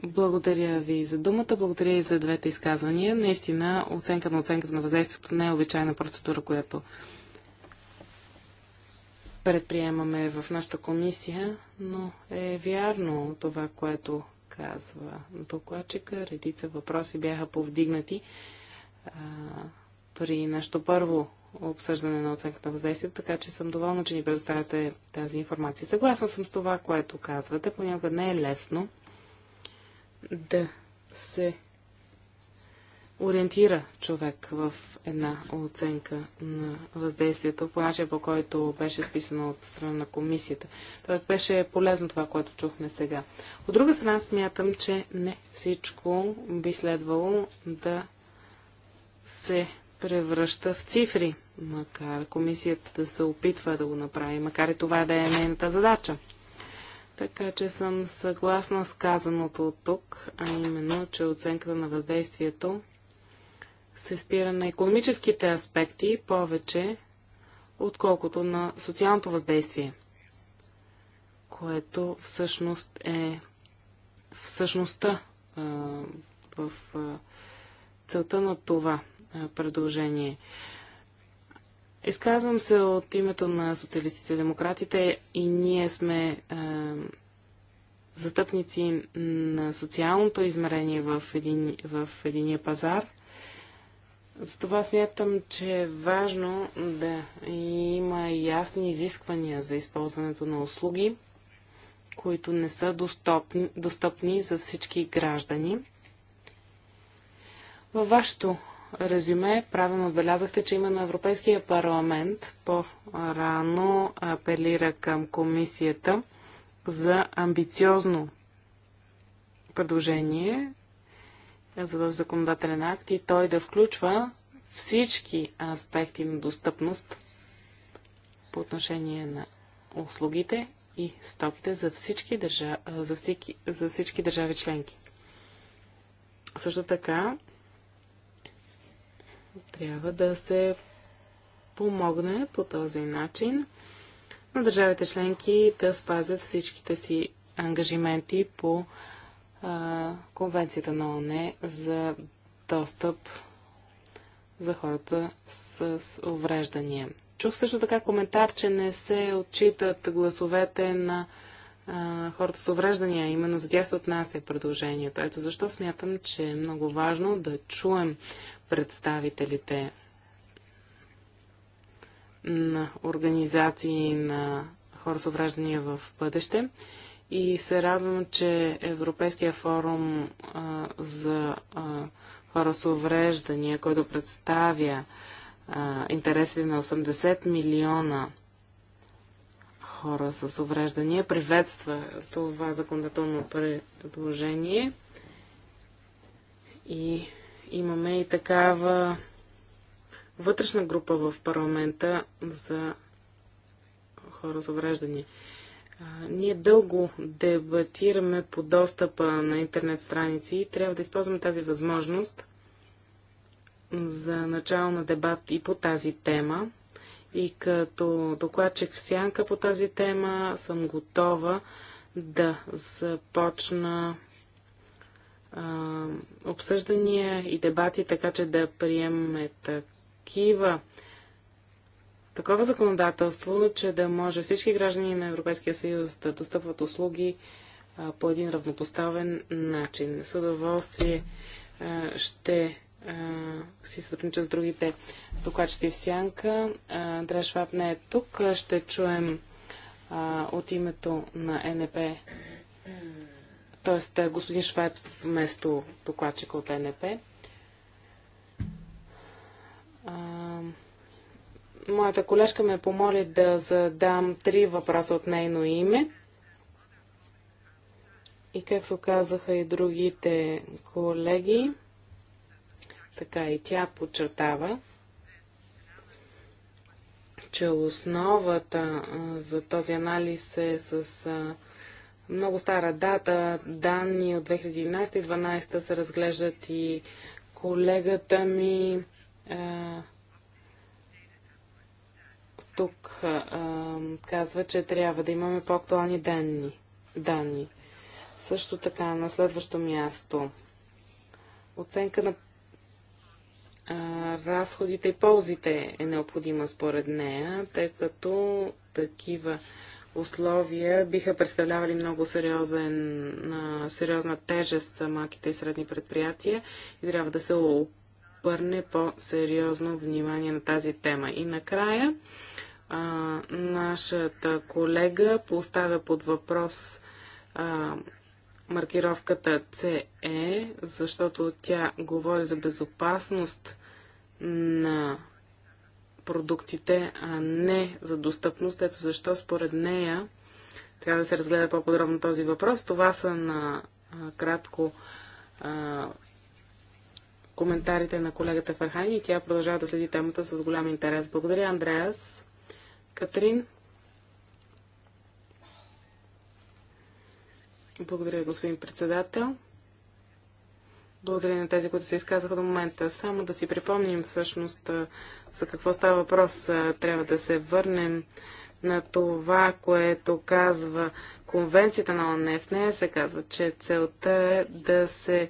Благодаря ви за думата, благодаря и за двете изказвания. Наистина, оценка на оценката на въздействието не е обичайна процедура, която предприемаме в нашата комисия, но е вярно това, което казва докладчика. Редица въпроси бяха повдигнати а, при нашето първо обсъждане на оценката на въздействието, така че съм доволна, че ни предоставяте тази информация. Съгласна съм с това, което казвате. Понякога не е лесно да се ориентира човек в една оценка на въздействието по начин, по който беше списано от страна на комисията. Тоест беше полезно това, което чухме сега. От друга страна смятам, че не всичко би следвало да се превръща в цифри, макар комисията да се опитва да го направи, макар и това да е нейната задача. Така че съм съгласна с казаното от тук, а именно, че оценката на въздействието се спира на економическите аспекти повече, отколкото на социалното въздействие, което всъщност е всъщността в целта на това предложение. Изказвам се от името на социалистите и демократите и ние сме застъпници на социалното измерение в, един, в единия пазар. Затова смятам, че е важно да има ясни изисквания за използването на услуги, които не са достъпни, достъпни за всички граждани. Във вашето резюме правилно отбелязахте, че именно Европейския парламент по-рано апелира към комисията за амбициозно предложение за този законодателен акт и той да включва всички аспекти на достъпност по отношение на услугите и стоките за всички, държа... за всички, за всички държави членки. Също така, трябва да се помогне по този начин на държавите членки да спазят всичките си ангажименти по а, Конвенцията на ООН за достъп за хората с, с увреждания. Чух също така коментар, че не се отчитат гласовете на хората с увреждания. Именно за тях се отнася предложението. Ето защо смятам, че е много важно да чуем представителите на организации на хора с увреждания в бъдеще. И се радвам, че Европейския форум а, за а, хора с увреждания, който представя а, интересите на 80 милиона хора с увреждания приветства това законодателно предложение и имаме и такава вътрешна група в парламента за хора с увреждания. Ние дълго дебатираме по достъпа на интернет страници и трябва да използваме тази възможност за начало на дебат и по тази тема и като докладчик в сянка по тази тема съм готова да започна а, обсъждания и дебати, така че да приемем такива такова законодателство, че да може всички граждани на Европейския съюз да достъпват услуги а, по един равнопоставен начин. С удоволствие а, ще си сътруднича с другите докладчици в Сянка. Андрея Шваб не е тук. Ще чуем а, от името на НП. Тоест, господин Шваб вместо докладчика от НП. А, моята колежка ме помоли да задам три въпроса от нейно име. И както казаха и другите колеги, така и тя подчертава, че основата за този анализ е с много стара дата. Данни от 2011 и 2012 се разглеждат и колегата ми а, тук а, казва, че трябва да имаме по-актуални данни. данни. Също така, на следващо място. Оценка на разходите и ползите е необходима според нея, тъй като такива условия биха представлявали много сериозен, сериозна тежест за малките и средни предприятия и трябва да се обърне по-сериозно внимание на тази тема. И накрая а, нашата колега поставя под въпрос а, маркировката CE, е, защото тя говори за безопасност на продуктите, а не за достъпност. Ето защо според нея трябва да се разгледа по-подробно този въпрос. Това са на кратко коментарите на колегата Фархани и тя продължава да следи темата с голям интерес. Благодаря, Андреас. Катрин, Благодаря, господин председател. Благодаря на тези, които се изказаха до момента. Само да си припомним всъщност за какво става въпрос. Трябва да се върнем на това, което казва Конвенцията на ОНЕ. В нея се казва, че целта е да се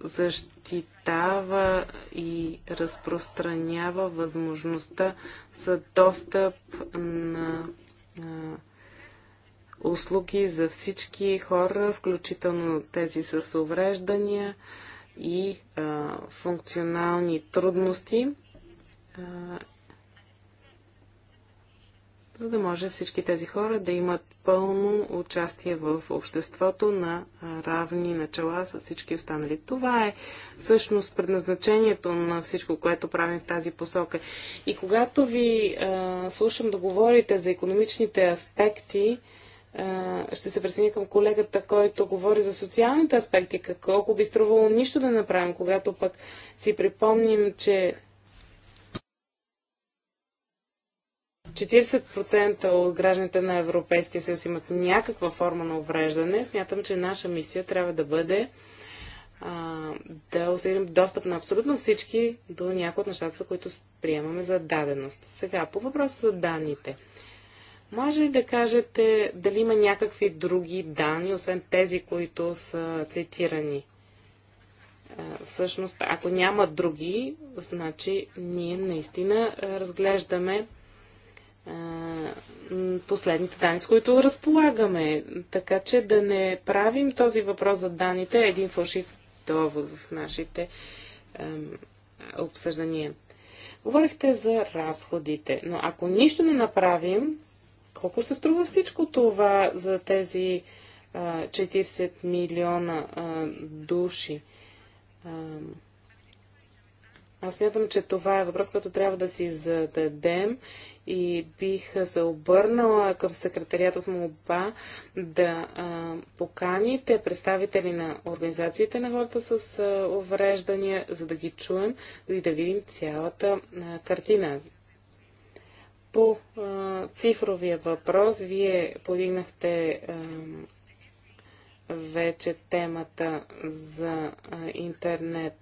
защитава и разпространява възможността за достъп на услуги за всички хора, включително тези с увреждания и а, функционални трудности, а, за да може всички тези хора да имат пълно участие в обществото на равни начала с всички останали. Това е всъщност предназначението на всичко, което правим в тази посока. И когато ви а, слушам да говорите за економичните аспекти, а, ще се присъединя към колегата, който говори за социалните аспекти, колко би струвало нищо да направим, когато пък си припомним, че 40% от гражданите на Европейския съюз имат някаква форма на увреждане, смятам, че наша мисия трябва да бъде а, да осигурим достъп на абсолютно всички до някои от нещата, които приемаме за даденост. Сега, по въпроса за данните. Може ли да кажете дали има някакви други данни, освен тези, които са цитирани? Всъщност, ако няма други, значи ние наистина разглеждаме последните данни, с които разполагаме. Така че да не правим този въпрос за данните е един фалшив довод в нашите обсъждания. Говорихте за разходите, но ако нищо не направим, колко ще струва всичко това за тези а, 40 милиона а, души? А, аз смятам, че това е въпрос, който трябва да си зададем и бих се обърнала към секретарията с молба да а, поканите представители на организациите на хората с а, увреждания, за да ги чуем и да видим цялата а, картина. По а, цифровия въпрос, вие подигнахте а, вече темата за а, интернет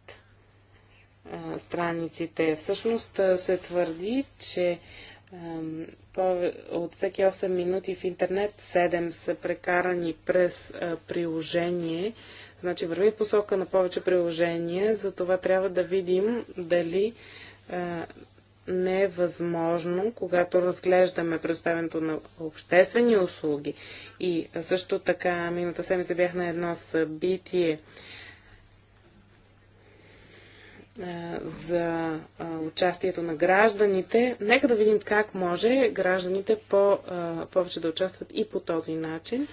а, страниците. Всъщност а, се твърди, че от всеки 8 минути в интернет 7 са прекарани през а, приложение. Значи върви посока на повече приложения, затова трябва да видим дали а, не е възможно, когато разглеждаме предоставянето на обществени услуги. И също така, миналата седмица бях на едно събитие за участието на гражданите. Нека да видим как може гражданите по, повече да участват и по този начин.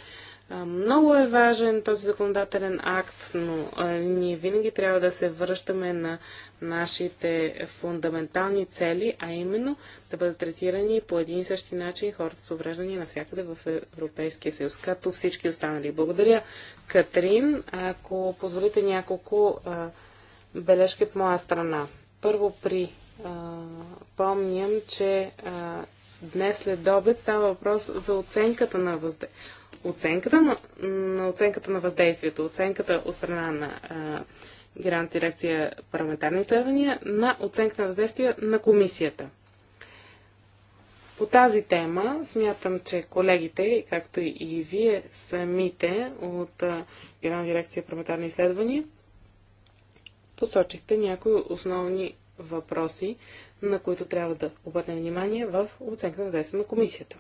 Много е важен този законодателен акт, но ние винаги трябва да се връщаме на нашите фундаментални цели, а именно да бъдат третирани по един и същи начин хората с увреждания навсякъде в Европейския съюз, като всички останали. Благодаря, Катрин. Ако позволите няколко бележки от моя страна. Първо при помням, че днес след обед става въпрос за оценката на въздействие оценката на, на оценката на въздействието, оценката от страна на Генерална дирекция парламентарни изследвания, на оценка на въздействие на комисията. По тази тема смятам, че колегите, както и вие самите от Генерална дирекция парламентарни изследвания, посочихте някои основни въпроси, на които трябва да обърнем внимание в оценката на въздействие на комисията.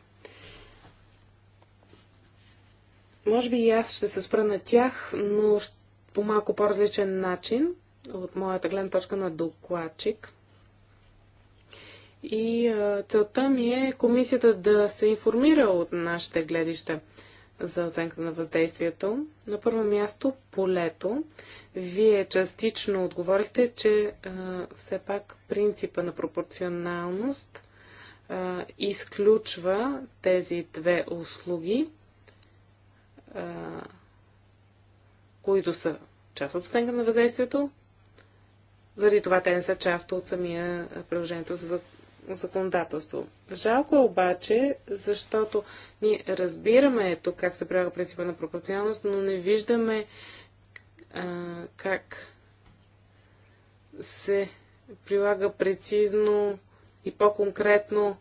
Може би и аз ще се спра на тях, но по малко по-различен начин от моята гледна точка на докладчик. И а, целта ми е комисията да се информира от нашите гледища за оценка на въздействието. На първо място полето. Вие частично отговорихте, че а, все пак принципа на пропорционалност а, изключва тези две услуги които са част от оценка на въздействието. Заради това те не са част от самия приложението за законодателство. Жалко е обаче, защото ние разбираме тук как се прилага принципа на пропорционалност, но не виждаме а, как се прилага прецизно и по-конкретно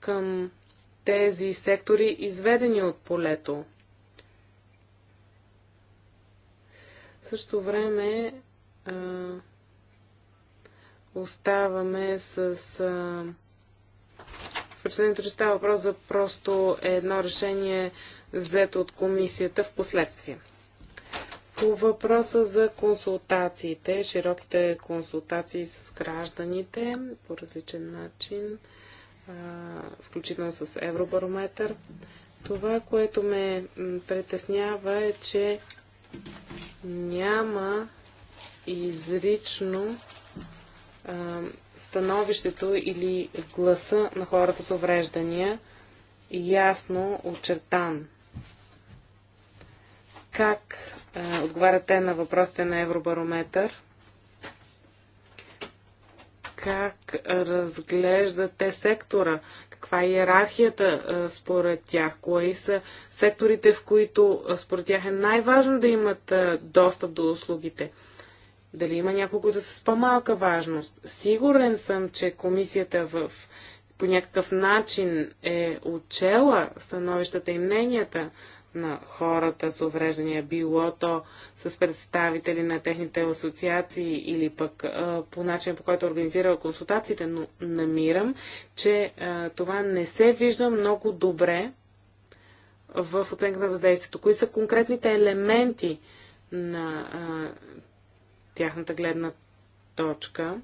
към тези сектори, изведени от полето В същото време а, оставаме с а, впечатлението, че става въпрос за просто едно решение взето от комисията в последствие. По въпроса за консултациите, широките консултации с гражданите по различен начин, включително с Евробарометър, това, което ме притеснява е, че няма изрично становището или гласа на хората с увреждания ясно очертан. Как отговаряте на въпросите на Евробарометър? Как разглеждате сектора? Каква е иерархията според тях? Кои са секторите, в които според тях е най-важно да имат достъп до услугите? Дали има някои, да са с по-малка важност? Сигурен съм, че комисията в, по някакъв начин е отчела становищата и мненията на хората с увреждания, било то с представители на техните асоциации или пък а, по начин, по който е организира консултациите, но намирам, че а, това не се вижда много добре в оценка на въздействието. Кои са конкретните елементи на а, тяхната гледна точка?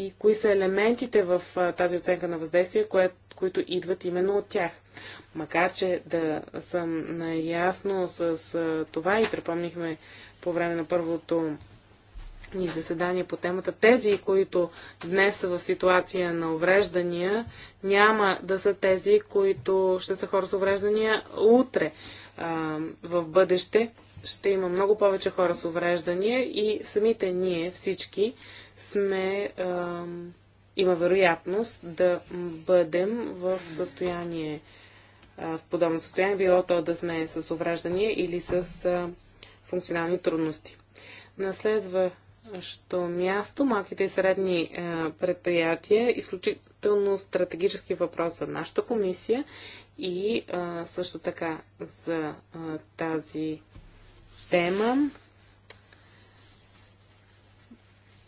и кои са елементите в тази оценка на въздействие, кое, които идват именно от тях. Макар, че да съм наясно с това и припомнихме по време на първото ни заседание по темата, тези, които днес са в ситуация на увреждания, няма да са тези, които ще са хора с увреждания утре в бъдеще. Ще има много повече хора с увреждания и самите ние, всички, сме, а, има вероятност да бъдем в състояние, а, в подобно състояние, било то да сме с увраждания или с а, функционални трудности. На следващо място, малките и средни а, предприятия, изключително стратегически въпрос за нашата комисия и а, също така за а, тази тема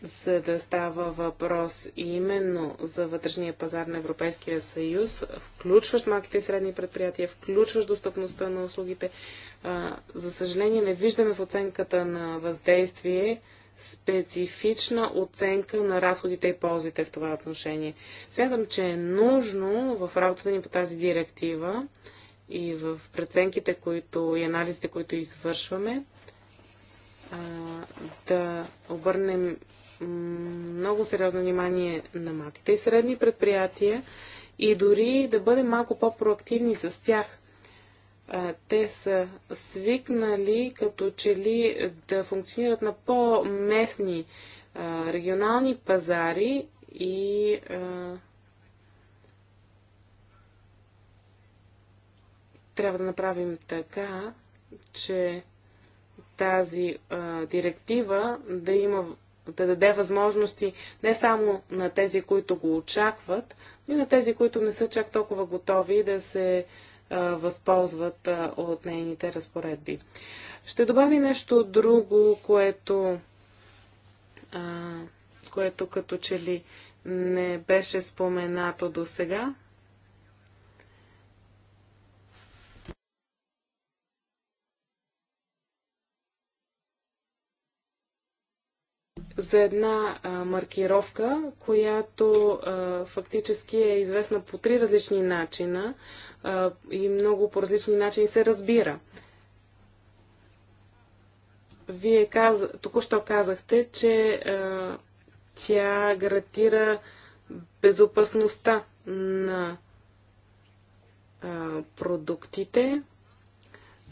за да става въпрос именно за вътрешния пазар на Европейския съюз, включващ малките и средни предприятия, включващ достъпността на услугите. за съжаление, не виждаме в оценката на въздействие специфична оценка на разходите и ползите в това отношение. Смятам, че е нужно в работата ни по тази директива и в преценките които, и анализите, които извършваме, да обърнем много сериозно внимание на малките и средни предприятия и дори да бъдем малко по-проактивни с тях. Те са свикнали като че ли да функционират на по-местни регионални пазари и трябва да направим така, че тази а, директива да има да даде възможности не само на тези, които го очакват, но и на тези, които не са чак толкова готови да се възползват от нейните разпоредби. Ще добави нещо друго, което, което като че ли не беше споменато до сега. за една а, маркировка, която а, фактически е известна по три различни начина а, и много по различни начини се разбира. Вие каз... току-що казахте, че а, тя гарантира безопасността на а, продуктите,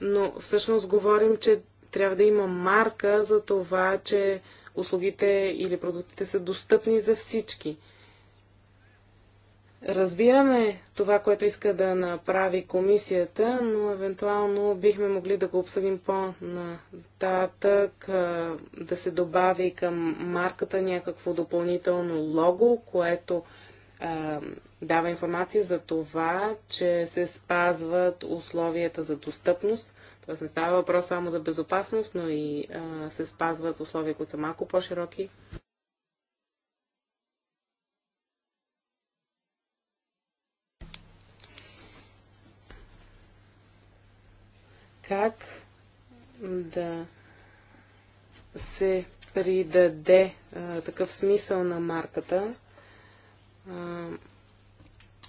но всъщност говорим, че трябва да има марка за това, че услугите или продуктите са достъпни за всички. Разбираме това, което иска да направи комисията, но евентуално бихме могли да го обсъдим по-нататък, да се добави към марката някакво допълнително лого, което а, дава информация за това, че се спазват условията за достъпност Тоест не става въпрос само за безопасност, но и а, се спазват условия, които са малко по-широки. Как да се придаде а, такъв смисъл на марката, а,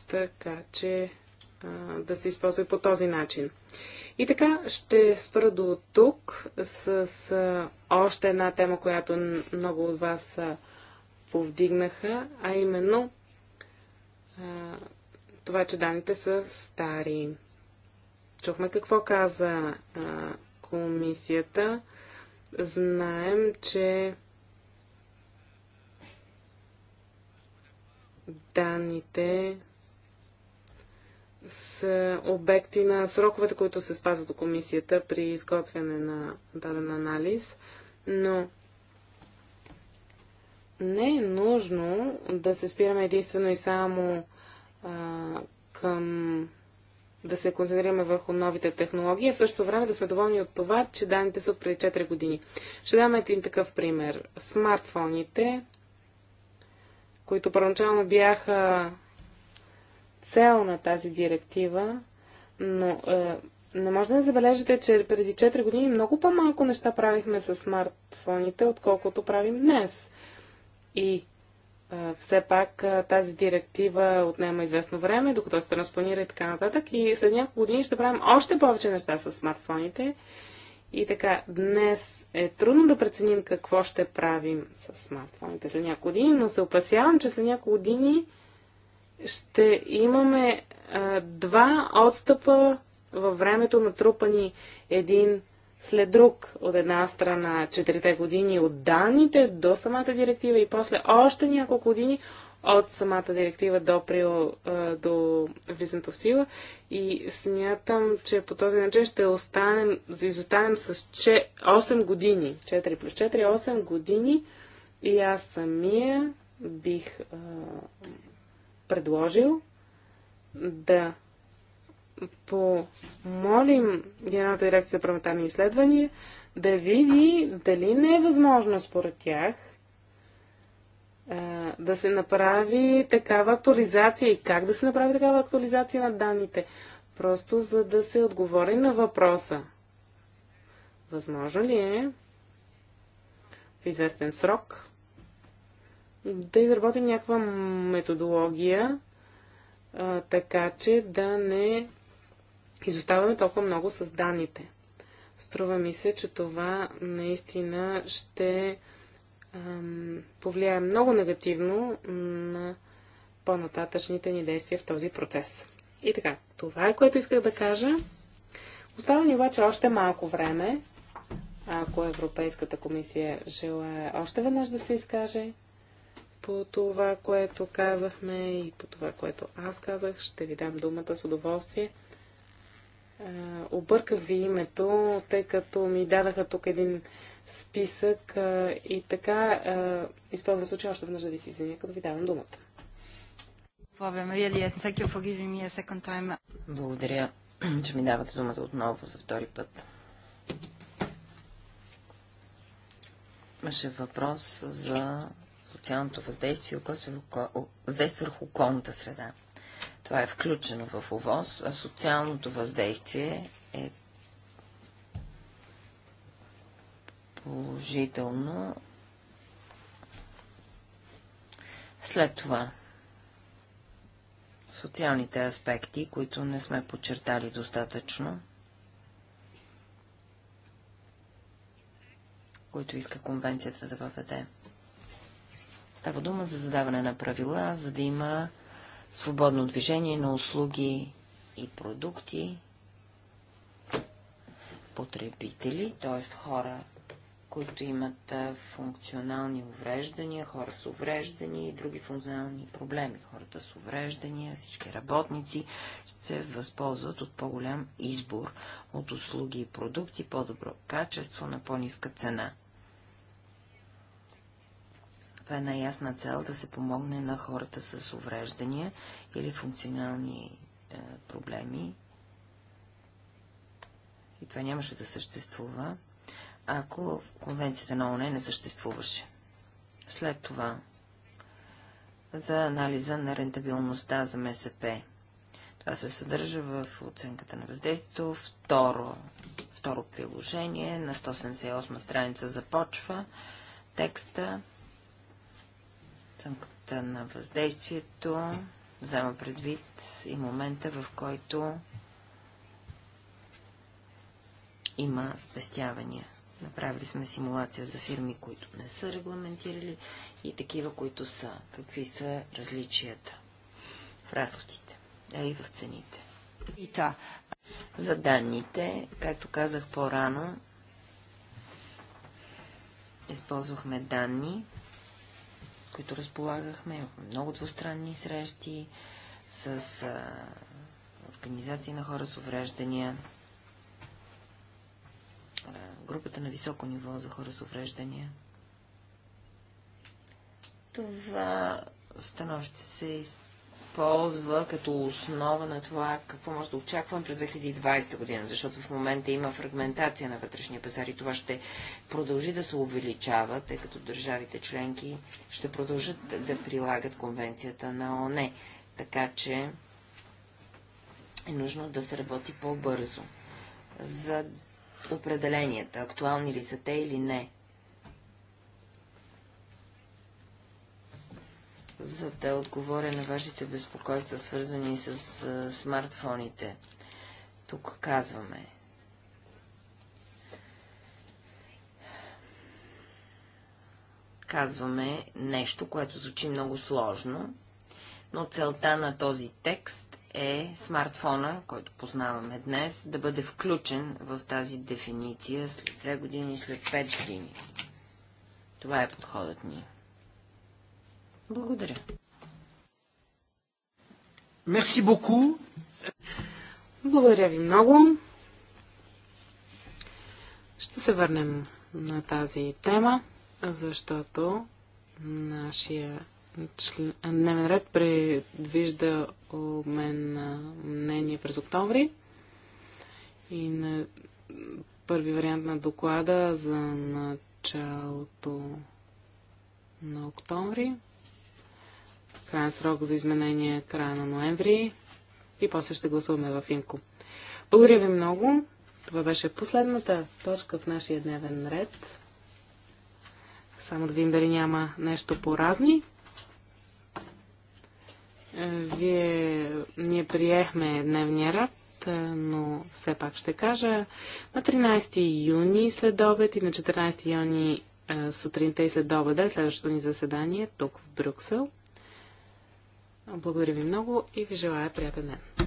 така че а, да се използва по този начин. И така ще спра до тук с, с още една тема, която много от вас повдигнаха, а именно а, това, че данните са стари. Чухме какво каза а, комисията. Знаем, че данните с обекти на сроковете, които се спазват от комисията при изготвяне на даден анализ, но не е нужно да се спираме единствено и само а, към да се концентрираме върху новите технологии, а в същото време да сме доволни от това, че данните са от преди 4 години. Ще дам един такъв пример. Смартфоните, които първоначално бяха цел на тази директива, но е, не може да не забележите, че преди 4 години много по-малко неща правихме с смартфоните, отколкото правим днес. И е, все пак е, тази директива отнема известно време, докато се транспонира и така нататък. И след няколко години ще правим още повече неща с смартфоните. И така, днес е трудно да преценим какво ще правим с смартфоните след няколко години, но се опасявам, че след няколко години ще имаме а, два отстъпа във времето натрупани един след друг от една страна 4 години от данните до самата директива и после още няколко години от самата директива до, до влизането в сила и смятам, че по този начин ще останем, изостанем с 8 години. 4 плюс 4, 8 години и аз самия бих предложил да помолим Генерална дирекция за парламентарни изследвания да види дали не е възможно според тях да се направи такава актуализация и как да се направи такава актуализация на данните. Просто за да се отговори на въпроса. Възможно ли е в известен срок да изработим някаква методология, а, така че да не изоставаме толкова много с данните. Струва ми се, че това наистина ще ам, повлияе много негативно на по-нататъчните ни действия в този процес. И така, това е което исках да кажа. Остава ни обаче още малко време, ако Европейската комисия желая още веднъж да се изкаже по това, което казахме и по това, което аз казах. Ще ви дам думата с удоволствие. Обърках ви името, тъй като ми дадаха тук един списък и така използвам случай още веднъж да ви се извиня, като ви давам думата. Благодаря, [clears throat] че ми давате думата отново за втори път. Имаше въпрос за социалното въздействие въздействие върху околната среда. Това е включено в ОВОз, а социалното въздействие е положително. След това социалните аспекти, които не сме подчертали достатъчно, които иска конвенцията да въведе. Става дума за задаване на правила, за да има свободно движение на услуги и продукти, потребители, т.е. хора, които имат функционални увреждания, хора с увреждания и други функционални проблеми. Хората с увреждания, всички работници ще се възползват от по-голям избор от услуги и продукти, по-добро качество на по-ниска цена – това е най ясна цел да се помогне на хората с увреждания или функционални е, проблеми. И това нямаше да съществува, ако конвенцията на ОНЕ не съществуваше. След това за анализа на рентабилността за МСП. Това се съдържа в оценката на въздействието. Второ, второ приложение на 178 страница започва текста Оценката на въздействието взема предвид и момента, в който има спестявания. Направили сме симулация за фирми, които не са регламентирали и такива, които са. Какви са различията в разходите, а и в цените. И та. За данните, както казах по-рано, използвахме данни, които разполагахме. Имахме много двустранни срещи с а, организации на хора с увреждания, а, групата на високо ниво за хора с увреждания. Това становище се използва като основа на това, какво може да очакваме през 2020 година, защото в момента има фрагментация на вътрешния пазар и това ще продължи да се увеличава, тъй като държавите членки ще продължат да прилагат конвенцията на ОНЕ. Така че е нужно да се работи по-бързо. За определенията, актуални ли са те или не, за да отговоря на вашите безпокойства, свързани с а, смартфоните. Тук казваме. Казваме нещо, което звучи много сложно, но целта на този текст е смартфона, който познаваме днес, да бъде включен в тази дефиниция след 2 години, след 5 години. Това е подходът ни. Благодаря. Мерси боку. Благодаря ви много. Ще се върнем на тази тема, защото нашия дневен ред предвижда обмен на мнение през октомври и на първи вариант на доклада за началото на октомври. Крайен срок за изменение е края на ноември и после ще гласуваме в Инко. Благодаря ви много. Това беше последната точка в нашия дневен ред. Само да видим дали няма нещо по-разни. Е, вие, ние приехме дневния ред, е, но все пак ще кажа. На 13 юни след обед и на 14 юни е, сутринта и след обеда следващото ни заседание тук в Брюксел. Благодаря ви много и ви желая приятен ден.